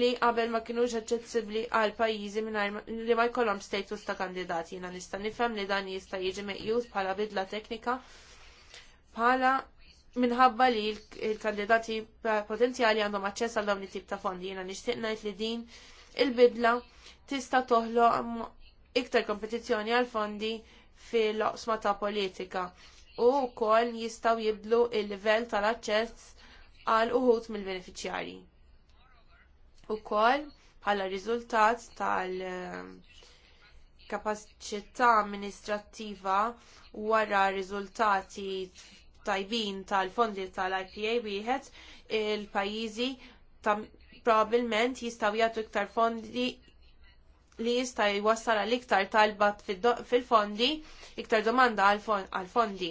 li qabel ma kinux aċċessibbli għal pajjiżi li ma jkollhom status ta' kandidati. Jiena nista' nifhem li dan jista' jiġi meqjus bħala bidla teknika bħala minħabba li l-kandidati potenzjali għandhom aċċess għal dawn it-tip ta' fondi. Jiena nixtieq ngħid li din il-bidla tista' toħloq iktar kompetizzjoni għal fondi fil-oqsma ta' politika u wkoll jistgħu jibdlu il-livell tal-aċċess għal uħut mill-beneficjari. U kol, bħala riżultat tal eh, kapaċità amministrattiva wara riżultati tajbin tal-fondi tal-IPA wieħed il-pajjiżi probabbilment jistgħu jagħtu iktar fondi li jista' jwassal għal iktar talba fil-fondi, iktar domanda għal fondi.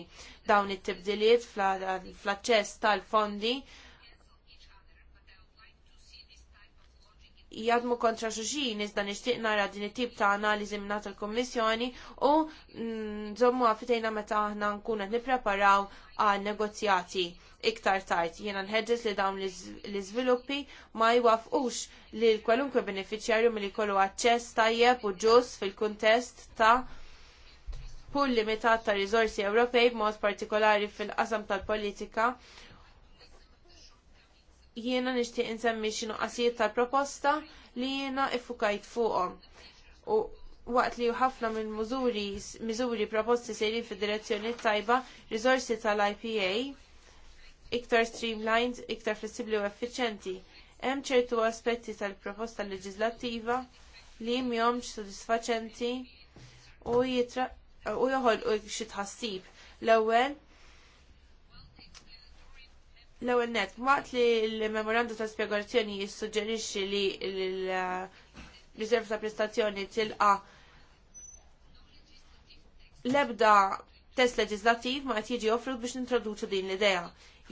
Dawn it-tibdiliet fl-aċċess tal-fondi jadmu kontra xuxin, iżda nixtieq nara din it-tip ta' analiżi minnat il kommissjoni u nżommu mm, għafitejna meta aħna nkunu qed nippreparaw għal negozjati iktar tard. Jiena nħeġġeġ li dawn l-iżviluppi ma jwafqux li kwalunkwe beneficjarju milli jkollu aċċess tajjeb u ġus fil-kuntest ta' pull limitat ta' riżorsi Ewropej b'mod partikolari fil-qasam tal-politika jiena nixtieq insemmi xi nuqqasijiet tal-proposta li jiena iffukajt fuqhom. U waqt li ħafna minn miżuri proposti sejrin fid-direzzjoni tajba, riżorsi tal-IPA iktar streamlined, iktar flessibbli u effiċenti. Hemm ċertu aspetti tal-proposta leġislattiva li mhomx sodisfaċenti u jitra u joħolqu xi tħassib. L-ewwel L-ewwel net, waqt li l-memorandum ta' spjegazzjoni jissuġġerixxi li l-riserv ta' prestazzjoni tilqa l-ebda test leġislattiv ma qed jiġi offrut biex nintroduċu din l-idea.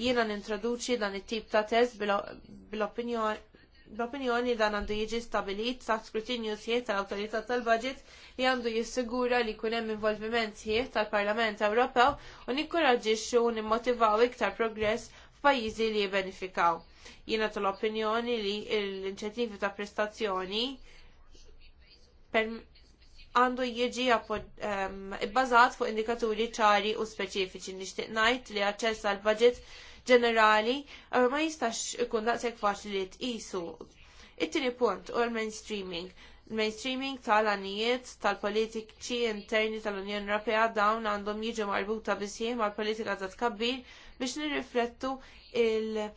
Jiena nintroduċi dan it-tip ta' test bl opinjoni dan għandu jiġi stabilit sa' skrutinju sħiħ tal-autorità tal-budget li għandu jissigura li jkun hemm involviment sħiħ tal-Parlament Ewropew u nikkoraġġixxu u nimmotivaw iktar progress f'pajjiżi li jibbenefikaw. Jiena tal-opinjoni li l-inċentivi ta' prestazzjoni għandu jieġi bbażat fuq indikaturi ċari u speċifiċi nixtieq ngħid li aċċess għal budget ġenerali eh, ma jistax ikun daqshekk faċli li tqisu. It-tieni punt u l-mainstreaming mainstreaming tal għanijiet tal-politiċi interni tal-Unjoni Ewropea dawn għandhom jiġu marbuta bisħieħ mal-politika ta' tkabbir biex nirriflettu il-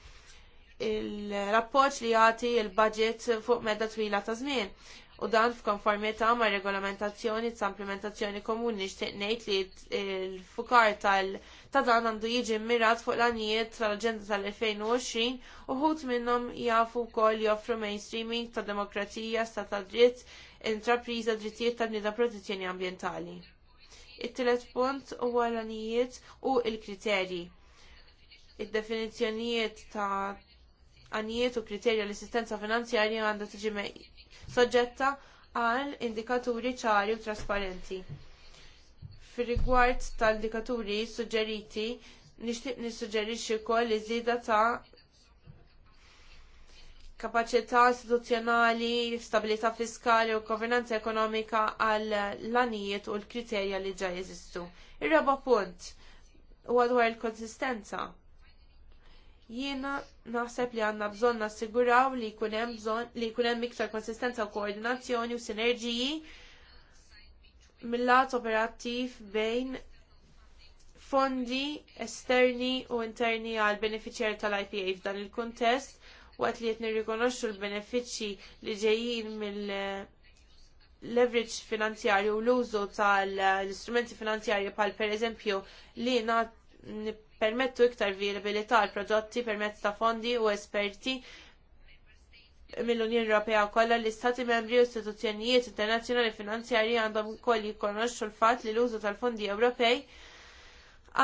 il li jagħti l budget fuq medda twila ta' żmien u dan f'konformità ma' regolamentazzjoni ta' implementazzjoni komuni nixtieq ngħid li l-fukar tal- ta' dan għandu jiġi mirat fuq l għanijiet tal-Aġenda tal-2020 uħut minnhom jafu wkoll joffru mainstreaming ta' demokrazija, stat ta' dritt, intrapriża drittijiet ta' nida protezzjoni ambjentali. It-tielet punt huwa l għanijiet u l-kriterji. Id-definizzjonijiet ta' għanijiet u kriterji għall assistenza finanzjarja għandha tiġi soġġetta għal indikaturi ċari u trasparenti. Fir-rigward tal-indikaturi suġġeriti, nixtieq nissuġġerixxi wkoll iż-żieda ta' kapaċità istituzzjonali, stabilità fiskali u governanza ekonomika għal l u l-kriterja li ġa jeżistu. Ir-raba punt huwa dwar il-konsistenza. Jiena naħseb li għandna bżonn nassiguraw li jkun hemm bżonn li jkun hemm iktar konsistenza u koordinazzjoni u sinerġiji mill-lat operattiv bejn fondi esterni u interni għal beneficjar tal-IPA f'dan il-kontest waqt li qed nirrikonoxxu l-benefiċċji li ġejjin mill- leverage finanzjarju u l-użu tal-istrumenti finanzjarji pal per eżempju li permettu iktar viabilità għal prodotti permezz ta' fondi u esperti mill-Unjoni Ewropea kollha l-Istati membri u istituzzjonijiet internazzjonali finanzjarji għandhom ukoll jikkonoxxu l-fatt li l-użu tal-fondi Ewropej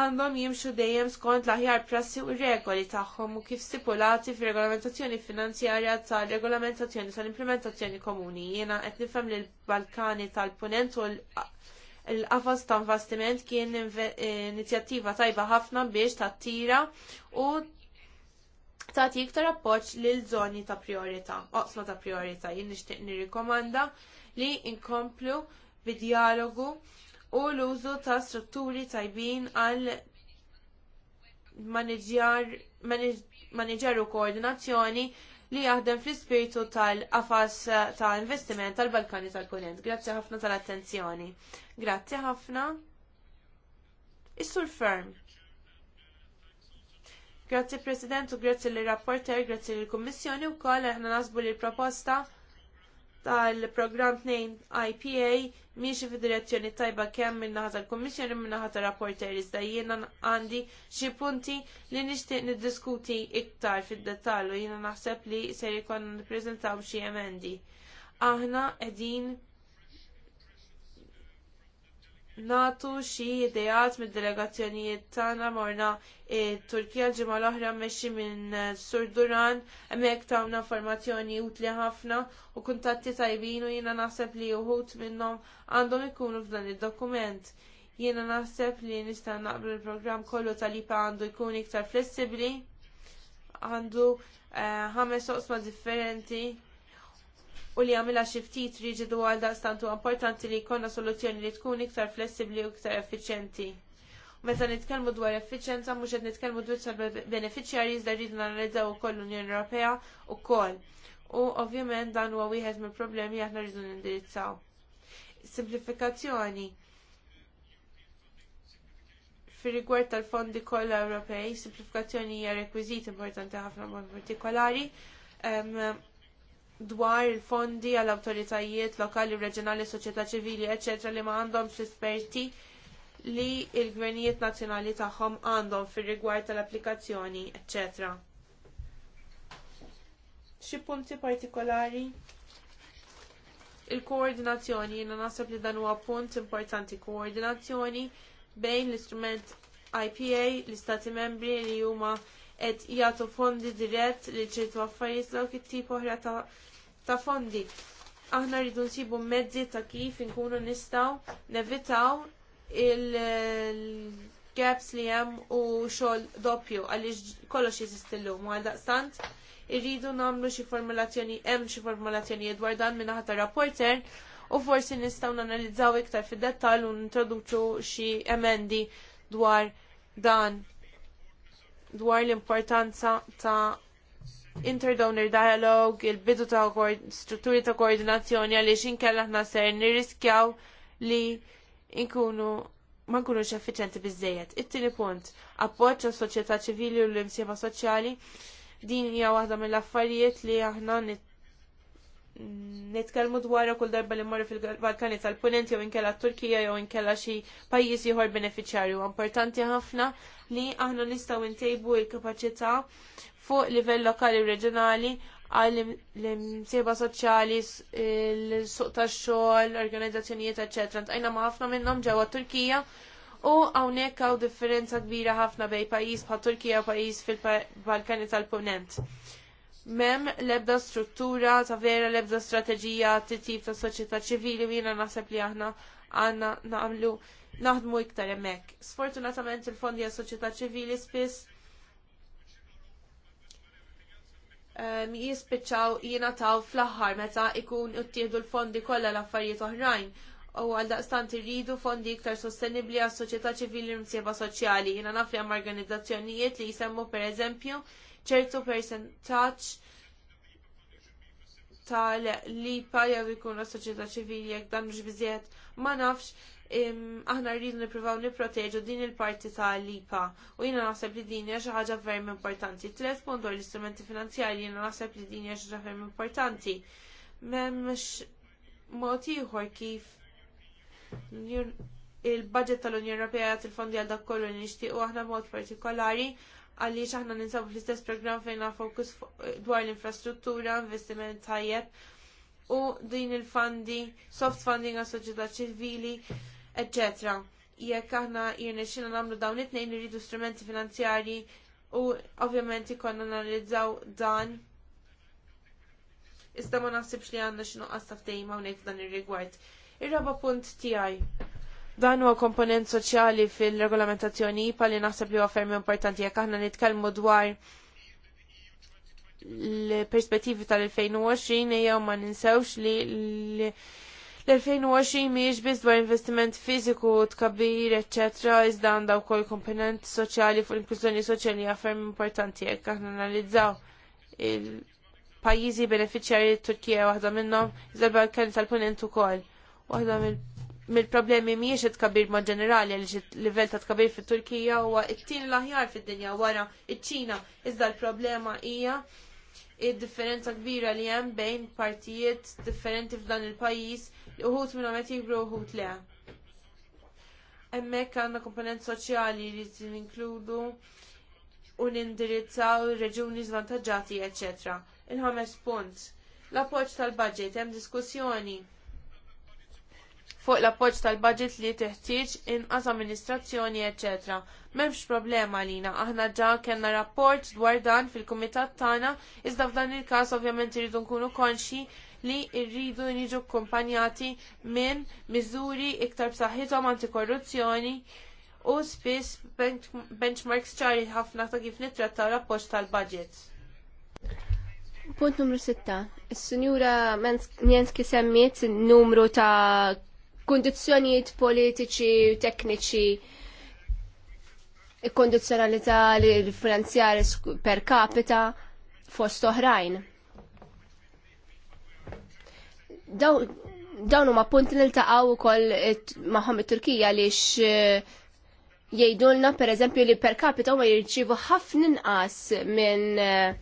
għandhom jimxu dejjem skont l-aħjar prassi u regoli tagħhom u kif stipulati fir-regolamentazzjoni finanzjarja tal-regolamentazzjoni tal-implementazzjoni komuni. Jiena qed nifhem li l-Balkani tal-Punent u l-qafas ta' investiment kien eh, inizjattiva tajba ħafna biex tattira u tagħti iktar appoġġ lil żoni ta' priorità, oqsma ta' priorità. Jien nixtieq nirrikomanda li inkomplu bid-dialogu u l-użu ta' strutturi tajbin għal maniġjar u koordinazzjoni li jaħdem fl-ispiritu tal-qafas ta' investiment tal-Balkani tal-Punent. Grazzi ħafna tal-attenzjoni. Grazzi ħafna. Is-sur ferm. Grazzi President u grazzi li rapporter, grazzi li kummissjoni u koll aħna nasbu li proposta tal-programm 2 IPA miexi fid-direzzjoni tajba kemm minn naħa tal-Kummissjoni minn naħa rapporter iżda jiena għandi xi punti li nixtieq niddiskuti iktar fid-dettallu jiena naħseb li se jkun nippreżentaw xi emendi. Aħna qegħdin natu xi ideat mid-delegazzjonijiet tagħna morna eh, Turkija ġimgħa l-oħra mexxi minn eh, Sur Duran hemmhekk tawna informazzjoni utli ħafna u kuntatti tajbin u jiena naħseb li uħut minnhom għandhom ikunu f'dan id-dokument. Jiena naħseb li nistgħu naqblu l-programm kollu tal-IPA għandu jkun iktar flessibbli għandu eh, ħames uh, oqsma differenti u li għamilha xi ftit riġidu għal daqstantu importanti li jkollna soluzzjoni li tkun iktar flessibbli u iktar effiċjenti. Meta nitkellmu dwar effiċjenza mhux qed nitkellmu dwar tal-benefiċjarji iżda rridu nanalizzaw ukoll l-Unjoni Ewropea ukoll. U ovvjament dan huwa wieħed mill-problemi aħna rridu nindirizzaw. Simplifikazzjoni. Fir rigward tal-fondi kollha Ewropej, simplifikazzjoni hija rekwiżit importanti ħafna mod partikolari. Um, dwar il-fondi għall awtoritajiet lokali, reġjonali, soċjetà ċivili, eċetera, li ma għandhomx esperti li l gvernijiet nazzjonali tagħhom għandhom fir-rigward tal-applikazzjoni, eċetera. Xi punti partikolari? Il-koordinazzjoni, jiena naħseb li dan huwa punt importanti, koordinazzjoni bejn l-istrument IPA, l-istati membri li huma qed jagħtu fondi dirett li ċirtu affarijiet dawk it-tip oħra ta' fondi. Aħna rridu nsibu mezzi ta' kif inkunu nistgħu nevitaw il-gaps li hemm u xogħol doppju għaliex kollox jizistillu ma għal daqstant irridu nagħmlu xi formulazzjoni hemm xi formulazzjoni dwar dan minn ħata rapporter u forsi nistaw nanalizzaw iktar fid dettall u nintroduċu xi emendi dwar dan dwar l-importanza ta' interdonor dialogue, il-bidu ta' strutturi ta' koordinazzjoni għaliex inkella ħna ser nirriskjaw li nkunu ma nkunu xeffiċenti bizzejet. It-tieni punt, appoċ għas soċjetà ċivili u l-imsieba soċjali din hija waħda mill-affarijiet li aħna nit nitkellmu dwar kull darba li marru fil-Balkani tal-Punent jew inkella Turkija jew inkella xi pajjiż ieħor beneficjarju. Importanti ħafna li aħna nistgħu ntejbu l-kapaċità fuq livell lokali u reġjonali għal l-imsieba soċjali, l-suq tax-xogħol, l organizzazzjonijiet, eċetra. Ntajna ma' ħafna minnhom ġewwa Turkija U hawnhekk hawn differenza kbira ħafna bejn pajjiż bħal Turkija u pajjiż fil-Balkani tal-Punent mem lebda struttura ta' vera lebda strateġija t-tip ta' soċjetà ċivili u jiena naħseb li aħna għanna nagħmlu naħdmu iktar hemmhekk. Sfortunatament il-fondi għas soċjetà ċivili spiss um, jispiċċaw jiena taw fl-aħħar meta ikun ittieħdu l-fondi kollha l-affarijiet oħrajn u għal daqstant irridu fondi iktar sostenibli għas soċjetà ċivili msieba soċjali. Jiena naf li għam organizzazzjonijiet li jisemmu pereżempju eżempju ċertu percentaġġ tal-lipa jew ikun soċjetà ċivili jekk dan mhux biżjed ma nafx aħna rridu nippruvaw nipproteġu din il-parti ta' lipa u jiena naħseb li din hija xi ħaġa ferm importanti. Tres punt dwar l-istrumenti finanzjarji jiena naħseb li din hija xi ħaġa ferm importanti. M'hemmx mod ieħor kif il-budget tal-Unjoni Ewropea jgħat il-fondi għal dak kollu li nixtiequ aħna b'mod partikolari għaliex aħna ninsabu fl-istess programm fejn fokus dwar l-infrastruttura, investiment tajjeb u din il-fandi, soft funding għas soċieta ċivili, etc. Jekk aħna xina nagħmlu dawn it-tnejn irridu strumenti finanzjarji u ovvjament ikonna analizzaw dan Iżda ma naħsibx li għandna xinuqqas ta' ftehim hawnhekk f'dan ir-rigward. Ir-raba punt tiegħi Dan huwa komponent soċjali fil-regolamentazzjoni IPA li naħseb li huwa fermi importanti jekk aħna nitkellmu dwar l-perspettivi tal-2020 jew ma ninsewx li l-2020 miex biss dwar investiment fiżiku tkabbir, eċċetra, iżda għandha wkoll komponent soċjali fuq l-inklużjoni soċjali hija ferm importanti jekk aħna analizzaw il-pajjiżi benefiċjarji Turkija waħda minnhom, iżda l-Balkan tal-Punent ukoll waħda mill mill-problemi miex it-kabir ma' ġenerali li livell ta' tkabir fit turkija huwa it-tin l-aħjar fid-dinja wara iċ-Ċina. Iżda l-problema hija id-differenza kbira li hemm bejn partijiet differenti f'dan il-pajjiż li uħut minnhom qed jikbru uħut le. Hemmhekk għandna komponent soċjali li tinkludu u nindirizzaw reġuni żvantaġġati, eċċetera. Il-ħames punt. L-appoġġ tal-budget hemm diskussjoni fuq l-appoġġ tal-budget li teħtieġ inqas amministrazzjoni, ecc. M'hemmx problema għalina, aħna ġa kellna rapport dwar dan fil-kumitat tagħna, iżda f'dan il-każ ovvjament irridu nkunu konxi li rridu niġu kkumpanjati minn miżuri iktar b'saħħithom antikorruzzjoni u spiss benchmarks ċari ħafna ta' kif nittrattaw l-appoġġ tal-budget. Punt numru 6. Is-Sinjura Njenski semmiet numru ta' kundizzjonijiet politiċi, tekniċi, kondizjonalità l-finanzjari per capita fost oħrajn. Dawn huma punti niltaqgħu wkoll magħhom it-Turkija għaliex eh, jgħidulna pereżempju li per capita huma jirċievu ħafna inqas minn eh,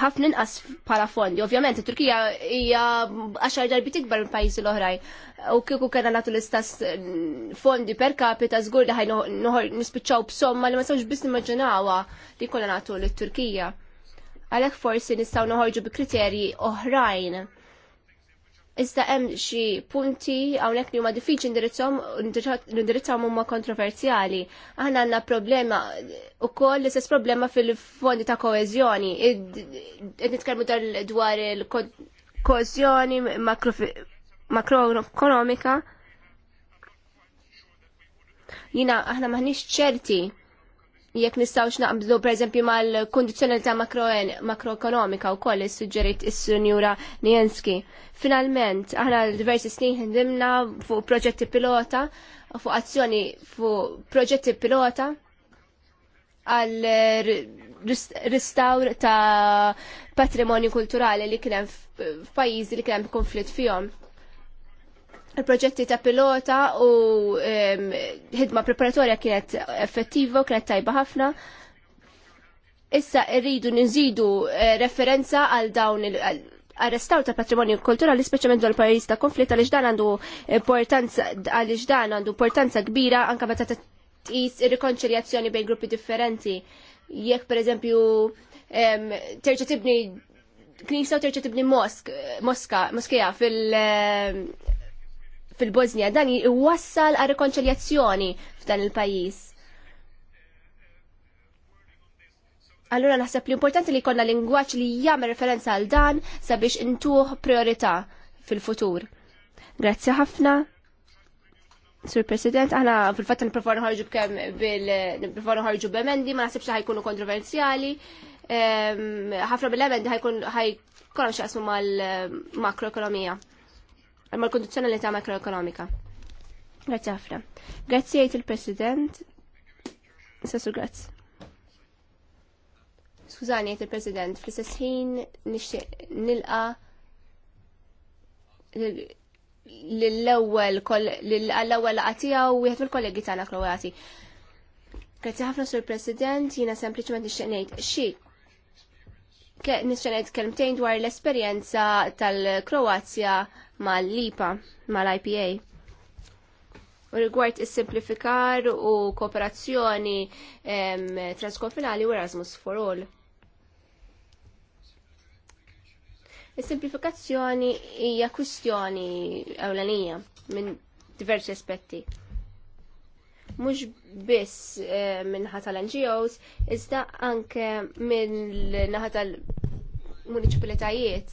ħafna inqas bħala fondi. Ovvjament, Turkija hija għaxar darbi tikbar minn pajjiżi l-oħrajn. U kieku kena nagħtu l-istess mm, fondi per capita żgur li ħajn nispiċċaw b'somma li ma sawx biss nimmaġinawha li kollha nagħtu lit-Turkija. Għalhekk forsi nistgħu noħorġu bi kriterji oħrajn Iżda hemm xi punti hawnhekk li huma diffiċli indirizzhom indirizzhom huma kontroversjali. Aħna għandna problema ukoll l-istess problema fil-fondi ta' koeżjoni. Qed nitkellmu dwar il-koeżjoni makroekonomika. Jina aħna maħniex ċerti jekk nistgħux naqbdu pereżempju mal ta' makroekonomika wkoll issuġġerit is-Sinjura Nijenski. Finalment, aħna diversi snin ħindimna fuq proġetti pilota, fuq azzjoni fuq proġetti pilota għal ristawr ta' patrimonju kulturali li kien f'pajjiżi li kien konflitt fihom il-proġetti ta' pilota u ħidma preparatorja kienet effettiva, kienet tajba ħafna. Issa rridu nżidu eh, referenza għal dawn il- arrestaw ta' patrimonju kulturali speċjalment dwar pajjiż ta' konflitt għaliex dan għandu importanza għaliex dan għandu importanza kbira anke meta tqis ir-rikonċiljazzjoni bejn gruppi differenti. Jekk pereżempju terġa' tibni knisa u terġa' tibni mosk, moska, moskeja fil fil-Bosnia dan iwassal għal rekonċiljazzjoni f'dan il-pajjiż. Allura naħseb li importanti li jkollna lingwaġġ li jagħmel referenza għal dan sabiex intuh priorità fil-futur. Grazzi ħafna. Sur President, aħna fil-fatt nipprofar nħarġu b'kemm bil nipprofar nħarġu b'emendi, ma naħsibx ħajkunu kontroversjali. Ħafna bil-emendi ħajkun ħajkun xaqsmu mal-makroekonomija. Eh, imma l-kondizjonalità makroekonomika. Grazzi ħafna. Grazzi jgħid il-President. Sessu grazie. Skużani jgħid il-President, fl-istess ħin nixtieq nilqa lill-ewwel l-ewwel għatija u wieħed mill-kollegi tagħna Kroati. Grazzi ħafna sur President, jiena sempliċement nixtieq ngħid xi nixtieq ngħid kelmtejn dwar l-esperjenza tal-Kroazja mal-LIPA, mal-IPA. U rigward is-simplifikar u kooperazzjoni transkonfinali u Erasmus for All. Is-simplifikazzjoni hija kwistjoni ewlenija minn diversi aspetti. Mhux biss eh, minn ħata l-NGOs, iżda anke minn naħa tal-municipalitajiet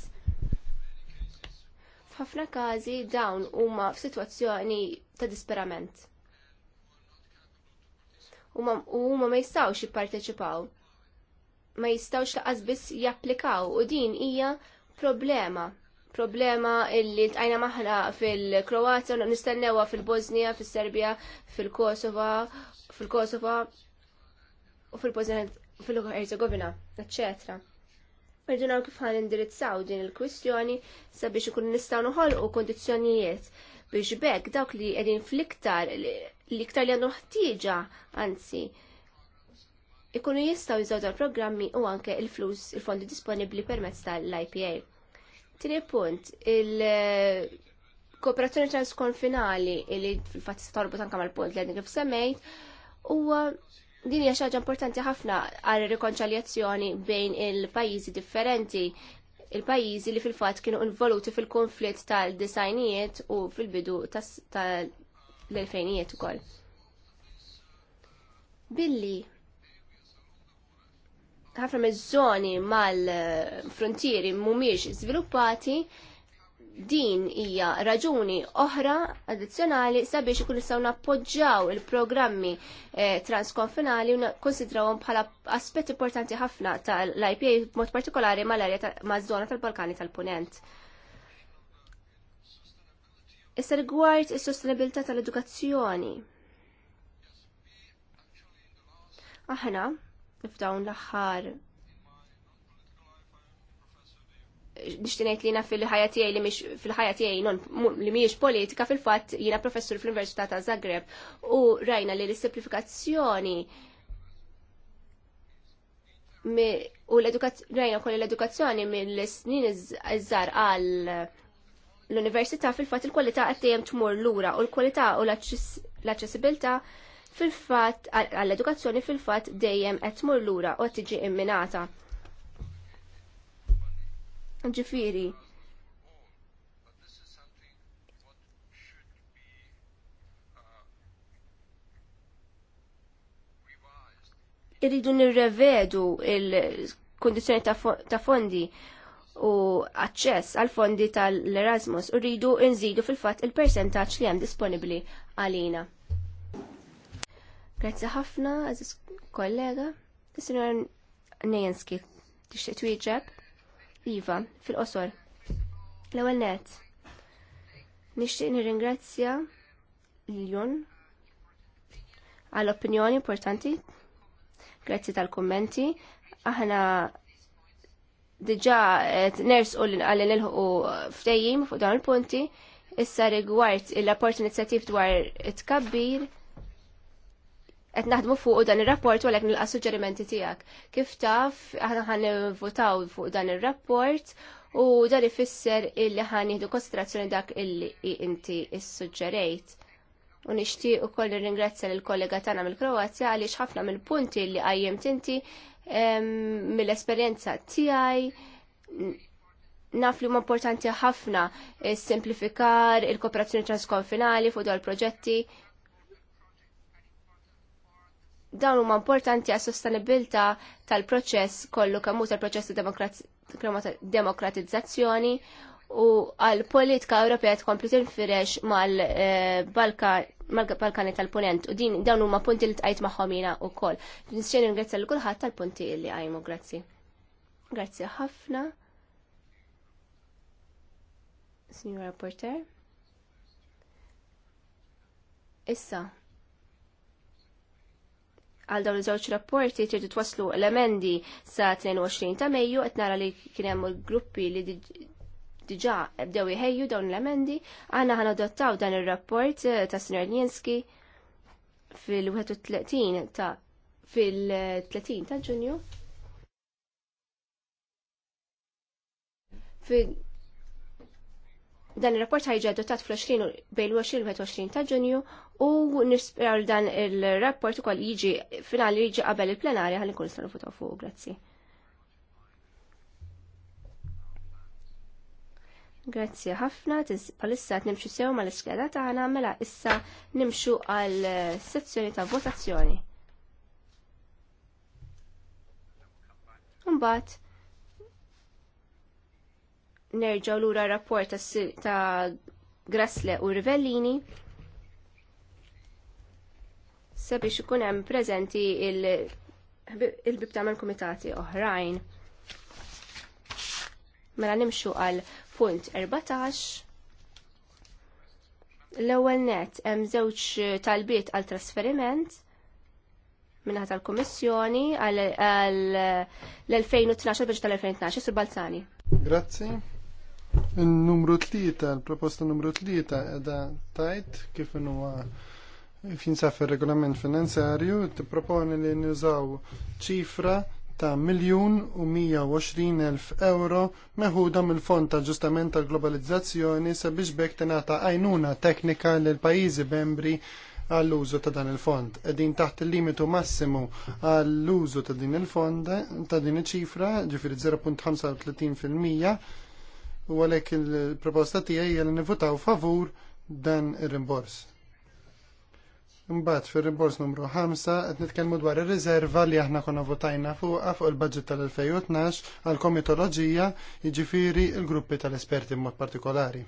f'ħafna każi dawn huma f'sitwazzjoni ta' disperament. U huma ma jistgħux jipparteċipaw. Ma jistgħux laqas biss japplikaw u din hija problema. Problema illi tqajna maħna fil-Kroazja, u nistennewha fil-Bosnija, fil-Serbja, fil-Kosova, fil-Kosova u fil-Bosnija fil-Herzegovina, eccetera. Perġunaw kif ħan indirizzaw din il-kwistjoni sabiex ikun nistgħu noħolqu kondizjonijiet biex bekk dawk li qegħdin fl-iktar l-iktar li għandu ħtieġa anzi ikunu jistgħu jizaw dal programmi u anke il-flus il-fondi disponibbli permezz tal-IPA. Tini punt, il- kooperazzjoni transkonfinali li fil-fatt torbot tanka mal-punt li għedin kif semmejt huwa din hija xaġa importanti ħafna għal rikonċaljazzjoni bejn il-pajjiżi differenti il-pajjiżi li fil-fatt kienu involuti fil-konflitt tal-disajnijiet u fil-bidu elfejnijiet ukoll. Billi ħafna miż-żoni mal-frontieri mhumiex żviluppati, din hija raġuni oħra addizzjonali sabiex ikun nistgħu nappoġġjaw il-programmi eh, transkonfinali u nkonsidrawhom bħala aspett importanti ħafna tal-IPA b'mod partikolari mal-arja maż-żona tal-Balkani tal-Punent. Issa rigward is-sostenibilità tal-edukazzjoni. Aħna f'dawn l-aħħar nishtinajt li na fil-ħajja tiegħi li miex fil-ħajja tiegħi non li mhijiex politika fil-fatt jiena professur fl-Università ta' Zagreb u rajna li l-simplifikazzjoni u l-edukazzjoni rajna wkoll l-edukazzjoni mill-snin iż-żar għal l-università fil-fatt il-kwalità qed dejjem tmur lura u l-kwalità u l-aċċessibilità fil-fatt għall-edukazzjoni fil-fatt dejjem qed tmur lura u qed tiġi imminata. Ġifiri, irridu nirrevedu il-kondizjoni ta' fondi u aċċess għal fondi tal-Erasmus u rridu nżidu fil-fatt il-percentaċ li hemm disponibbli għalina. Grazzi ħafna, għaziz kollega, Signor Nejenski, tixtieq twieġeb? Iva, fil-qosor. L-ewwel net. Nixtieq nirringrazzja Liljon għall-opinjoni importanti. Grazzi tal-kommenti. Aħna diġà qed nersqu li nilħu ftejjim fuq dawn il-punti. Issa rigward il-rapport inizjattiv dwar it-kabbir qed naħdmu fuq dan ir-rapport u għalhekk nilqa' suġġerimenti tiegħek. Kif taf aħna ħan votaw fuq dan ir-rapport u dan ifisser illi ħan jieħdu konsiderazzjoni dak illi inti issuġġerejt. U nixtieq ukoll nirringrazzja lill kollega tagħna mill-Kroazja għaliex ħafna mill-punti li qajjimt inti mill-esperjenza tiegħi naf li huma importanti ħafna simplifikar il-kooperazzjoni transkonfinali fuq dal proġetti dawn huma importanti għas sostenibilità tal-proċess kollu kemm tal-proċess ta' demokratizzazzjoni u għal politika Ewropea tkompli tinfirex eh, mal-Balkani tal-Punent u din dawn huma punti li tqajt magħhom jiena wkoll. Nixtieq ringrazzja lil kulħadd tal-punti li għajmu. grazzi. Grazzi ħafna. Signora Porter. Issa, għal dawn iż-żewġ rapporti tridu twaslu l-emendi sa 22 ta' Mejju qed nara li kien hemm gruppi li diġà bdew jħejju dawn l-emendi, għandna ħan adottaw dan ir-rapport eh, ta' Sinjor Njenski fil-31 ta' fil-30 ta' Ġunju. Dan il-rapport ħajġa adottat fl-20 bejn 20 20 ta' ġunju u nisperaw dan il-rapport ukoll jiġi finali jiġi qabel il-plenarja ħalli nkun nistgħu votaw fuq. Grazzi. Grazzi ħafna, palissa nimxu sew mal iskeda tagħna mela issa nimxu għal sezzjoni ta' votazzjoni. Mbagħad nerġaw lura rapport ta' Grasle u Rivellini sabiex ikun hemm preżenti il-bib ta' kumitati oħrajn. Mela nimxu għal punt 14. L-ewwel net hemm żewġ talbiet għal trasferiment minna tal-Komissjoni għal l-2012 biex tal-2012 sur Balzani. Grazzi. Numru tlieta, l-proposta numru tlieta edha tajt kif huwa finsaf il-regolament finanzarju, t-proponi li nużaw ċifra ta' miljun u 120 elf euro meħudom il fond ta' ġustament tal globalizzazzjoni sabiex bek tingħata għajnuna teknika l pajjiżi membri għall-użu ta' dan il-fond. Edin taħt il-limitu massimu għall-użu ta' din il-fond ta' din il ċifra ġifieri 0.35 u għalhekk il-proposta tiegħi hija li nivutaw favur dan ir-rimbors. Imbagħad fir-rimbors numru 5 qed nitkellmu dwar ir-riserva li aħna konna votajna fuqha fuq il-budget tal-2012 għal komitoloġija jiġifieri l-gruppi tal-esperti mod partikolari.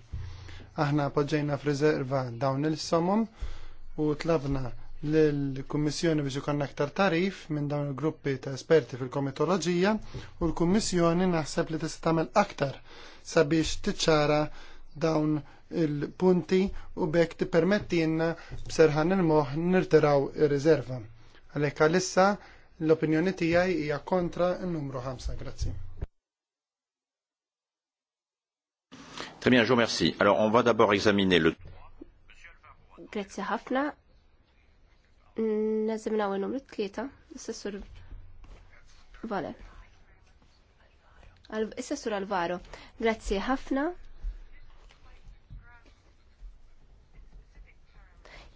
Aħna f f'riserva dawn il-somom u tlabna l-Kummissjoni biex ikon aktar tarif minn dawn il-gruppi ta' esperti fil-komitoloġija u l-Kummissjoni naħseb li tista' tagħmel aktar sabiex tiċara dawn il-punti u bekk tippermetti jenna b'serħan il-moħ nirtiraw ir-riserva. Għalhekk għalissa l-opinjoni tiegħi hija kontra n-numru 5. Grazzi. Très bien, je vous remercie. Alors, on va d'abord examiner le... Grazie ħafna. Nazimna u numru tlieta, s-sur Valer. Issa sur Alvaro. Grazzi ħafna.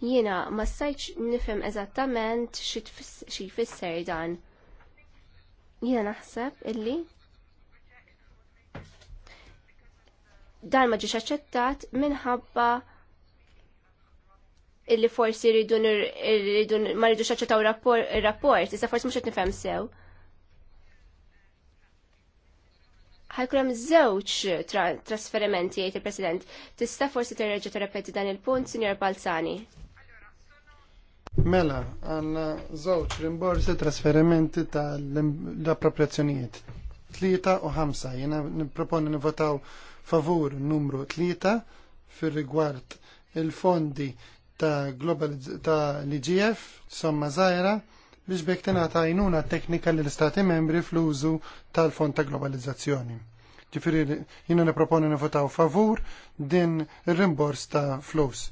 Jiena ma sajċ nifhem eżattament xi jfisser dan. Jiena naħseb illi dan ma ġiex aċċettat minħabba illi forsi rridu ma rridux aċċettaw rapport, issa forsi mhux qed nifhem sew. ħajkun hemm żewġ trasferimenti jgħid il-President. Tista' forsi terreġa' terrepeti dan il-punt, Sinjor Balzani. Mela, għanna żewġ rimborsi trasferimenti tal-appropriazzjonijiet. Tlieta u ħamsa. Jena nipproponi nivotaw favur numru tlieta fir-rigward il-fondi ta' global ta' l-IGF, somma zaħira, biex bekk tingħata għajnuna teknika lill istati membri fl-użu tal-Fond ta' Globalizzazzjoni. Ġifieri jiena nipproponi nivotaw favur din ir-rimbors ta' flus.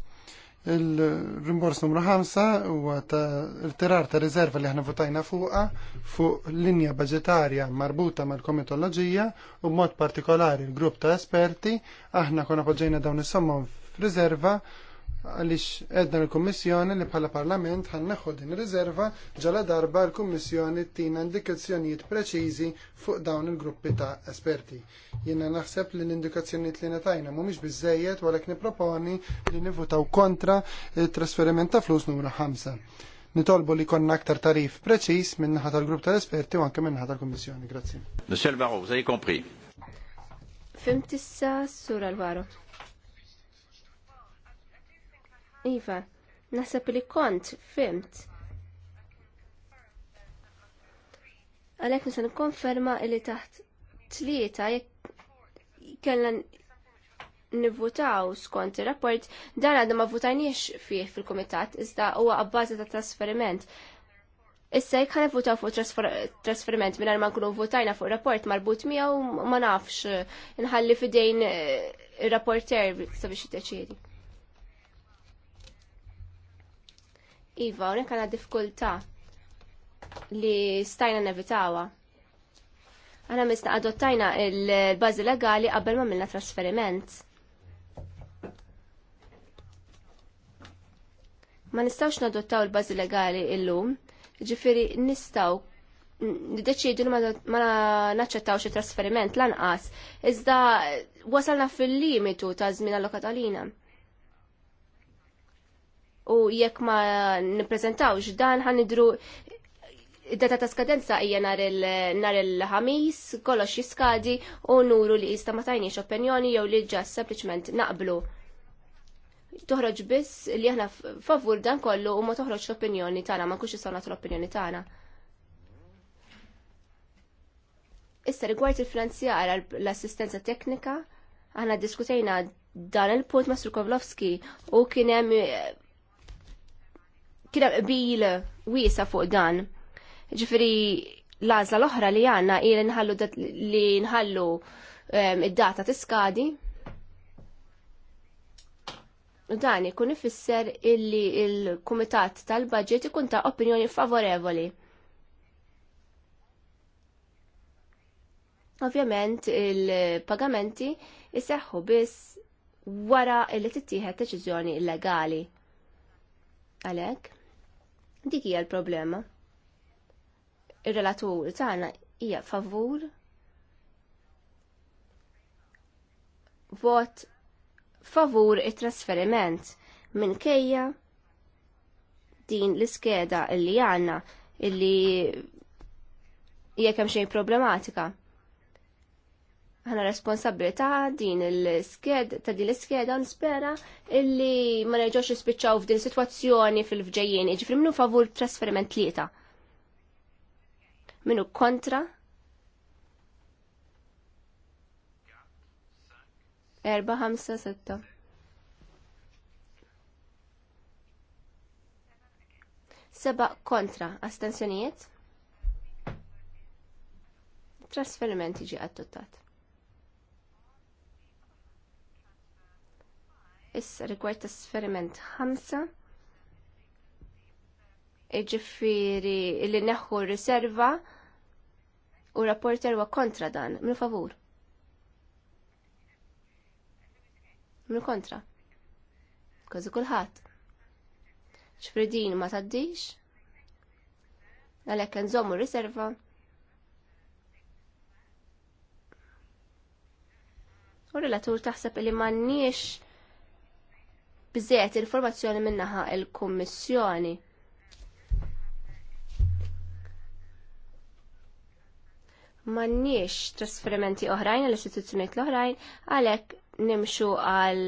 Il-rimbors numru 5 huwa ta' il terar ta' rezerva li aħna votajna fuqha fuq linja budgetarja marbuta mal-komitoloġija u b'mod partikolari l-grupp ta' esperti aħna konna poġġejna dawn is-somma f'riserva għaliex edna l-Kummissjoni li bħala Parlament ħan naħħu din riserva ġala darba l-Kummissjoni tina indikazzjonijiet preċiżi fuq dawn il-gruppi ta' esperti. Jiena naħseb li l-indikazzjonijiet li natajna mhumiex biżejjed walek niproponi li nivutaw kontra il-trasferiment ta' flus numru 5. Nitolbu li konna aktar tarif preċiż minnaħa tal-grupp ta' esperti u anke minnaħa tal-Kummissjoni. Grazie. Monsieur Barro, vous avez compris. Fimtissa, sura sura Alvaro. Iva, naħseb li kont, fimt. Għalhekk nisa nikkonferma li taħt tlieta jekk kellna nivvutaw skont ir rapport dan għadha ma votajniex fih fil kumitat iżda huwa abbażi ta' trasferiment. Issa jekk ħana votaw fuq trasferiment minn ma nkunu votajna fuq rapport marbut miegħu ma nafx inħalli fidejn eh, ir-rapporter sabiex jiddeċiedi. Iva, unek għanna diffikultà li stajna nevitawa. Għana misna adottajna il-bazi legali qabel ma minna trasferiment. Ma nistawx nadottaw il-bazi legali illum, ġifiri nistaw deċidu ma naċċettawx il-trasferiment lanqas, iżda wasalna fil-limitu ta' żmien allokatalina u jekk ma nippreżentawx dan ħan idru id-data ta' skadenza hija nar il-ħamis, kollox jiskadi u nuru li jista' ma tajniex opinjoni jew li ġa sempliċement naqblu. Toħroġ biss li aħna favur dan kollu u ma toħroġ l-opinjoni tagħna, ma nkunx nagħtu l-opinjoni tagħna. Issa rigward il-finanzjar l-assistenza teknika, aħna diskutejna dan il-punt ma' Surkovlovski u kien hemm eh, kien qbil wiesa fuq dan. Ġifiri, l-għażla l-oħra li għandna il li nħallu li nħallu id-data U Dan ikun ifisser illi il-Kumitat tal-Budget ikun ta' opinjoni favorevoli. Ovvjament il-pagamenti jisseħħu biss wara li tittieħed deċiżjoni illegali. Għalhekk? Dik hija l-problema. Ir-relatur tagħna hija favur vot favur it-trasferiment kejja din l-iskeda li għandna illi jekk hemm xejn problematika ħana responsabilità din il-sked, ta' din l-skeda nspera illi ma nerġgħux nispiċċaw f'din situazzjoni fil-fġejjien, ġifri minnu favur trasferiment tlieta. Minnu kontra? Erba, ħamsa, setta. Seba kontra, astensjonijiet? Trasferiment iġi għattuttat. Issa rigward tas-sferiment 5 iġifiri li neħu riserva u rapporter wa kontra dan, minn favur. Minn kontra. Kważi kulħadd. Ċfridin ma taddix. Għalhekk nżommu riserva. U relatur taħseb li m'għandniex biżejjed informazzjoni minnaħa il-Kummissjoni. M'għandniex trasferimenti oħrajn għall istituzzjonijiet l-oħrajn għalhekk nimxu għal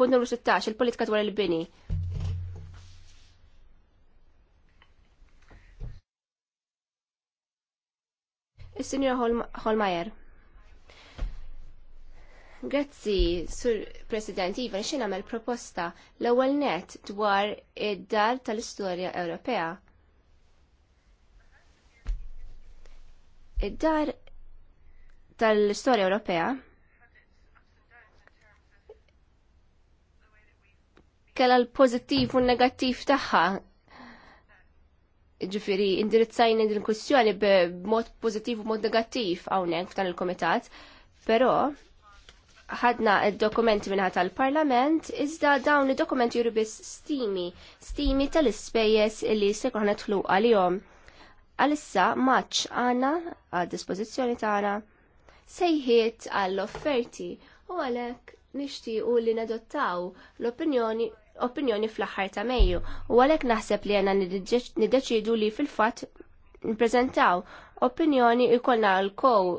punt numru 16 il-politika dwar il-bini. Is-Sinjor Holmajer. Hol Grazzi, Sur President Iva, xin għamil proposta l ewwel net dwar id-dar tal-istorja Ewropea. Id-dar tal-istorja Ewropea kella l-pozittiv u negattiv tagħha. Ġifiri, indirizzajni din kwistjoni b'mod pozittiv u mod negattiv hawnhekk f'dan il-komitat, però ħadna il dokumenti minnħa tal-Parlament, iżda dawn id-dokumenti juru biss stimi, stimi tal-ispejjeż li se jkun ħanetħlu għalihom. Għalissa maċ għana għad dispozizjoni tagħna sejħiet għall-offerti u għalhekk nixtiequ li nadottaw l-opinjoni opinjoni fl-aħħar ta' Mejju u għalhekk naħseb li għandna nideċidu li fil-fatt nippreżentaw opinjoni jkollna l-kow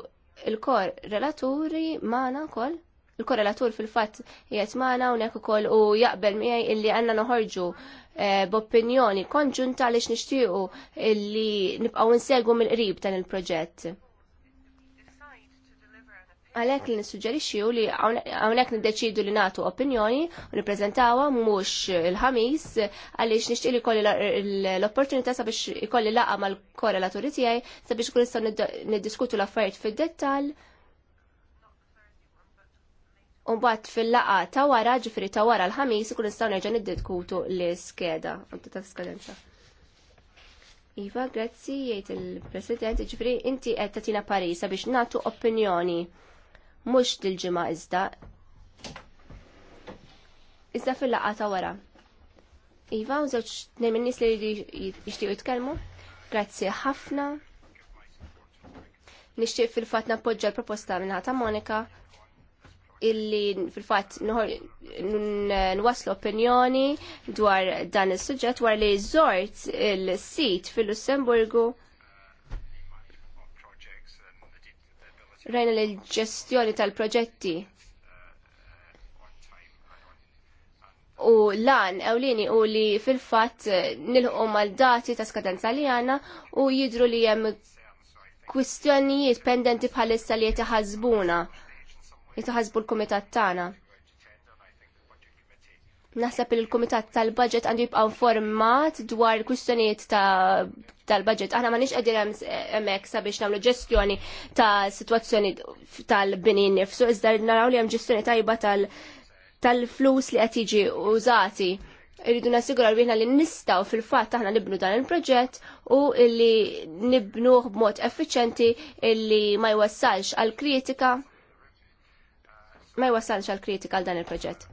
il-kor relaturi maħna kol il-korrelatur fil-fatt jgħet maħna unek u koll u jaqbel miħaj illi għanna noħorġu eh, b'opinjoni konġunta li xnishtiqu illi nibqaw nsegu mill-qrib tan il-proġett. Għalek li nissuġġerixxi li għawnek niddeċidu li natu opinjoni u niprezentawa mux il-ħamis għaliex nixtieq li kolli l-opportunità sabiex ikolli laqa mal-korrelaturi tiegħi sabiex kun nistgħu niddiskutu l-affarijiet fid-dettall Umbat fil-laqa ta' wara ġifri ta' wara l-ħamis ikun nistgħu nerġa' niddiskutu l-iskeda għandu ta' skadenza. Iva, grazzi jgħid il-President, ġifri inti qed tagħtina Parisa biex nagħtu opinjoni mhux dil-ġimgħa iżda. Iżda fil-laqa ta' wara. Iva, u żewġ nejn nies li jixtiequ jitkellmu. Grazzi ħafna. Nixtieq fil-fatt nappoġġa l-proposta minnha ta' Monika illi fil-fat n-waslu opinjoni dwar dan il-sujġet war li zort il-sit fil-Lussemburgu rajna l-ġestjoni tal-proġetti u lan ewlini u li fil-fat nilħu mal-dati ta' skadenza li għana u jidru li jem kwistjonijiet pendenti bħalissa li jtiħazbuna. ħazbuna li taħasbu l-kumitat tagħna. Naħseb li l-kumitat tal-budget għandu jibqa' informat dwar kwistjonijiet tal-budget. Aħna ma nix qegħdin hemmhekk sabiex nagħmlu ġestjoni ta' sitwazzjoni tal-bini nifsu, iżda naraw li hemm ġestjoni tajba tal-flus li qed jiġi użati irridu nasigura rwina li nistaw fil-fat taħna nibnu dan il-proġett u illi nibnuh b'mod effiċenti illi ma jwassalx għal kritika ma jwasalx għal kritika għal dan il-proġett.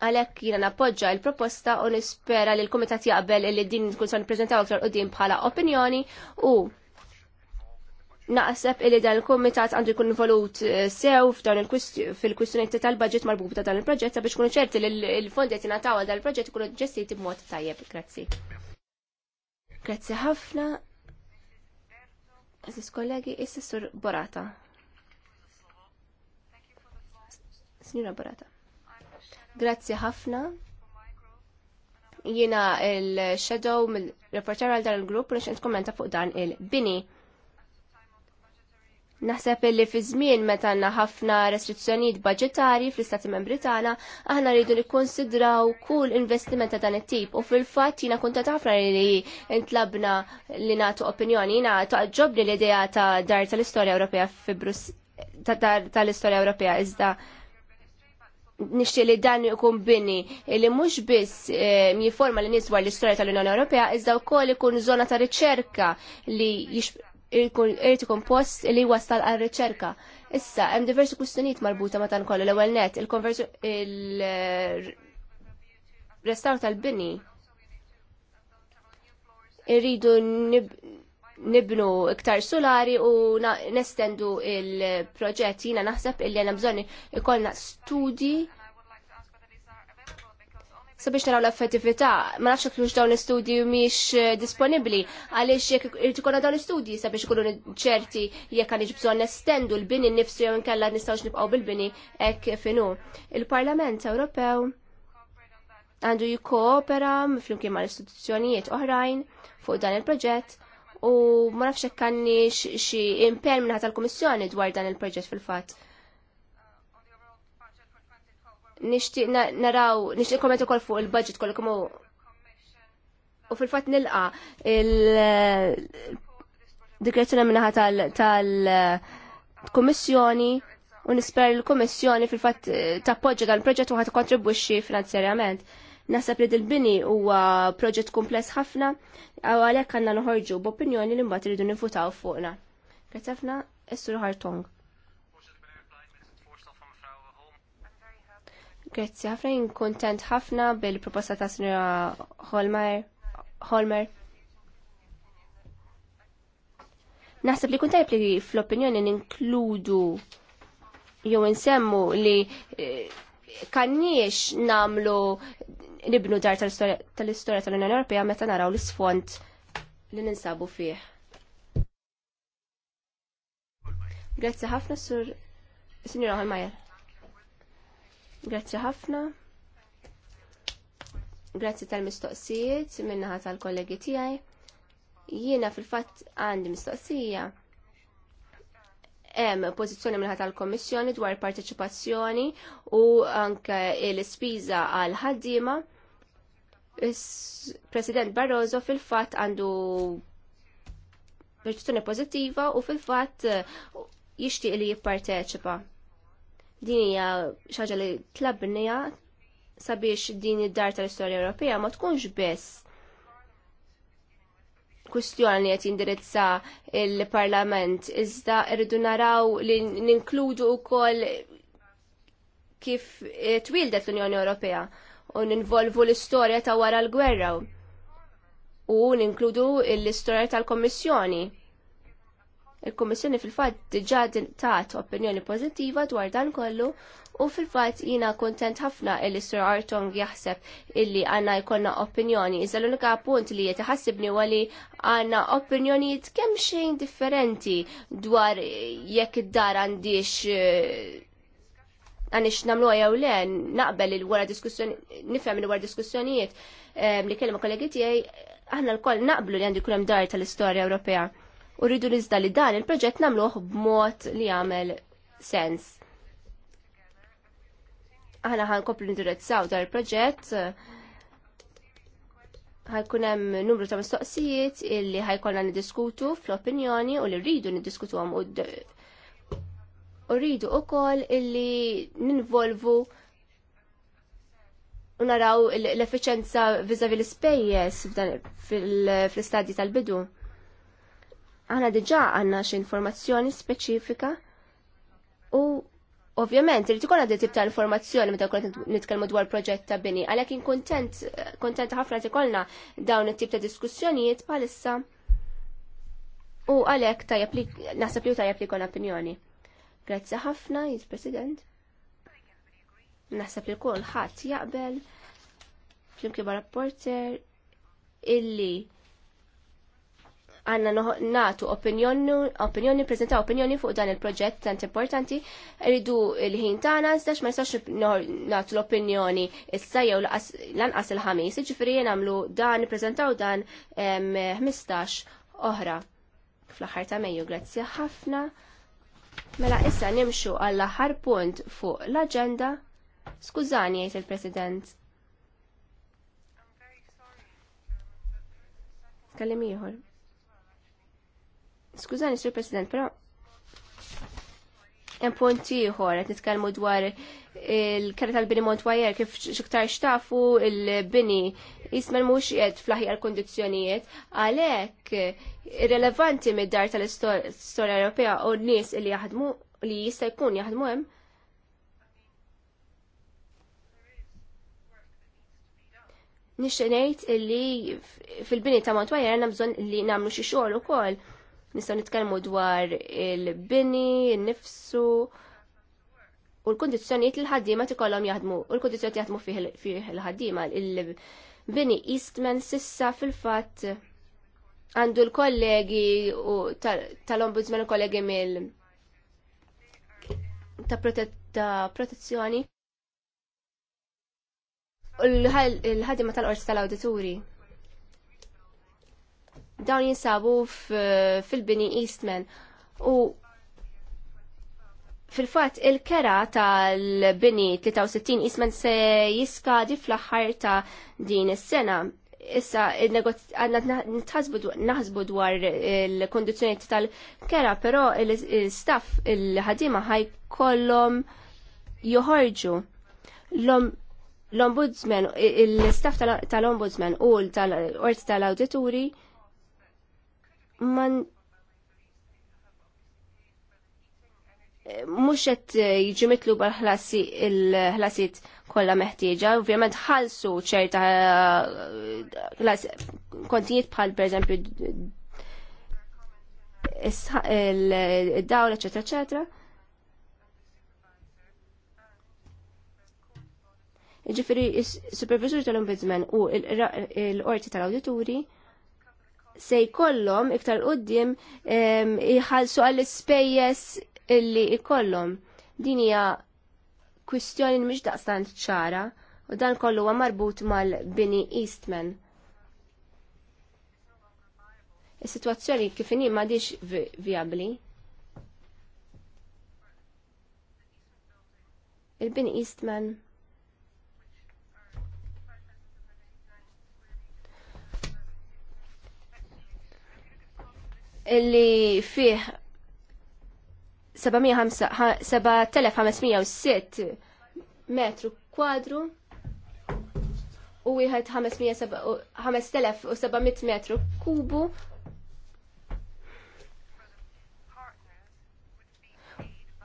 Għalhekk jiena nappoġġa l-proposta u nispera li l-Kumitat jaqbel li din tkun prezentaw nippreżentaw u din bħala opinjoni u naqseb li dan il-komitat għandu jkun involut eh, sew fil-kwistjoni tal-budget marbuta dan il-proġett biex kunu ċerti li l-fondi qed jingħataw dan il-proġett ikunu ġestiti b'mod tajjeb. Grazzi. Grazzi ħafna. Aziz kollegi, issa sur Borata. Signora Barata. Grazzi ħafna. Jiena il-shadow mill-reporter għal dan il-grupp u nixint kommenta fuq dan il-bini. Naħseb li fi żmien meta għandna ħafna restrizzjonijiet budgetari fl-Istati Membri tagħna, aħna rridu nikkonsidraw kull investiment ta' dan it-tip u fil-fatt jiena kuntat ħafna li intlabna li nagħtu opinjoni jiena toqġobni l-idea ta' dar tal-istorja Ewropea fi Brus tal-istorja Ewropea iżda Nixtie li dan ikun bini li mhux biss eh, jiforma l-nies dwar l-istorja tal-Unjoni Ewropea iżda wkoll ikun żona ta' riċerka li irid ikun post li wasal għal riċerka. Issa hemm diversi kwistjonijiet marbuta ma' tan kollu l-ewwel net il-konversu il restaw tal-bini irridu nibnu iktar solari u nestendu il-proġett jina naħseb illi għana bżonni ikolna studi sabiex naraw l-effettività, ma nafx jekk dawn l-istudji mhix eh, disponibbli għaliex jekk irid ikolna dawn l-istudji sabiex ikunu ċerti jekk għandix bżonn nestendu l-bini nnifsu jew inkella nistgħux nibqgħu bil-bini hekk finu. Il-Parlament Ewropew għandu jikkoopera flimkien mal-istituzzjonijiet oħrajn fuq dan il-proġett u ma nafx hekk għandni xi impenn minn tal-Kummissjoni dwar dan il-proġett fil-fatt. Nixtieq naraw, nixtieq komment wkoll fuq il-budget kollu kemm u fil-fatt nilqa il-dikrazzjoni minnaħa tal-Kummissjoni u nisper il-Kummissjoni fil-fatt tappoġġa dan il-proġett u ħadd kontribwixxi finanzjarjament. Nasab li dil-bini huwa proġett kumpless ħafna, għaw għalhekk għandna noħorġu b'opinjoni li mbagħad iridu nifutaw fuqna. Grazzi ħafna Essur Hartong. Grazzi ħafna jien ħafna bil-proposta ta' Sinjora Holmer. Holmer. Naħseb li kun tajb li fl-opinjoni ninkludu jew nsemmu li eh, kanniex namlu nibnu dar tal-istorja tal-Unjoni Ewropea meta naraw l-isfond li ninsabu fih. Grazzi ħafna sur Signora Holmajer. Grazzi ħafna. Grazzi tal-mistoqsijiet minnaħat tal-kollegi tiegħi. Jiena fil-fatt għandi mistoqsija hemm pożizzjoni minħat tal-Kommissjoni dwar parteċipazzjoni u anke l-ispiża għal ħaddiema. President Barroso fil-fatt għandu perċezzjoni pożittiva u fil-fatt eh, jixtieq li jipparteċipa. Din hija xaġa li tlabnija sabiex din id-dar tal-istorja Ewropea ma tkunx biss kwistjoni li qed jindirizza il-Parlament. Iżda rridu naraw li ninkludu wkoll kif eh, twildet l-Unjoni Ewropea u ninvolvu l-istorja ta' wara l-gwerra u ninkludu l-istorja tal-Kommissjoni Il-Kummissjoni fil-fatt diġà tat opinjoni pożittiva dwar dan kollu u fil-fatt jiena kuntent ħafna il Sir Artong jaħseb illi għandna jkollna opinjoni. Iżda l-unika punt li qed iħassibni huwa li għandna opinjonijiet kemm xejn differenti dwar jekk id-dar għandix eh, għanix namlu jew le naqbel il-wara diskussjoni, nifhem il-wara diskussjonijiet eh, li kellem kollegi tiegħi aħna l-koll naqblu li għandi kulem dar tal-istorja Ewropea u rridu li li dan il-proġett namluħ b'mod li għamel sens. Aħna ħan koplu indirizzaw dar il-proġett ħajkun hemm numru ta' mistoqsijiet illi ħajkollna niddiskutu fl-opinjoni u li rridu niddiskutu għam u rridu ukoll illi ninvolvu u naraw l-effiċenza vis-a-vis l-ispejjeż fl-istadji tal-bidu. Aħna diġà għandna xi informazzjoni speċifika u Ovvjament, irid ikun għandi tip ta' informazzjoni meta kont nitkellmu dwar proġett ta' bini, għalhekk kien kontent ħafna tikolna dawn it-tip ta' diskussjonijiet bħalissa. U għalhekk ta' li naħseb li ta' li jkun opinjoni. Grazzi ħafna, jiz President. Naħseb li kulħadd jaqbel flimkien rapporter illi għanna natu opinjoni, prezenta opinjoni fuq dan il-proġett tant importanti, rridu il-ħin tagħna nistax ma nistax natu l-opinjoni issa jew lanqas il-ħamis, ġifieri nagħmlu dan nippreżentaw dan 15 oħra. Fl-aħħar ta' Mejju, grazzi ħafna. Mela issa nimxu għall-aħħar punt fuq l-aġenda. Skużani jgħid il-President. Kallim ieħor. Skużani, Sur President, però hemm punt ieħor qed nitkellmu dwar il kera tal-bini Montwajer kif xiktar xtafu il-bini jismel mhux qed fl-aħjar kondizzjonijiet għalhekk irrelevanti mid-dar tal-istorja Ewropea u n-nies li jaħdmu li jista' jkun jaħdmu hemm. Nixtieq ngħid illi fil-bini ta' Montwajer għanna bżonn li nagħmlu xi xogħol ukoll Nistgħu nitkellmu dwar il-bini, il-nifsu, u l-kondizjoniet l-ħaddima tikollhom jaħdmu u l-kondizjoniet jaħdmu fih il ħaddima il-bini Eastman sissa fil-fatt għandu l-kollegi u tal-ombudsman u kollegi mill ta' protezzjoni u l-ħaddima tal-qorti tal-awdituri dawn jinsabu fil-bini Eastman u fil-fat il-kera tal-bini 63 Eastman se jiskadi fl ħar ta' din is-sena issa għanna naħsbu dwar il-kondizjoni tal-kera, pero il-staff il-ħadima ħaj kollom joħorġu l-ombudsman, il-staff tal-ombudsman u tal-orz tal-auditori man mux qed bħal mitluba l-ħlasijiet kollha meħtieġa, ovvjament ħalsu ċerta eh, kontijiet bħal pereżempju il-dawla, eċetera, eċetera. Ġifiri, supervisur tal-ombudsman u l-orti tal-awdituri se jkollhom iktar qudiem jħallsu għall ispejjeż illi jkollhom. Din hija kwistjoni mhix daqstant ċara u dan kollu huwa marbut mal-Bini Eastman. Is-sitwazzjoni kif inhi m'għadix viabli. Il-Bini Eastman li fih 7506 metru kwadru u wieħed 5700 metru kubu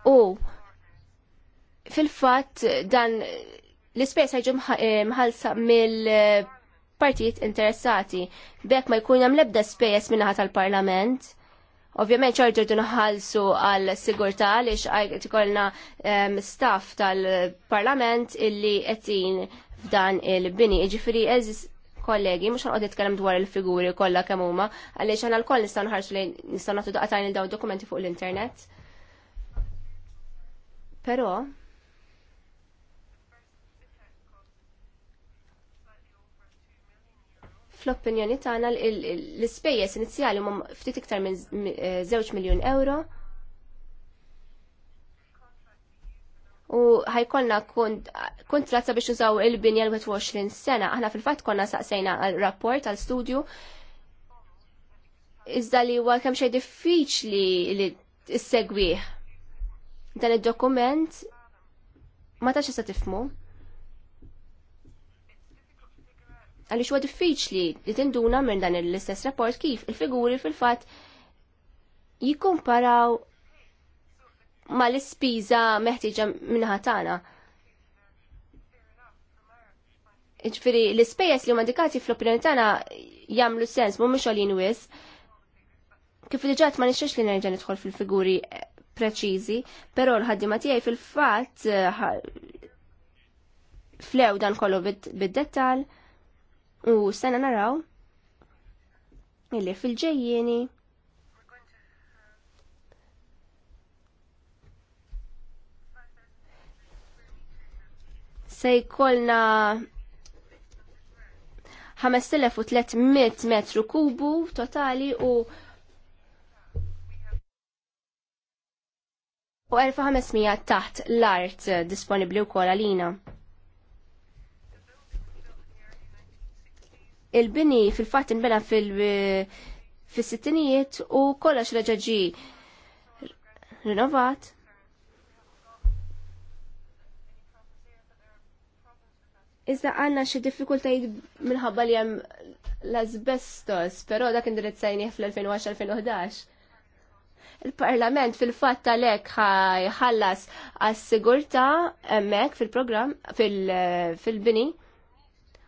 او fil-fatt dan l-ispejs ħajġu eh, mħalsa mill partijiet interessati. Bekk ma jkun hemm l-ebda spejjeż minnaħa tal-Parlament. Ovvjament ċarġu dunħalsu għal sigurtà għaliex għajt ikollna ehm, staff tal-Parlament illi qegħdin f'dan il-bini. Ġifieri eżis kollegi, mux għan kellem dwar il-figuri kollha kemm huma, għaliex għana l-koll nistan ħarsu lejn nistan nagħtu daqatajn il-daw dokumenti fuq l-internet. Però, fl-opinjoni tagħna l-ispejjeż inizjali huma ftit iktar minn eh, żewġ miljun euro. U ħajkonna kontrat biex użaw il-binja l-21 sena. Aħna fil-fatt konna saqsejna rapport għal studju iżda li huwa kemm xejn diffiċli li issegwih. Dan id-dokument ma tax issa tifmu. għaliex huwa diffiċli li tinduna minn dan l-istess rapport kif il-figuri fil-fatt jikkumparaw ma l-ispiża meħtieġa minnaħa tagħna. Ġifieri l-ispejjeż li huma indikati fl-opinjoni tagħna jagħmlu sens mhumiex għolin wis. Kif diġà ma nixxiex li nerġa' nidħol fil-figuri eh, preċiżi, però l-ħaddima tiegħi fil-fatt eh, flew dan kollu bid-dettal. Bid u sena naraw illi fil-ġejjieni se jkollna 5300 metru kubu totali u u 1500 taħt l-art disponibli u kol għalina. il-bini fil-fatt inbena fil-sittinijiet u kollox reġaġi rinnovat. Iżda għanna xie diffikultajiet minħabba li hemm l-azbestos, pero dak indirizzajni fl-2010-2011. Il-parlament fil-fat tal-ek ħallas għas-sigurta emmek fil-program, fil-bini. Fil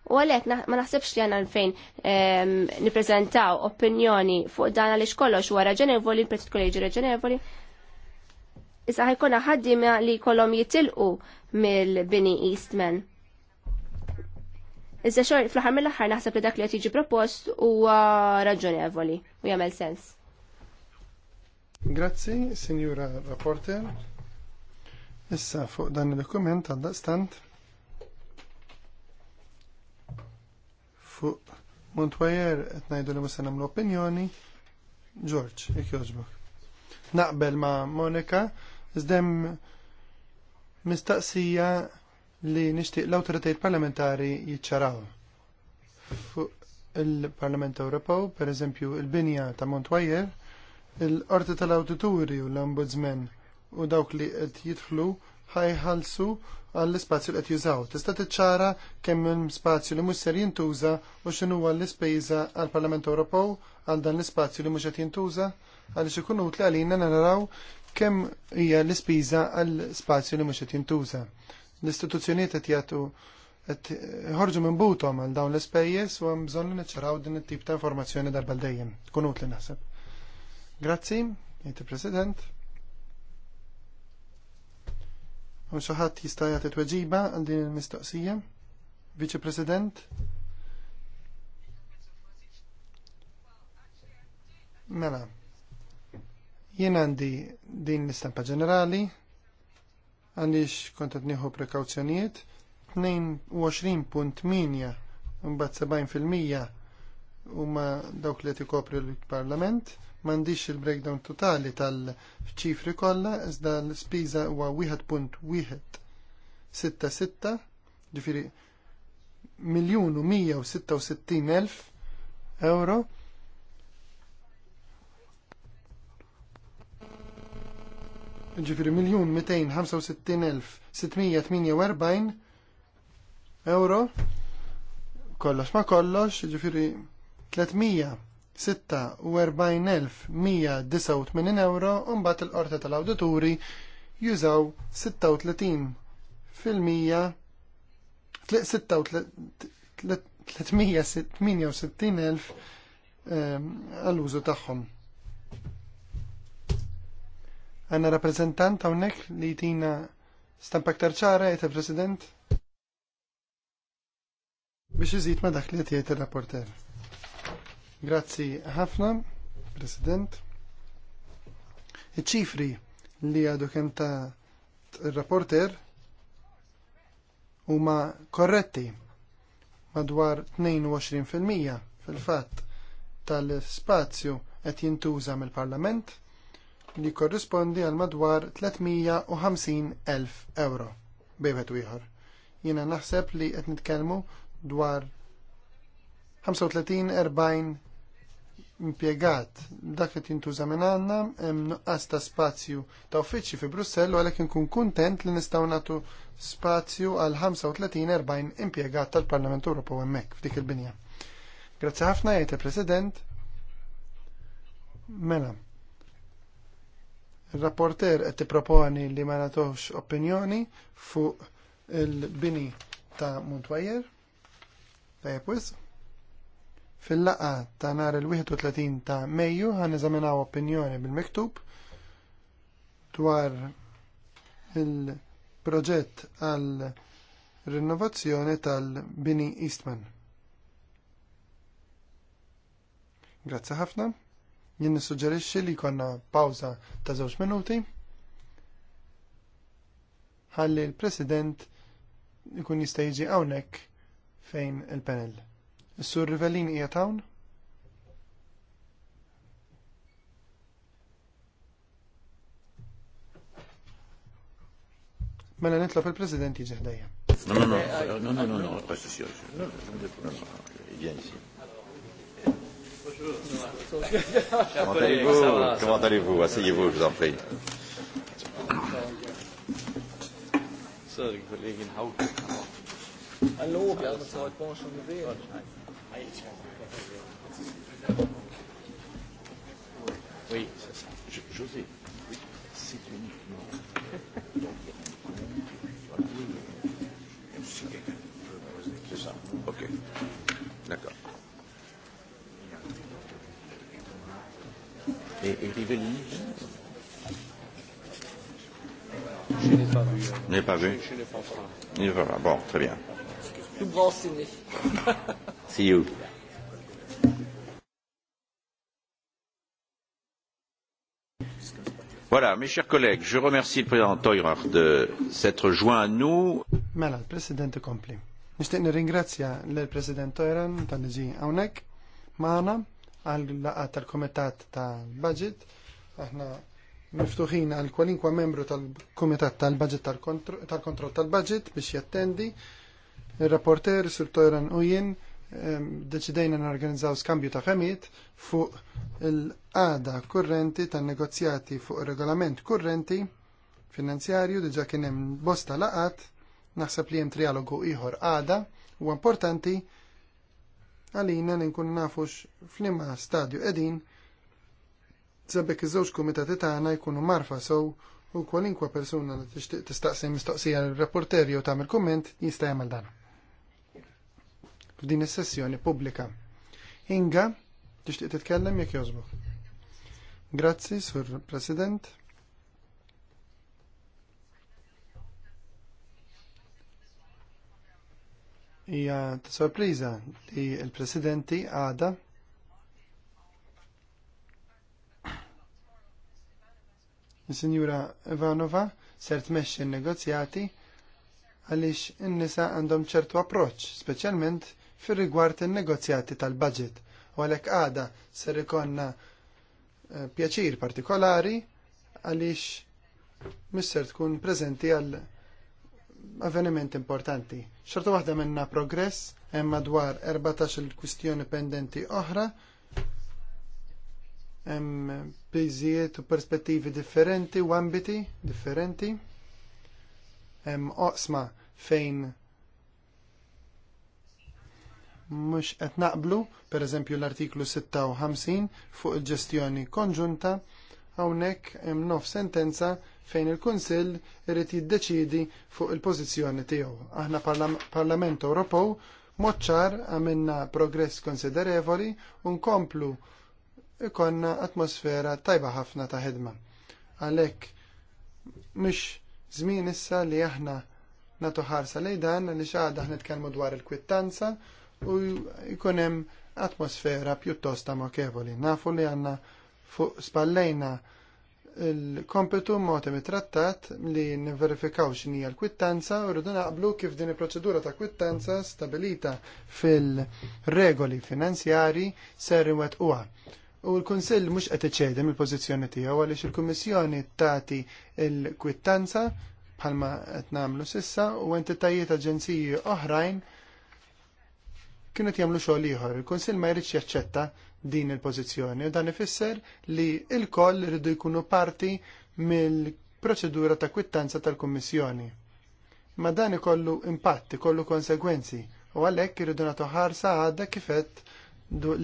U għalek ma naħsebx li għanna fejn ehm, niprezentaw opinjoni fuq dan għalix kollox huwa raġenevoli, l-Petit Kolleġi raġenevoli. Issa ħajkuna ħaddima li kolom jitilqu mill-bini Eastman. Iżda xor, fl-ħar mill-ħar naħseb li dak li qed jiġi propost huwa raġunevoli u jagħmel sens. Grazzi, Sinjura Rapporter. Issa fuq dan il-dokument għadda daqstant Fuq Montwajer qed ngħidu li mhux se nagħmlu opinjoni. George, jekk jogħġbok. Naqbel ma' Monika, iżdem mistaqsija li nixtieq l-awtoritajiet parlamentari jiċċaraw. Fuq il-Parlament Ewropew, pereżempju il-binja ta' Montwajer, il qorti tal-Awdituri u l-Ombudsman u dawk li qed jidħlu ħajħalsu għall-ispazju li qed jużaw. Tista' tiċċara kemm hemm spazju li mhux ser jintuża u x'inhu l-ispejża għall-Parlament Ewropew għal dan l-ispazju li mhux qed jintuża għaliex ikun utli għalina naraw kemm hija l-ispiża għall-spazju li mhux qed jintuża. L-istituzzjonijiet qed jagħtu qed ħorġu minn butom għal dawn l-ispejjeż u hemm bżonn li niċċaraw din it-tip ta' informazzjoni darba dejjem. Tkun utli naħseb. Grazzi, jgħid President. U xaħat jistajat jista' jagħti tweġiba din il-mistoqsija? Viċi President? Mela, jien għandi din l-istampa ġenerali, għandix kontat nieħu prekawzjonijiet, 22.8 mbagħad 70% huma dawk li tikopri l-Parlament. M'għandix il-breakdown totali tal-ċifri kollha iżda l-ispiża huwa 1.166 ġifieri miljun u 166 elf euro. Ġifieri miljun 265.648 euro kollox ma kollox, ġifiri 346.189 euro u mbagħad il qorta tal-awdituri jużaw 36 fil-mija 368.000 ehm, għall-użu tagħhom. Għanna rappresentant hawnhekk li jtina stampa aktar ċara qed president biex iżid ma dak li qed ir-rapporter. Grazzi ħafna, President. Iċ-ċifri li għadu kem ta' reporter rapporter huma korretti madwar 22% fil-fatt tal-spazju qed jintuża mill-Parlament li korrispondi għal madwar 350.000 euro bejbet ieħor. Jiena naħseb li qed nitkellmu dwar 35-40 impjegat dak li tintuża minn għandna hemm nuqqas ta' spazju ta' uffiċċji fi Brussell u għalhekk inkun kuntent li nistgħu nagħtu spazju għal 35-40 impjegat tal-Parlament Ewropew hemmhekk f'dik il-binja. Grazzi ħafna jgħid il-President. Mela. Il-rapporter qed tipproponi li ma nagħtux opinjoni fuq il-bini ta' Muntwajer. Tajjeb wisq fil laqgħa ta' nhar il-31 ta' Mejju ħan eżaminaw opinjoni bil-miktub dwar il-proġett għal rinnovazzjoni tal-Bini Eastman. Grazzi ħafna. Jien nissuġġerixxi li jkollna pawża ta' żewġ minuti. Ħalli l-President ikun jista' jiġi hawnhekk fejn il-panel sur Rivellin hija hawn? Mela nitlob il-President jiġi ħdejja. No, no, no, no, no, no, no, no, No, no, no, Comment allez-vous Comment allez-vous Asseyez-vous, je vous en prie. Sorry, Kollegin Haug. Hallo, wir haben uns heute Morgen schon gesehen. Oui, c'est ça. Je, José, c'est uniquement. c'est ça. Ok. D'accord. Et, et Rivelli Je n'ai pas vu. Je n'ai pas vu. Je, n'ai pas vu. bon, très bien. Tout grand ciné. [laughs] See you. Voilà, mes chers collègues, je remercie le président Teurer de s'être joint à nous. Mela, il-President kompli. Nishtiq nirringrazzja l-President Teurer ta' nizi hawnhekk magħna għal laqgħa tal-Kumitat ta' Budget. Aħna miftuħin għal kwalinkwa membru tal-Kumitat tal-Budget tal-Kontroll tal-Budget biex jattendi. Il-rapporter Sur Teurer u jien deċidejna n-organizzaw skambju ta' ħemit fuq il-għada kurrenti tan negozjati fuq regolament kurrenti finanzjarju diġa kien hemm bosta laqat naħseb li hemm trialogu ieħor għada u importanti għalina li nkun nafux flima stadju qegħdin sebbek iż-żewġ kumitati tagħna jkunu marfa sew u kwalinkwa persuna li tixtieq tistaqsi mistoqsija l rapporterju tagħmel kumment jista' jagħmel dan f'din is-sessjoni pubblika. Inga, tixtieq titkellem jekk jogħġbok. Grazzi, Sur President. Hija ta' sorpriża li l-Presidenti għada il Sinjura Ivanova ser tmexxi n-negozjati għaliex in-nisa għandhom ċertu approċċ, speċjalment fir rigward in-negozjati tal-budget u għalhekk għada ser ikonna eh, pjaċir partikolari għaliex misser tkun preżenti għal avveniment importanti. Xorta waħda minna progress, hemm madwar 14 il-kwistjoni pendenti oħra, hemm biżijiet u perspettivi differenti u ambiti differenti, hemm oqsma fejn mhux qed naqblu, pereżempju l-artiklu 56 fuq il-ġestjoni konġunta, hawnhekk hemm nof sentenza fejn il-Kunsill irid jiddeċidi fuq il-pożizzjoni tiegħu. Aħna Parlament Ewropew moċċar għamilna progress konsiderevoli u nkomplu ikonna atmosfera tajba ħafna ta' ħedma. Għalhekk mhux żmien issa li aħna natu ħarsa lejn dan li xi għadha dwar il-kwittanza u jkun hemm atmosfera pjuttost amokevoli. Nafu li għandna fuq spallejna il-kompetu motem trattat li nivverifikaw x'inija l-kwittanza u rridu naqblu kif din il-proċedura ta' kwittanza stabilita fil-regoli finanzjari ser imwettquha. U l-Kunsill mhux qed iċedem il-pożizzjoni tiegħu għaliex il-Kummissjoni tagħti l-kwittanza bħalma qed nagħmlu sissa u entitajiet aġenziji oħrajn kienu jagħmlu xogħol ieħor. Il-Kunsill ma jirriċ jaċċetta din il-pożizzjoni u dan ifisser li il koll rridu jkunu parti mill-proċedura ta' kwittanza tal-Kummissjoni. Ma dan ikollu impatt, ikollu konsegwenzi u għalhekk irridu nagħtu ħarsa għadda kifet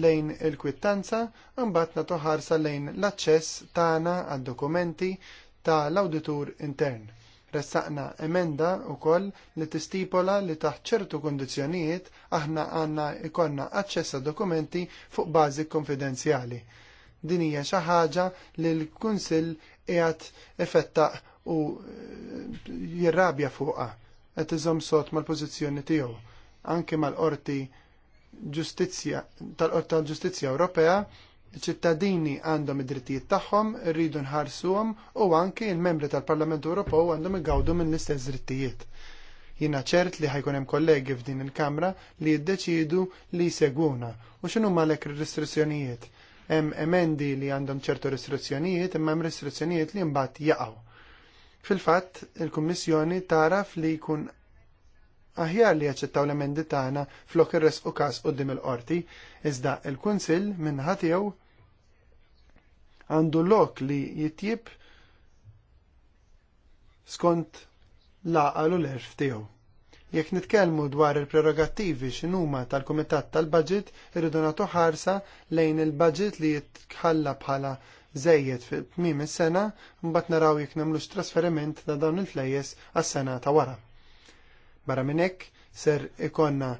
lejn il-kwittanza, mbagħad nagħtu ħarsa lejn l-aċċess tagħna għad-dokumenti tal-awditur intern. Ressaqna emenda wkoll li tistipola li taħt ċertu kundizzjonijiet aħna għandna ikonna aċċessa dokumenti fuq bażi konfidenzjali. Din hija xi ħaġa li l-Kunsill qiegħed effettaq u eh, jirrabja fuqha qed iżomm sod mal-pożizzjoni tiegħu anke mal-qorti ġustizzja tal-Qorti tal-Ġustizzja Ewropea ċittadini għandhom id-drittijiet tagħhom, rridu nħarsuhom u anke il-membri tal-Parlament Ewropew għandhom igawdu minn l-istess drittijiet. Jiena ċert li ħajkun hemm kollegi f'din il-Kamra li jiddeċidu li jsegwuna u x'inhu malek ir-restrizzjonijiet. Hemm emendi li għandhom ċertu restrizzjonijiet imma hemm restrizzjonijiet li mbagħad jaqgħu. Fil-fatt, il-Kummissjoni taraf li jkun aħjar li jaċċettaw l-emendi tagħna flok ir u każ qudiem il-qorti, iżda il-Kunsill minnaħa tiegħu għandu lok li jitjib skont laqalu l-erf tiegħu. Jekk nitkellmu dwar il-prerogattivi x'inhuma tal-Kumitat tal-Baġit, irridu nagħtu ħarsa lejn il-baġit li jitħalla bħala żejjed fi tmiem is-sena, mbagħad naraw jekk nagħmlux trasferiment ta' dawn il-flejjes għas-sena ta' wara. Barra minn hekk ser ikonna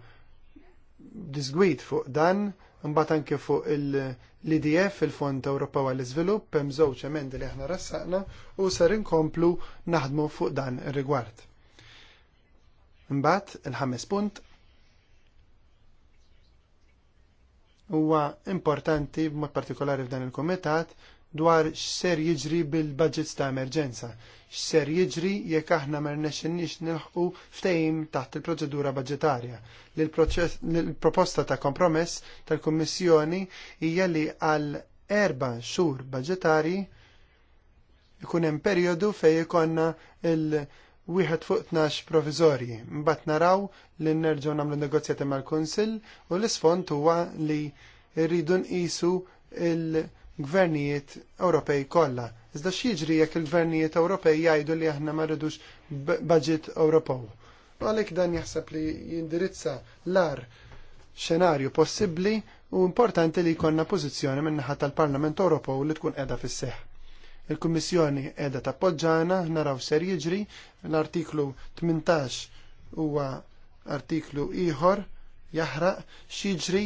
disgwid fuq dan Mbagħad anke fuq l-IDF, il-Fond Ewropew għall-Iżvilupp, hemm żewġ emendi li aħna rassaqna u ser inkomplu naħdmu fuq dan ir-rigward. Imbagħad il-ħames punt huwa importanti b'mod partikolari f'dan il-kumitat dwar x'ser jiġri bil-budgets ta' emerġenza, x'ser jiġri jekk aħna ma rnexxinniex nilħqu ftehim taħt il-proċedura budgetarja. L-proposta ta' kompromess tal-Kummissjoni hija li għal erba' xhur budġetarji ikun hemm perjodu fejn ikonna il- wieħed fuq tnax provizorji. Mbagħad naraw li nerġgħu nagħmlu negozjati mal-Kunsill u l-isfond huwa li rridu nqisu il- gvernijiet Ewropej kollha. Iżda x'jiġri jekk il-gvernijiet Ewropej jgħidu li aħna ma rridux budget Ewropew. Għalhekk dan jaħseb li jindirizza l-ar xenarju possibbli u importanti li jkollna pożizzjoni minn naħa tal-Parlament Ewropew li tkun qiegħda fis-seħħ. Il-Kummissjoni qiegħda tappoġġana, naraw ser jiġri, l-artiklu 18 huwa artiklu ieħor jaħraq x'jiġri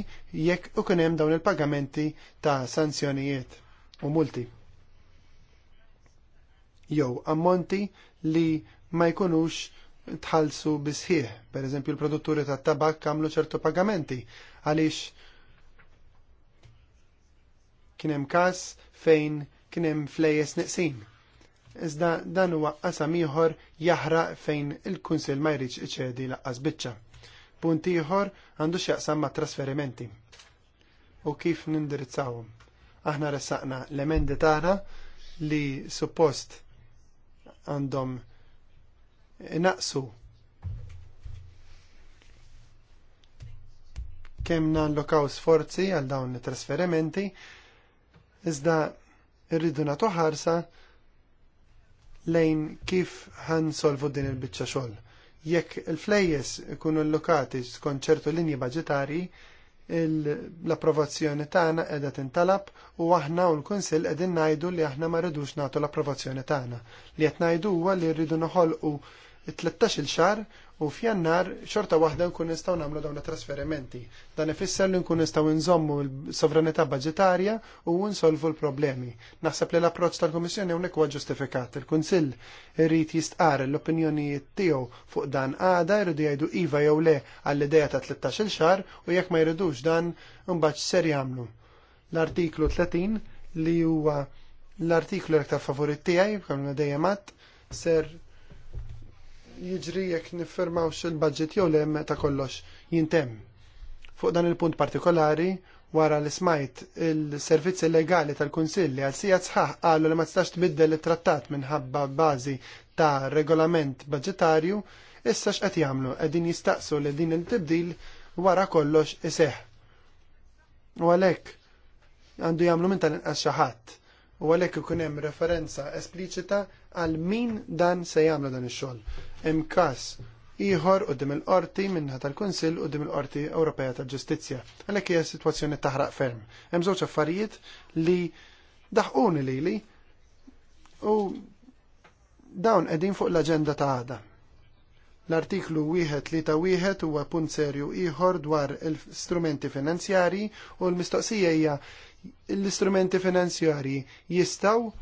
jekk ikun hemm dawn il-pagamenti ta' sanzjonijiet u multi. Jew ammonti li ma jkunux tħallsu bisħieħ, pereżempju l-produtturi tat tabak għamlu ċertu pagamenti għaliex kien hemm każ fejn kien hemm flejjes neqsin iżda dan huwa qasam ieħor jaħraq fejn il-Kunsill ma jridx iċedi laqqas biċċa. Punt ieħor għandu xieqsam ma' trasferimenti u kif nindirizzawhom. Aħna ressaqna l-emendi taħna li suppost għandhom naqsu kemm nallokaw sforzi għal dawn it-trasferimenti, iżda rridu natuħarsa lejn kif ħansolvu din il-biċċa xogħol jekk il-flejjes ikunu allokati skont ċertu linji budgetari, l-approvazzjoni tagħna qiegħda tintalab u aħna u l-Kunsill qegħdin ngħidu li aħna ma rridux nagħtu l-approvazzjoni tagħna. Li qed ngħidu huwa li rridu noħolqu 13-il xar u f'jannar xorta waħda nkun nistaw nagħmlu dawn it-trasferimenti. Dan ifisser li nkun nistgħu nżommu l-sovranità budgetarja u nsolvu l-problemi. Naħseb li l-approċċ tal-Kummissjoni hawnhekk huwa ġustifikat. Il-Kunsill irid jistqar l-opinjonijiet tiegħu fuq dan għada jridu jgħidu iva jew le għall-idea ta' 13-il xar u jekk ma jridux dan imbagħad ser jagħmlu. L-artiklu 30 li huwa l-artiklu l-aktar favorit tiegħi, dejjem ser jiġri jekk niffirmawx il-budget jew le meta kollox jintemm. Fuq dan il-punt partikolari, wara li smajt il-servizzi legali tal-Kunsill li għal-sija sħaħ qalu li ma tistax tbiddel it-trattat minħabba bażi ta' regolament budgetarju, issa x'qed jagħmlu qegħdin jistaqsu li din il-tibdil wara kollox iseħ. U għalhekk għandu jagħmlu minn tal-inqas xi ħadd u għalhekk ikun hemm referenza espliċita għal min dan se jagħmlu dan ix-xogħol. Hemm każ ieħor qudiem il-qorti minnaħa tal-Kunsill dim il-Qorti Ewropea tal-Ġustizzja. Għalhekk hija sitwazzjoni taħraq ferm. Hemm żewġ affarijiet li daħquni lili u dawn qegħdin fuq l-aġenda ta' għada. L-artiklu 1.3.1 huwa punt serju ieħor dwar il strumenti finanzjarji u l-mistoqsija hija l-istrumenti finanzjarji jistaw eh,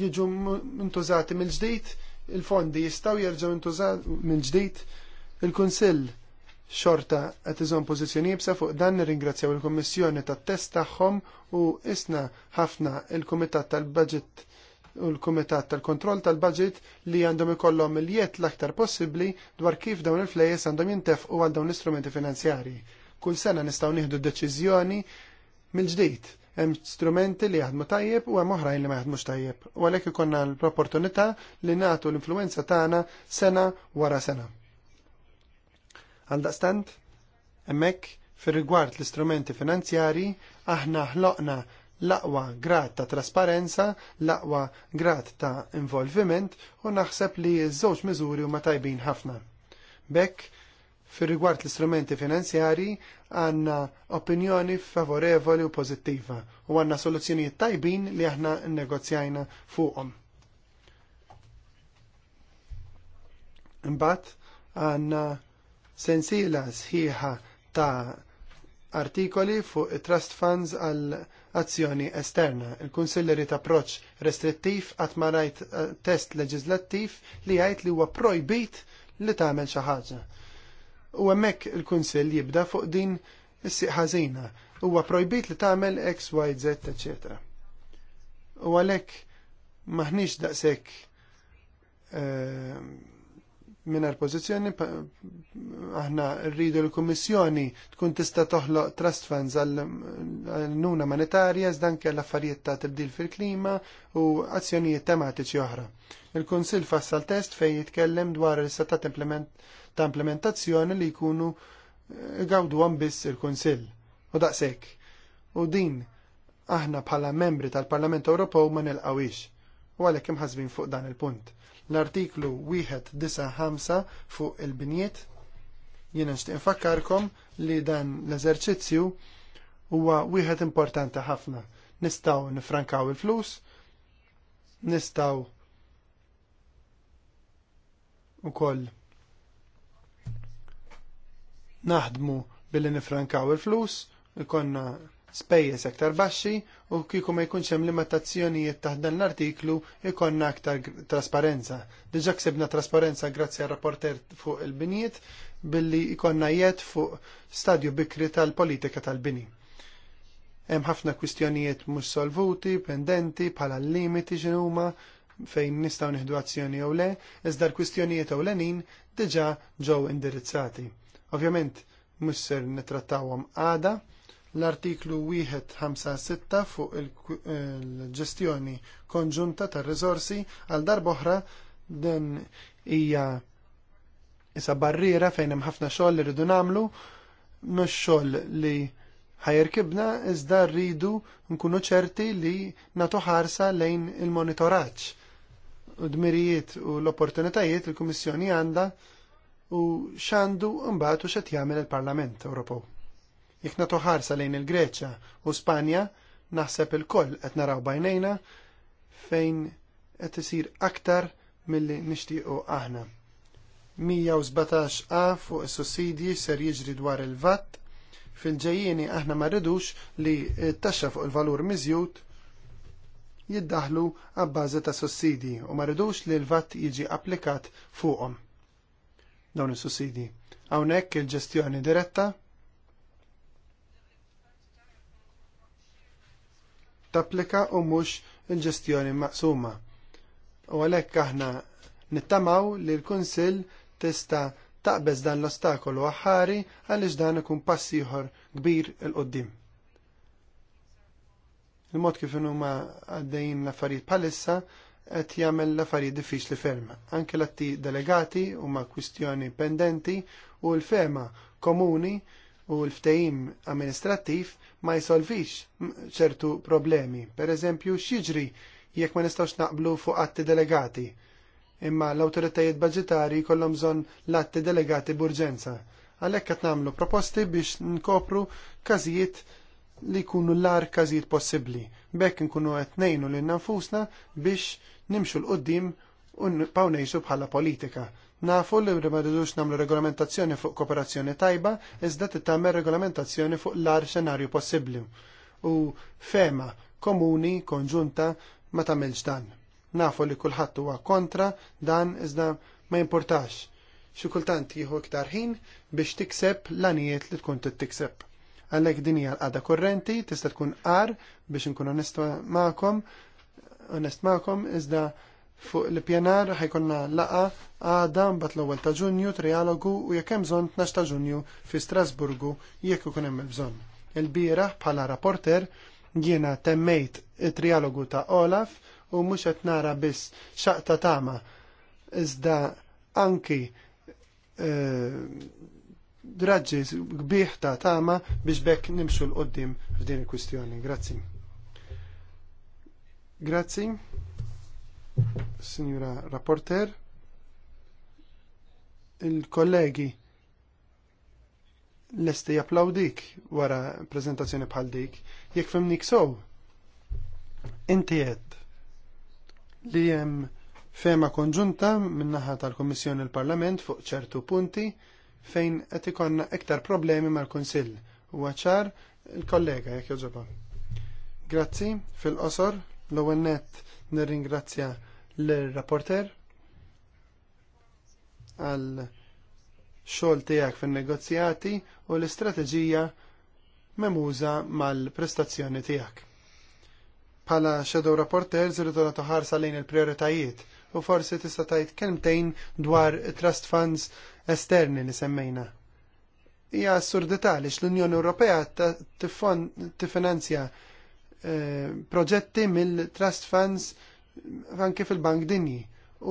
jiġu intużati mill-ġdid, il-fondi jistaw jerġgħu intużati mill-ġdid, il-Kunsill xorta qed iżomm pożizzjoni jibsa fuq dan ringrazzjaw il-Kummissjoni tat-test tagħhom u isna ħafna il-Kumitat tal-Budget u l-Kumitat tal-Kontroll tal-Budget li għandhom ikollhom il-jiet l-aktar possibbli dwar kif dawn il-flejes għandhom jintefqu għal dawn l-istrumenti finanzjari kull sena nistgħu nieħdu deċiżjoni mill-ġdid. Hemm strumenti li jaħdmu tajjeb u hemm oħrajn li ma jaħdmux tajjeb. U għalhekk ikonna l-opportunità li nagħtu l-influenza tagħna sena wara sena. Għaldaqstant, hemmhekk fir-rigward l-istrumenti finanzjari aħna ħloqna l-aqwa grad ta' trasparenza, l-aqwa grad ta' involviment u naħseb li ż-żewġ miżuri huma tajbin ħafna. Bekk Fir rigward l-istrumenti finanzjari għanna opinjoni favorevoli u pozittiva u għanna soluzzjonijiet tajbin li aħna negozjajna fuqhom. Imbagħad għanna sensiela sħiħa ta' artikoli fuq trust funds għal azzjoni esterna. Il-Kunsilleri ta' proċ restrittiv qatt ma rajt eh, test leġislattiv li jgħid li huwa projbit li tagħmel xi ħaġa. U hemmhekk il-Kunsill jibda fuq din is-sieq ħażina. Huwa projbit li tagħmel X, Y, Z, etc. U għalhekk maħniex daqshekk eh, minar pożizzjoni aħna rridu l-Kummissjoni tkun tista toħloq trust funds għal-nuna monetarja zdan kell affarijiet ta' tibdil fil-klima u azzjonijiet tematiċi oħra. Il-Kunsill fassal test fejn jitkellem dwar l-istatat implement ta' implementazzjoni li jkunu eh, għawdu għan biss il-Konsil. U daqsek. U din aħna bħala membri tal-Parlament Ewropew ma nilqawix. U għalhekk imħazbin fuq dan il-punt. L-artiklu 195 fuq il-binjiet jiena nixtieq infakkarkom li dan l-eżerċizzju huwa wieħed importanti ħafna. Nistgħu nifrankaw il-flus, nistgħu ukoll naħdmu billi nifrankaw il-flus, ikonna spejjeż aktar baxxi u kieku ma jkunx hemm limitazzjonijiet taħt dan l-artiklu ikonna aktar trasparenza. Diġà ksebna trasparenza grazzi għal rapporter fuq il-binijiet billi ikonna jed fuq stadju bikri tal-politika tal-bini hemm ħafna kwistjonijiet mhux solvuti, pendenti, bħala limiti x'inhuma fejn nistgħu nieħdu azzjoni jew le, iżda l-kwistjonijiet ewlenin diġà ġew indirizzati. Ovvjament, musser nitrattawhom għada. L-artiklu 156 fuq il-ġestjoni eh, konġunta tar resorsi għal darboħra din hija isa barriera fejn hemm ħafna xogħol li rridu nagħmlu, mhux xogħol li ħajerkibna iżda rridu nkunu ċerti li nagħtu ħarsa lejn il-monitoraġġ u dmirijiet u l-opportunitajiet il-Kummissjoni għandha u xandu mbagħad u xed jagħmel il-Parlament Ewropew. Jekk nagħtu ħarsa lejn il-Greċja u Spanja, naħseb il-koll qed naraw bajnejna fejn qed isir aktar milli nixtiequ aħna. 117 A fuq is-sussidji ser jiġri dwar il-VAT. Fil-ġejjieni aħna ma rridux li t-taxxa fuq il-valur miżjud jiddaħlu għabbażi ta' sussidji u ma rridux li l-VAT jiġi applikat fuqhom dawn is-sussidi. Hawnhekk il-ġestjoni diretta tapplika u mhux il-ġestjoni maqsuma. U għalhekk aħna nittamaw li l-Kunsill tista' taqbeż dan l-ostakolu aħħari għaliex dan ikun pass ieħor kbir il qoddim Il-mod kif huma għaddejjin l-affarijiet bħalissa qed jagħmel l-affarijiet diffiċli ferm. Anke l-atti delegati huma kwistjoni pendenti u l ferma komuni u l-ftehim amministrattiv ma jsolvix ċertu problemi. Per eżempju, x'jiġri jekk ma nistgħux naqblu fuq atti delegati. Imma l-awtoritajiet budġetari kollhom bżonn l-atti delegati b'urġenza. Għalhekk qed nagħmlu proposti biex nkopru każijiet li jkunu l-ar każijiet possibbli. Bekk nkunu qed ngħinu lil nafusna biex nimxu l-qoddim u nibqgħu ngħixu bħala politika. Nafu li ma rridux nagħmlu regolamentazzjoni fuq kooperazzjoni tajba, iżda titgħamel regolamentazzjoni fuq l-ar xenarju possibbli. U fema komuni, konġunta, ma tagħmilx dan. Nafu li kulħadd huwa kontra dan iżda ma importax. Xi kultant jieħu iktar ħin biex tikseb l-anijiet li tkun tikseb. Għalhekk din hija l-qada korrenti tista' tkun qar biex inkun onesta magħkom onest ma'kom, iżda fuq l-pjanar ħajkonna laqa għada mbat l-ewwel ta' Ġunju trialogu u jekk hemm bżonn 12 ta' Ġunju fi Strasburgu jekk ikun hemm bżonn. Il-bieraħ bħala rapporter jiena temmejt it-trialogu ta' Olaf u mhux qed nara biss xaqta tama iżda anki e, draġġi kbieħ ta' tama biex bekk nimxu l-qoddim f'din il-kwistjoni. Grazzi. Grazzi, signora rapporter. Il-kollegi lesti japplawdik wara prezentazzjoni bħal dik, jekk femnik sow. Inti jed li jem fema konġunta minnaħa tal-Komissjoni l-Parlament fuq ċertu punti fejn qed ikonna iktar problemi mal-Kunsill u għaċar il-kollega jekk joġoba. Grazzi fil-qosor L-ewwel nett nirringrazzja l-rapporter għal xogħol tiegħek fin-negozjati u l-istrateġija memuża mal-prestazzjoni tiegħek. Pala Shadow Rapporter zirridu toħarsa lejn il-prioritajiet u forsi tista' tgħid kelmtejn dwar trust funds esterni li semmejna. Hija assurdità li l-Unjoni Ewropea tiffinanzja proġetti mill-trust funds anke fil-bank dinji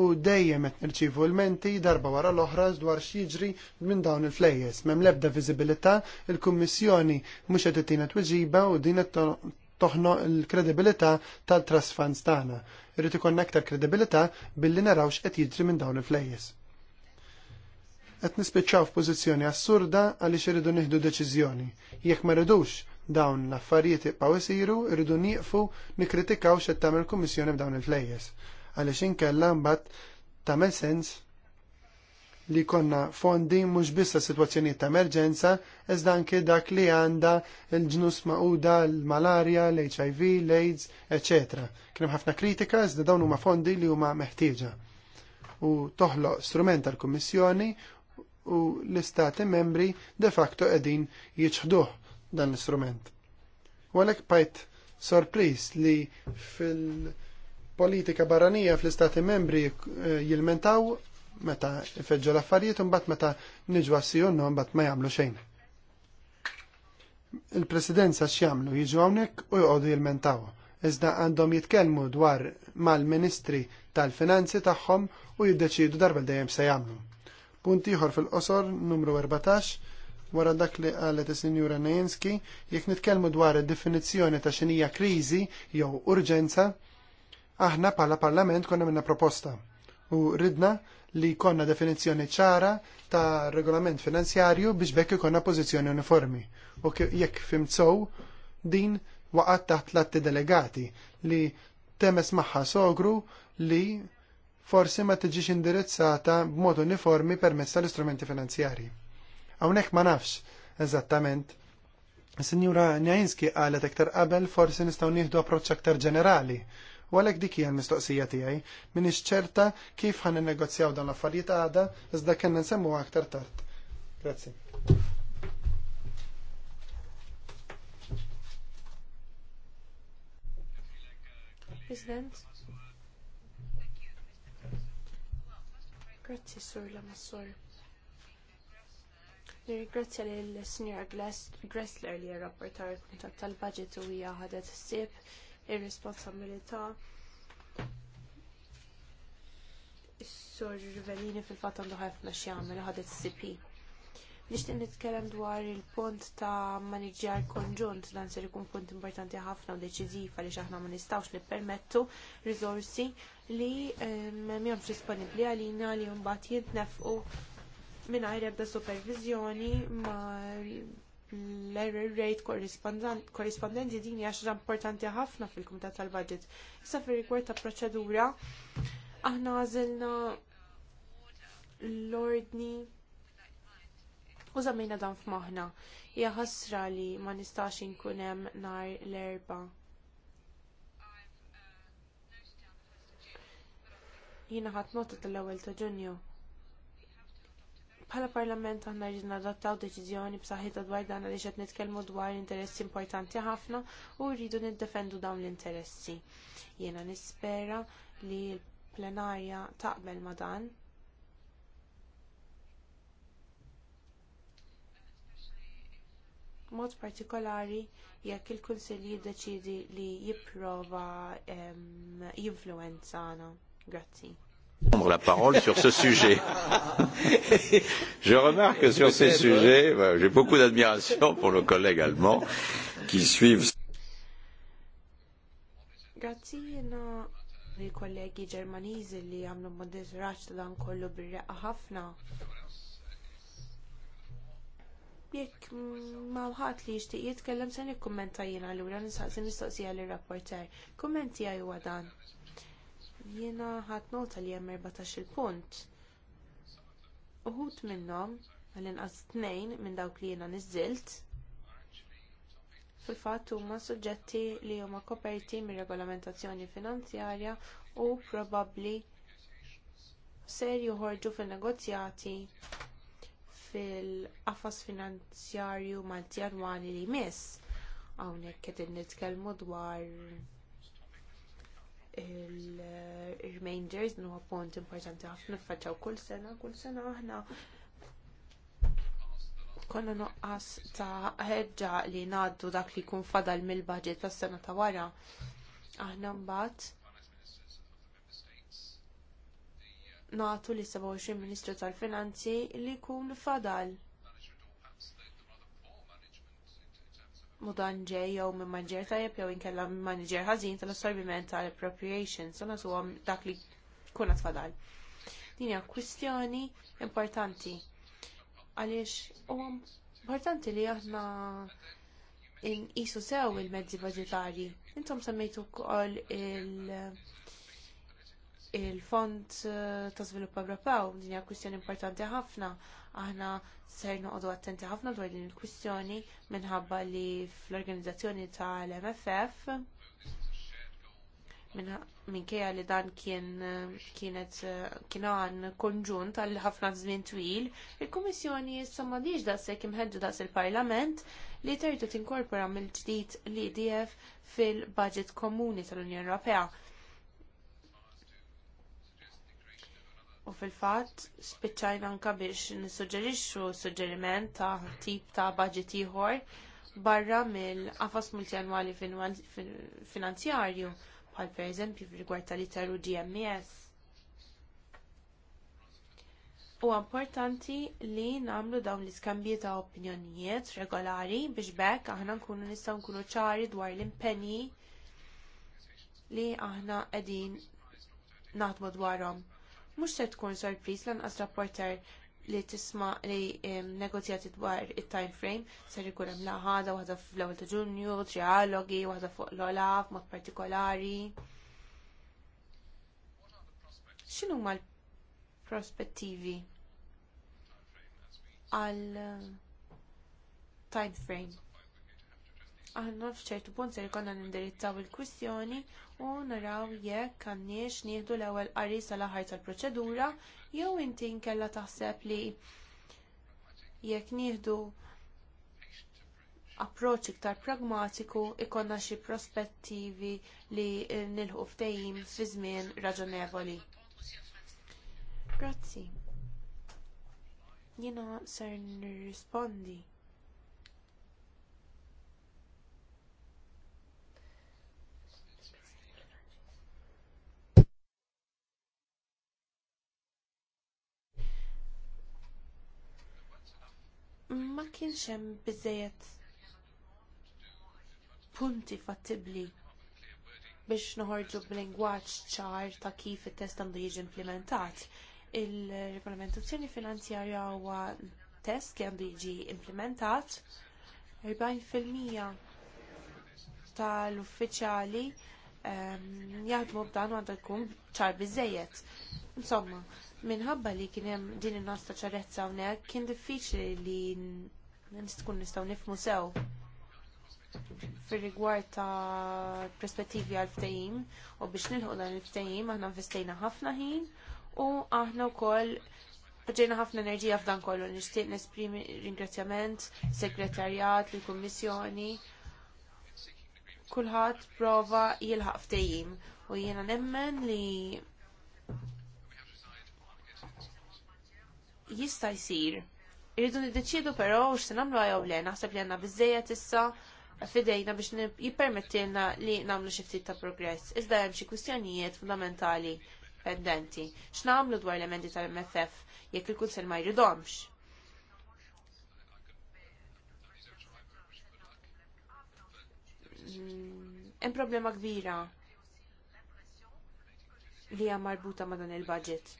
u dejjem qed nirċivu l-menti darba wara l-oħra dwar x'jiġri minn dawn il-flejjes. Mem l-ebda viżibilità, il-Kummissjoni mhux qed ittina tweġiba u din qed toħno l-kredibilità tal-trust funds tagħna. Irrid ikollna aktar kredibilità billi narawx x'qed jiġri minn dawn il-flejjes. Qed nispiċċaw f'pożizzjoni assurda għaliex irridu nieħdu deċiżjoni. Jekk ma rridux dawn l-affarijiet ibqgħu isiru irridu nieqfu nikkritikaw x'qed tagħmel kummissjoni b'dawn il-flejjes. Għaliex inkella mbagħad tagħmel sens li konna fondi mhux biss sitwazzjonijiet ta' emerġenza, iżda anke dak li għandha l-ġnus maquda, l-malarja, l-HIV, l-AIDS, etc. Kien hemm ħafna kritika iżda dawn huma fondi li huma meħtieġa. U toħloq strument tal-Kummissjoni u l-istati membri de facto qegħdin jiġħduh dan l-istrument. U għalek bajt sorpris li fil-politika barranija fl-istati membri eh, jilmentaw meta ifeġġu l-affarijiet un mbagħad meta niġu għassijunnu mbagħad ma jagħmlu xejn. Il-presidenza x'jagħmlu jiġu hawnhekk u joqogħdu jilmentaw. Iżda għandhom jitkellmu dwar mal-ministri tal-finanzi tagħhom u jiddeċidu darba dejjem se jagħmlu. Punt ieħor fil-qosor numru 14 wara dak li qalet is-Sinjura Nejenski, jekk nitkellmu dwar id-definizzjoni ta' xinija kriżi jew urġenza, aħna bħala Parlament konna minna proposta u ridna li konna definizzjoni ċara ta' regolament finanzjarju biex bekk ikonna pożizzjoni uniformi. U jekk fimtsow din waqgħat taħt l-atti delegati li temes magħha sogru li forsi ma tiġix indirizzata b'mod uniformi permezz tal-istrumenti finanzjarji. Hawnhekk ma nafx eżattament. Sinjura Njajinski qalet ektar qabel forsi nistgħu nieħdu approċċ aktar ġenerali. U għalhekk dik hija l-mistoqsija tiegħi, minix ċerta kif ħan innegozjaw dan l-affarijiet għada iżda kellna nsemmu aktar tard. Grazzi. President. Grazzi, Sur Lamassor. Nirringrazzja lill sinjora Gressler li rapportar kuntat tal-budget u hija ħadet ħsieb ir-responsabilità. Is-sur Rivellini fil-fatt għandu ħafna x'jagħmel ħadet sipi. Nixtieq nitkellem dwar il-punt ta' maniġjar konġunt dan ser ikun punt importanti ħafna u deċiżiv għaliex aħna ma nistgħux nippermettu riżorsi li eh, m'hemmx disponibbli għalina li mbagħad jintnefqu mingħajr ebda supervizjoni ma l-error rate korrispondenti din hija xi importanti ħafna fil-Kumitat tal-Budget. Issa fir-rigward ta' proċedura aħna għażilna l-ordni u żammejna dan f'maħna. Hija ħasra li ma nistax inkun hemm nhar l-erba' jina ħat nota tal-ewel ta' ġunju. Bħala parlament aħna rridu nadottaw deċiżjoni b'saħħitha dwar dan għaliex qed nitkellmu dwar interessi importanti ħafna u rridu niddefendu dawn l-interessi. Jiena nispera li l-plenarja taqbel ma dan. Mod partikolari jekk il-Kunsill jiddeċiedi li jipprova jinfluwenzana. Grazzi prendre la parole sur ce sujet. Je remarque que sur ces sujets, j'ai beaucoup d'admiration pour nos collègues allemands qui suivent. Grazzi jena li kollegi ġermaniżi li għamlu moderaċ dan kollu bir-reqqa ħafna. Jek ma li jixtieq jitkellem sen se nikkummenta l-għura nistaqsi mistoqsija lir rapporter Kommenti għaj u għadan. Jiena ħadt nota li hemm 14 il-punt. Uħud minnhom għal inqas tnejn minn dawk li jiena niżilt fil-fatt huma suġġetti li huma koperti mir regolamentazzjoni finanzjarja u probabbli ser joħorġu fin-negozjati fil-qafas finanzjarju mal annwali li jmiss hawnhekk qed nitkellmu dwar il-remainders din huwa punt importanti ħafna nfaċċaw kull sena, kull sena għahna konna nuqqas ta' ħedġa li naddu dak li kun fadal mill-budget ta' sena ta' wara. Aħna mbagħad nagħtu li 27 Ministru tal-Finanzi li kun fadal mudan ġej jew minn manager tajjeb jew inkella minn manager ħażin tal-assorbiment tal-appropriations u nasu dak li kuna tfadal. Din hija kwistjoni importanti għaliex huwa importanti li aħna nqisu sew il-mezzi budġetarji. Intom semmejtu wkoll il- il-Fond ta' Svilupp Ewropew din hija kwistjoni importanti ħafna Aħna ser noqogħdu attenti ħafna dwar din il-kwistjoni minħabba li fl-organizzazzjoni tal-MFF minkejja li dan kien kienet kien għan konġun tal-ħafna żmien twil, il-Kummissjoni issa m'għadix daqshekk imħeġġu daqs il-Parlament li tertu tinkorpora mill-ġdid l-IDF fil-budget komuni tal-Unjoni Ewropea u fil-fatt spiċċajna anke biex nissuġġerixxu suġġeriment ta' tip ta' budget ieħor barra mill-qafas multjanwali finanzjarju bħal pereżempju rigward tal-iter u GMS. E Huwa importanti li nagħmlu dawn l-iskambji ta' opinjonijiet regolari biex bekk aħna nkunu nistgħu nkunu ċari dwar l-impenji li aħna qegħdin naħdmu dwarhom. Mhux se tkun sorpriz lanqas rapporter li tisma li negozjati dwar it-time frame ser ikun hemm laħada waħda fl-ewwel ta' Ġunju, trialogi, waħda fuq l-olaf mod partikolari. X'inhu huma l-prospettivi għal time frame? aħna fċertu punt se jkollna nindirizzaw il-kwistjoni u naraw jekk għandniex nieħdu l-ewwel qari sal-aħħar tal-proċedura jew inti nkella taħseb li jekk nieħdu approċċ iktar pragmatiku ikonna xi prospettivi li nilħu ftehim fi żmien raġonevoli. Grazzi. Jiena ser nirrispondi ma kienx hemm biżżejjed punti fattibbli biex noħorġu b'lingwaġġ ċar ta' kif it-test għandu jiġi implementat. Il-regolamentazzjoni finanzjarja huwa test li għandu jiġi implementat 40% tal-uffiċjali ehm, jaħdmu b'dan għandu jkun ċar biżżejjed. Insomma, minħabba li kien hemm din in-nos ta' ċarezza hawnhekk kien diffiċli li tkun nistgħu nifhmu sew fir-rigward ta' prospettivi għal ftehim u biex nilħu dan il-ftehim aħna nfistejna ħafna ħin u aħna wkoll Ġejna ħafna enerġija f'dan kollu, nixtieq nesprimi ringrazzjament, segretarjat, lill-Kummissjoni. Kulħadd prova jilħaq ftehim u jiena nemmen li jista' jsir. Irridu niddeċiedu però x se nagħmlu għajew le, naħseb li għandna bizzeja issa fidejna biex jipermettilna li nagħmlu xi ftit ta' progress. Iżda hemm xi kwistjonijiet fundamentali pendenti. X'nagħmlu dwar l-emendi tal-MFF jekk il-kunsel ma jridhomx? Mm, hemm problema kbira li hija marbuta ma' dan il-budget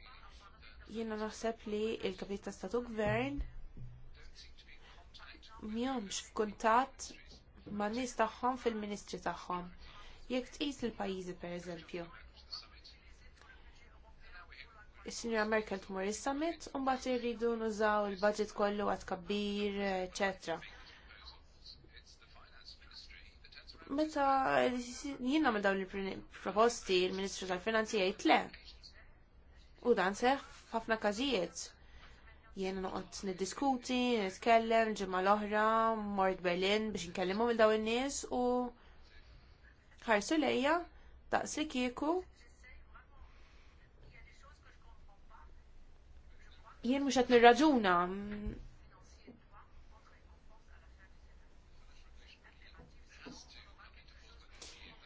Jiena naħseb li l kapita ta' statu gvern m'jomx f'kuntatt ma' nies tagħhom fil-ministri tagħhom. Jekk tqis il-pajjiżi pereżempju. Is-Sinjora Merkel tmur is-summit u mbagħad irridu nużaw il-budget kollu għad kabbir, eċetera. Meta jiena nagħmel dawn il-proposti, il-Ministru tal-Finanzi jgħid le. U dan seħħ Ħafna każijiet jiena noqgħod niddiskuti, nitkellem ġimgħa l-oħra, mort Berlin biex nkellimhom il daw in-nies u ħarsu lejja daqsi kieku. Jien mhux qed nirraġuna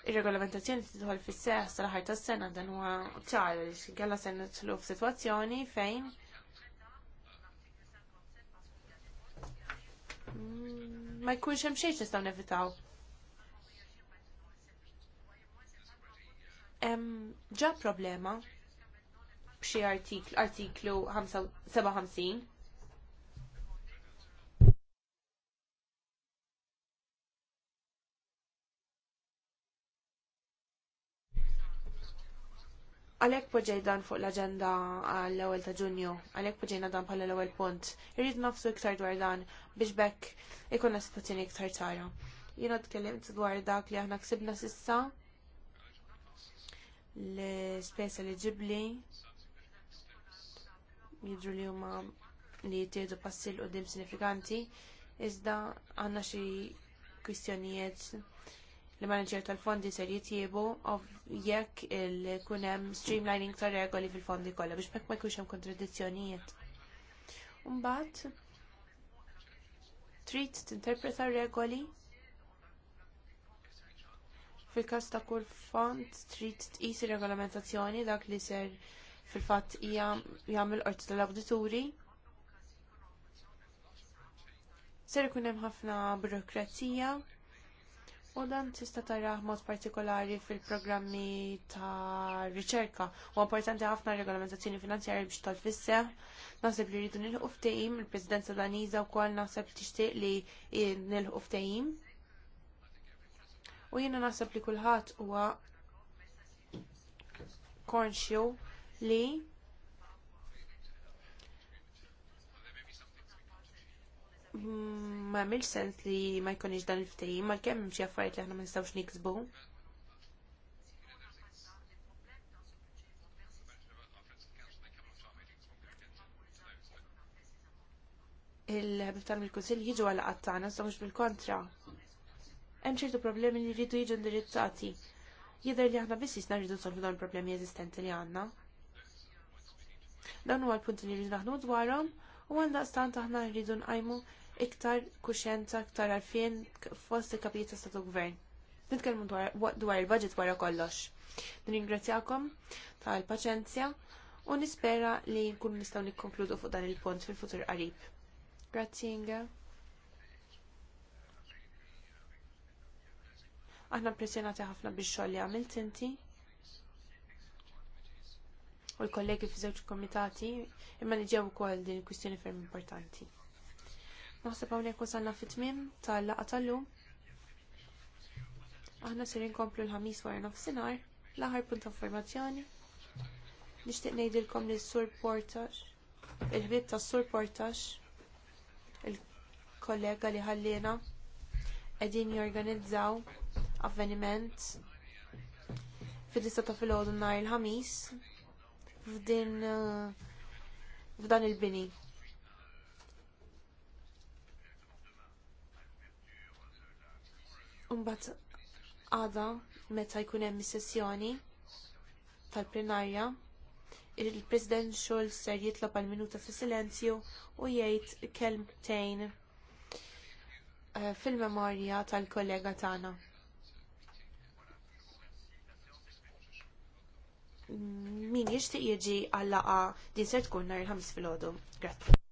il regolamentazzjoni t-tħol fis-seħ s-raħar ta' s sena dan huwa ċar li kellha se nidħlu situazzjoni fejn ma jkunx hemm xejn nistgħu nevitaw. Hemm ġa problema b'xi artiklu artiklu 57 Għalek poġej dan fuq l-agenda għall ewwel ta' ġunju, għalek poġejna dan bħala l ewwel punt. Irrid nafsu iktar dwar dan biex bekk ikonna situazzjoni iktar ċara. Jina tkellimt dwar dak li aħna ksibna sissa l-spesa li ġibli jidru li huma li jtiedu passil u dim sinifikanti iżda għanna xi kwistjonijiet li manager tal-fondi ser jitjiebu jekk il hemm streamlining tar regoli fil-fondi kollha biex bekk ma jkunx hemm kontradizzjonijiet. Mbagħad trid tinterpreta regoli fil-każ ta' kull fond trid tqis ir-regolamentazzjoni dak li ser fil-fatt jagħmel qorti tal-awdituri. Ser ikun hemm ħafna burokrazija U dan tista' taraħ mod partikolari fil-programmi ta' riċerka. U importanti ħafna regolamentazzjoni finanzjarja biex tal-fisse. Naħseb li rridu nilħu ftehim, il-Presidenza Daniża wkoll naħseb tixtieq li nilħu ftehim. U jiena naħseb li kulħadd huwa konxju li ma jagħmilx sens li ma jkunx dan il-ftehim, ma kemm xi affarijiet li aħna ma nistgħux niksbu. Il-ħabib tal-Mil-Kunsill jiġu għal għattana, s bil-kontra. Hemm ċertu problemi li rridu jiġu indirizzati. Jidher li aħna biss jisna rridu solvu dawn problemi eżistenti li għandna. Dan huwa l-punt li rridu naħdmu dwarhom u għandha stant aħna rridu nqajmu iktar kuxenza, iktar għarfien fost il-kapijiet ta' statu gvern. Nitkellmu dwar il-budget wara kollox. Nirringrazzjakom tal-paċenzja u nispera li nkun nistgħu nikkonkludu fuq dan il-punt fil-futur qarib. Grazzi Inga. aħna impressjonati ħafna bix xogħol li għamilt inti. U l-kollegi fi żewġ komitati imma niġew ukoll din il-kwistjoni ferm importanti. Naħseb hawnhekk wasalna fit-tmiem tal-laqgħa tal-lum. Aħna ser inkomplu l-ħamis wara nofsinhar l-aħħar punt ta' informazzjoni. Nixtieq ngħidilkom li s-sur Portax, il-ħbib tas sur Portax, il-kollega li ħallina, qegħdin jorganizzaw avveniment fid-dista ta' filgħodu nhar il-ħamis f'din eh, f'dan il-bini Umbat għada meta jkun hemm sessjoni tal-plenarja, il-President Schulz ser jitlob għal minuta fi silenzju u jgħid kelmtejn eh, fil-memorja tal-kollega tagħna. Min jixtieq jiġi għall laqgħa din se tkun nhar il-ħamis filgħodu. Grazzi.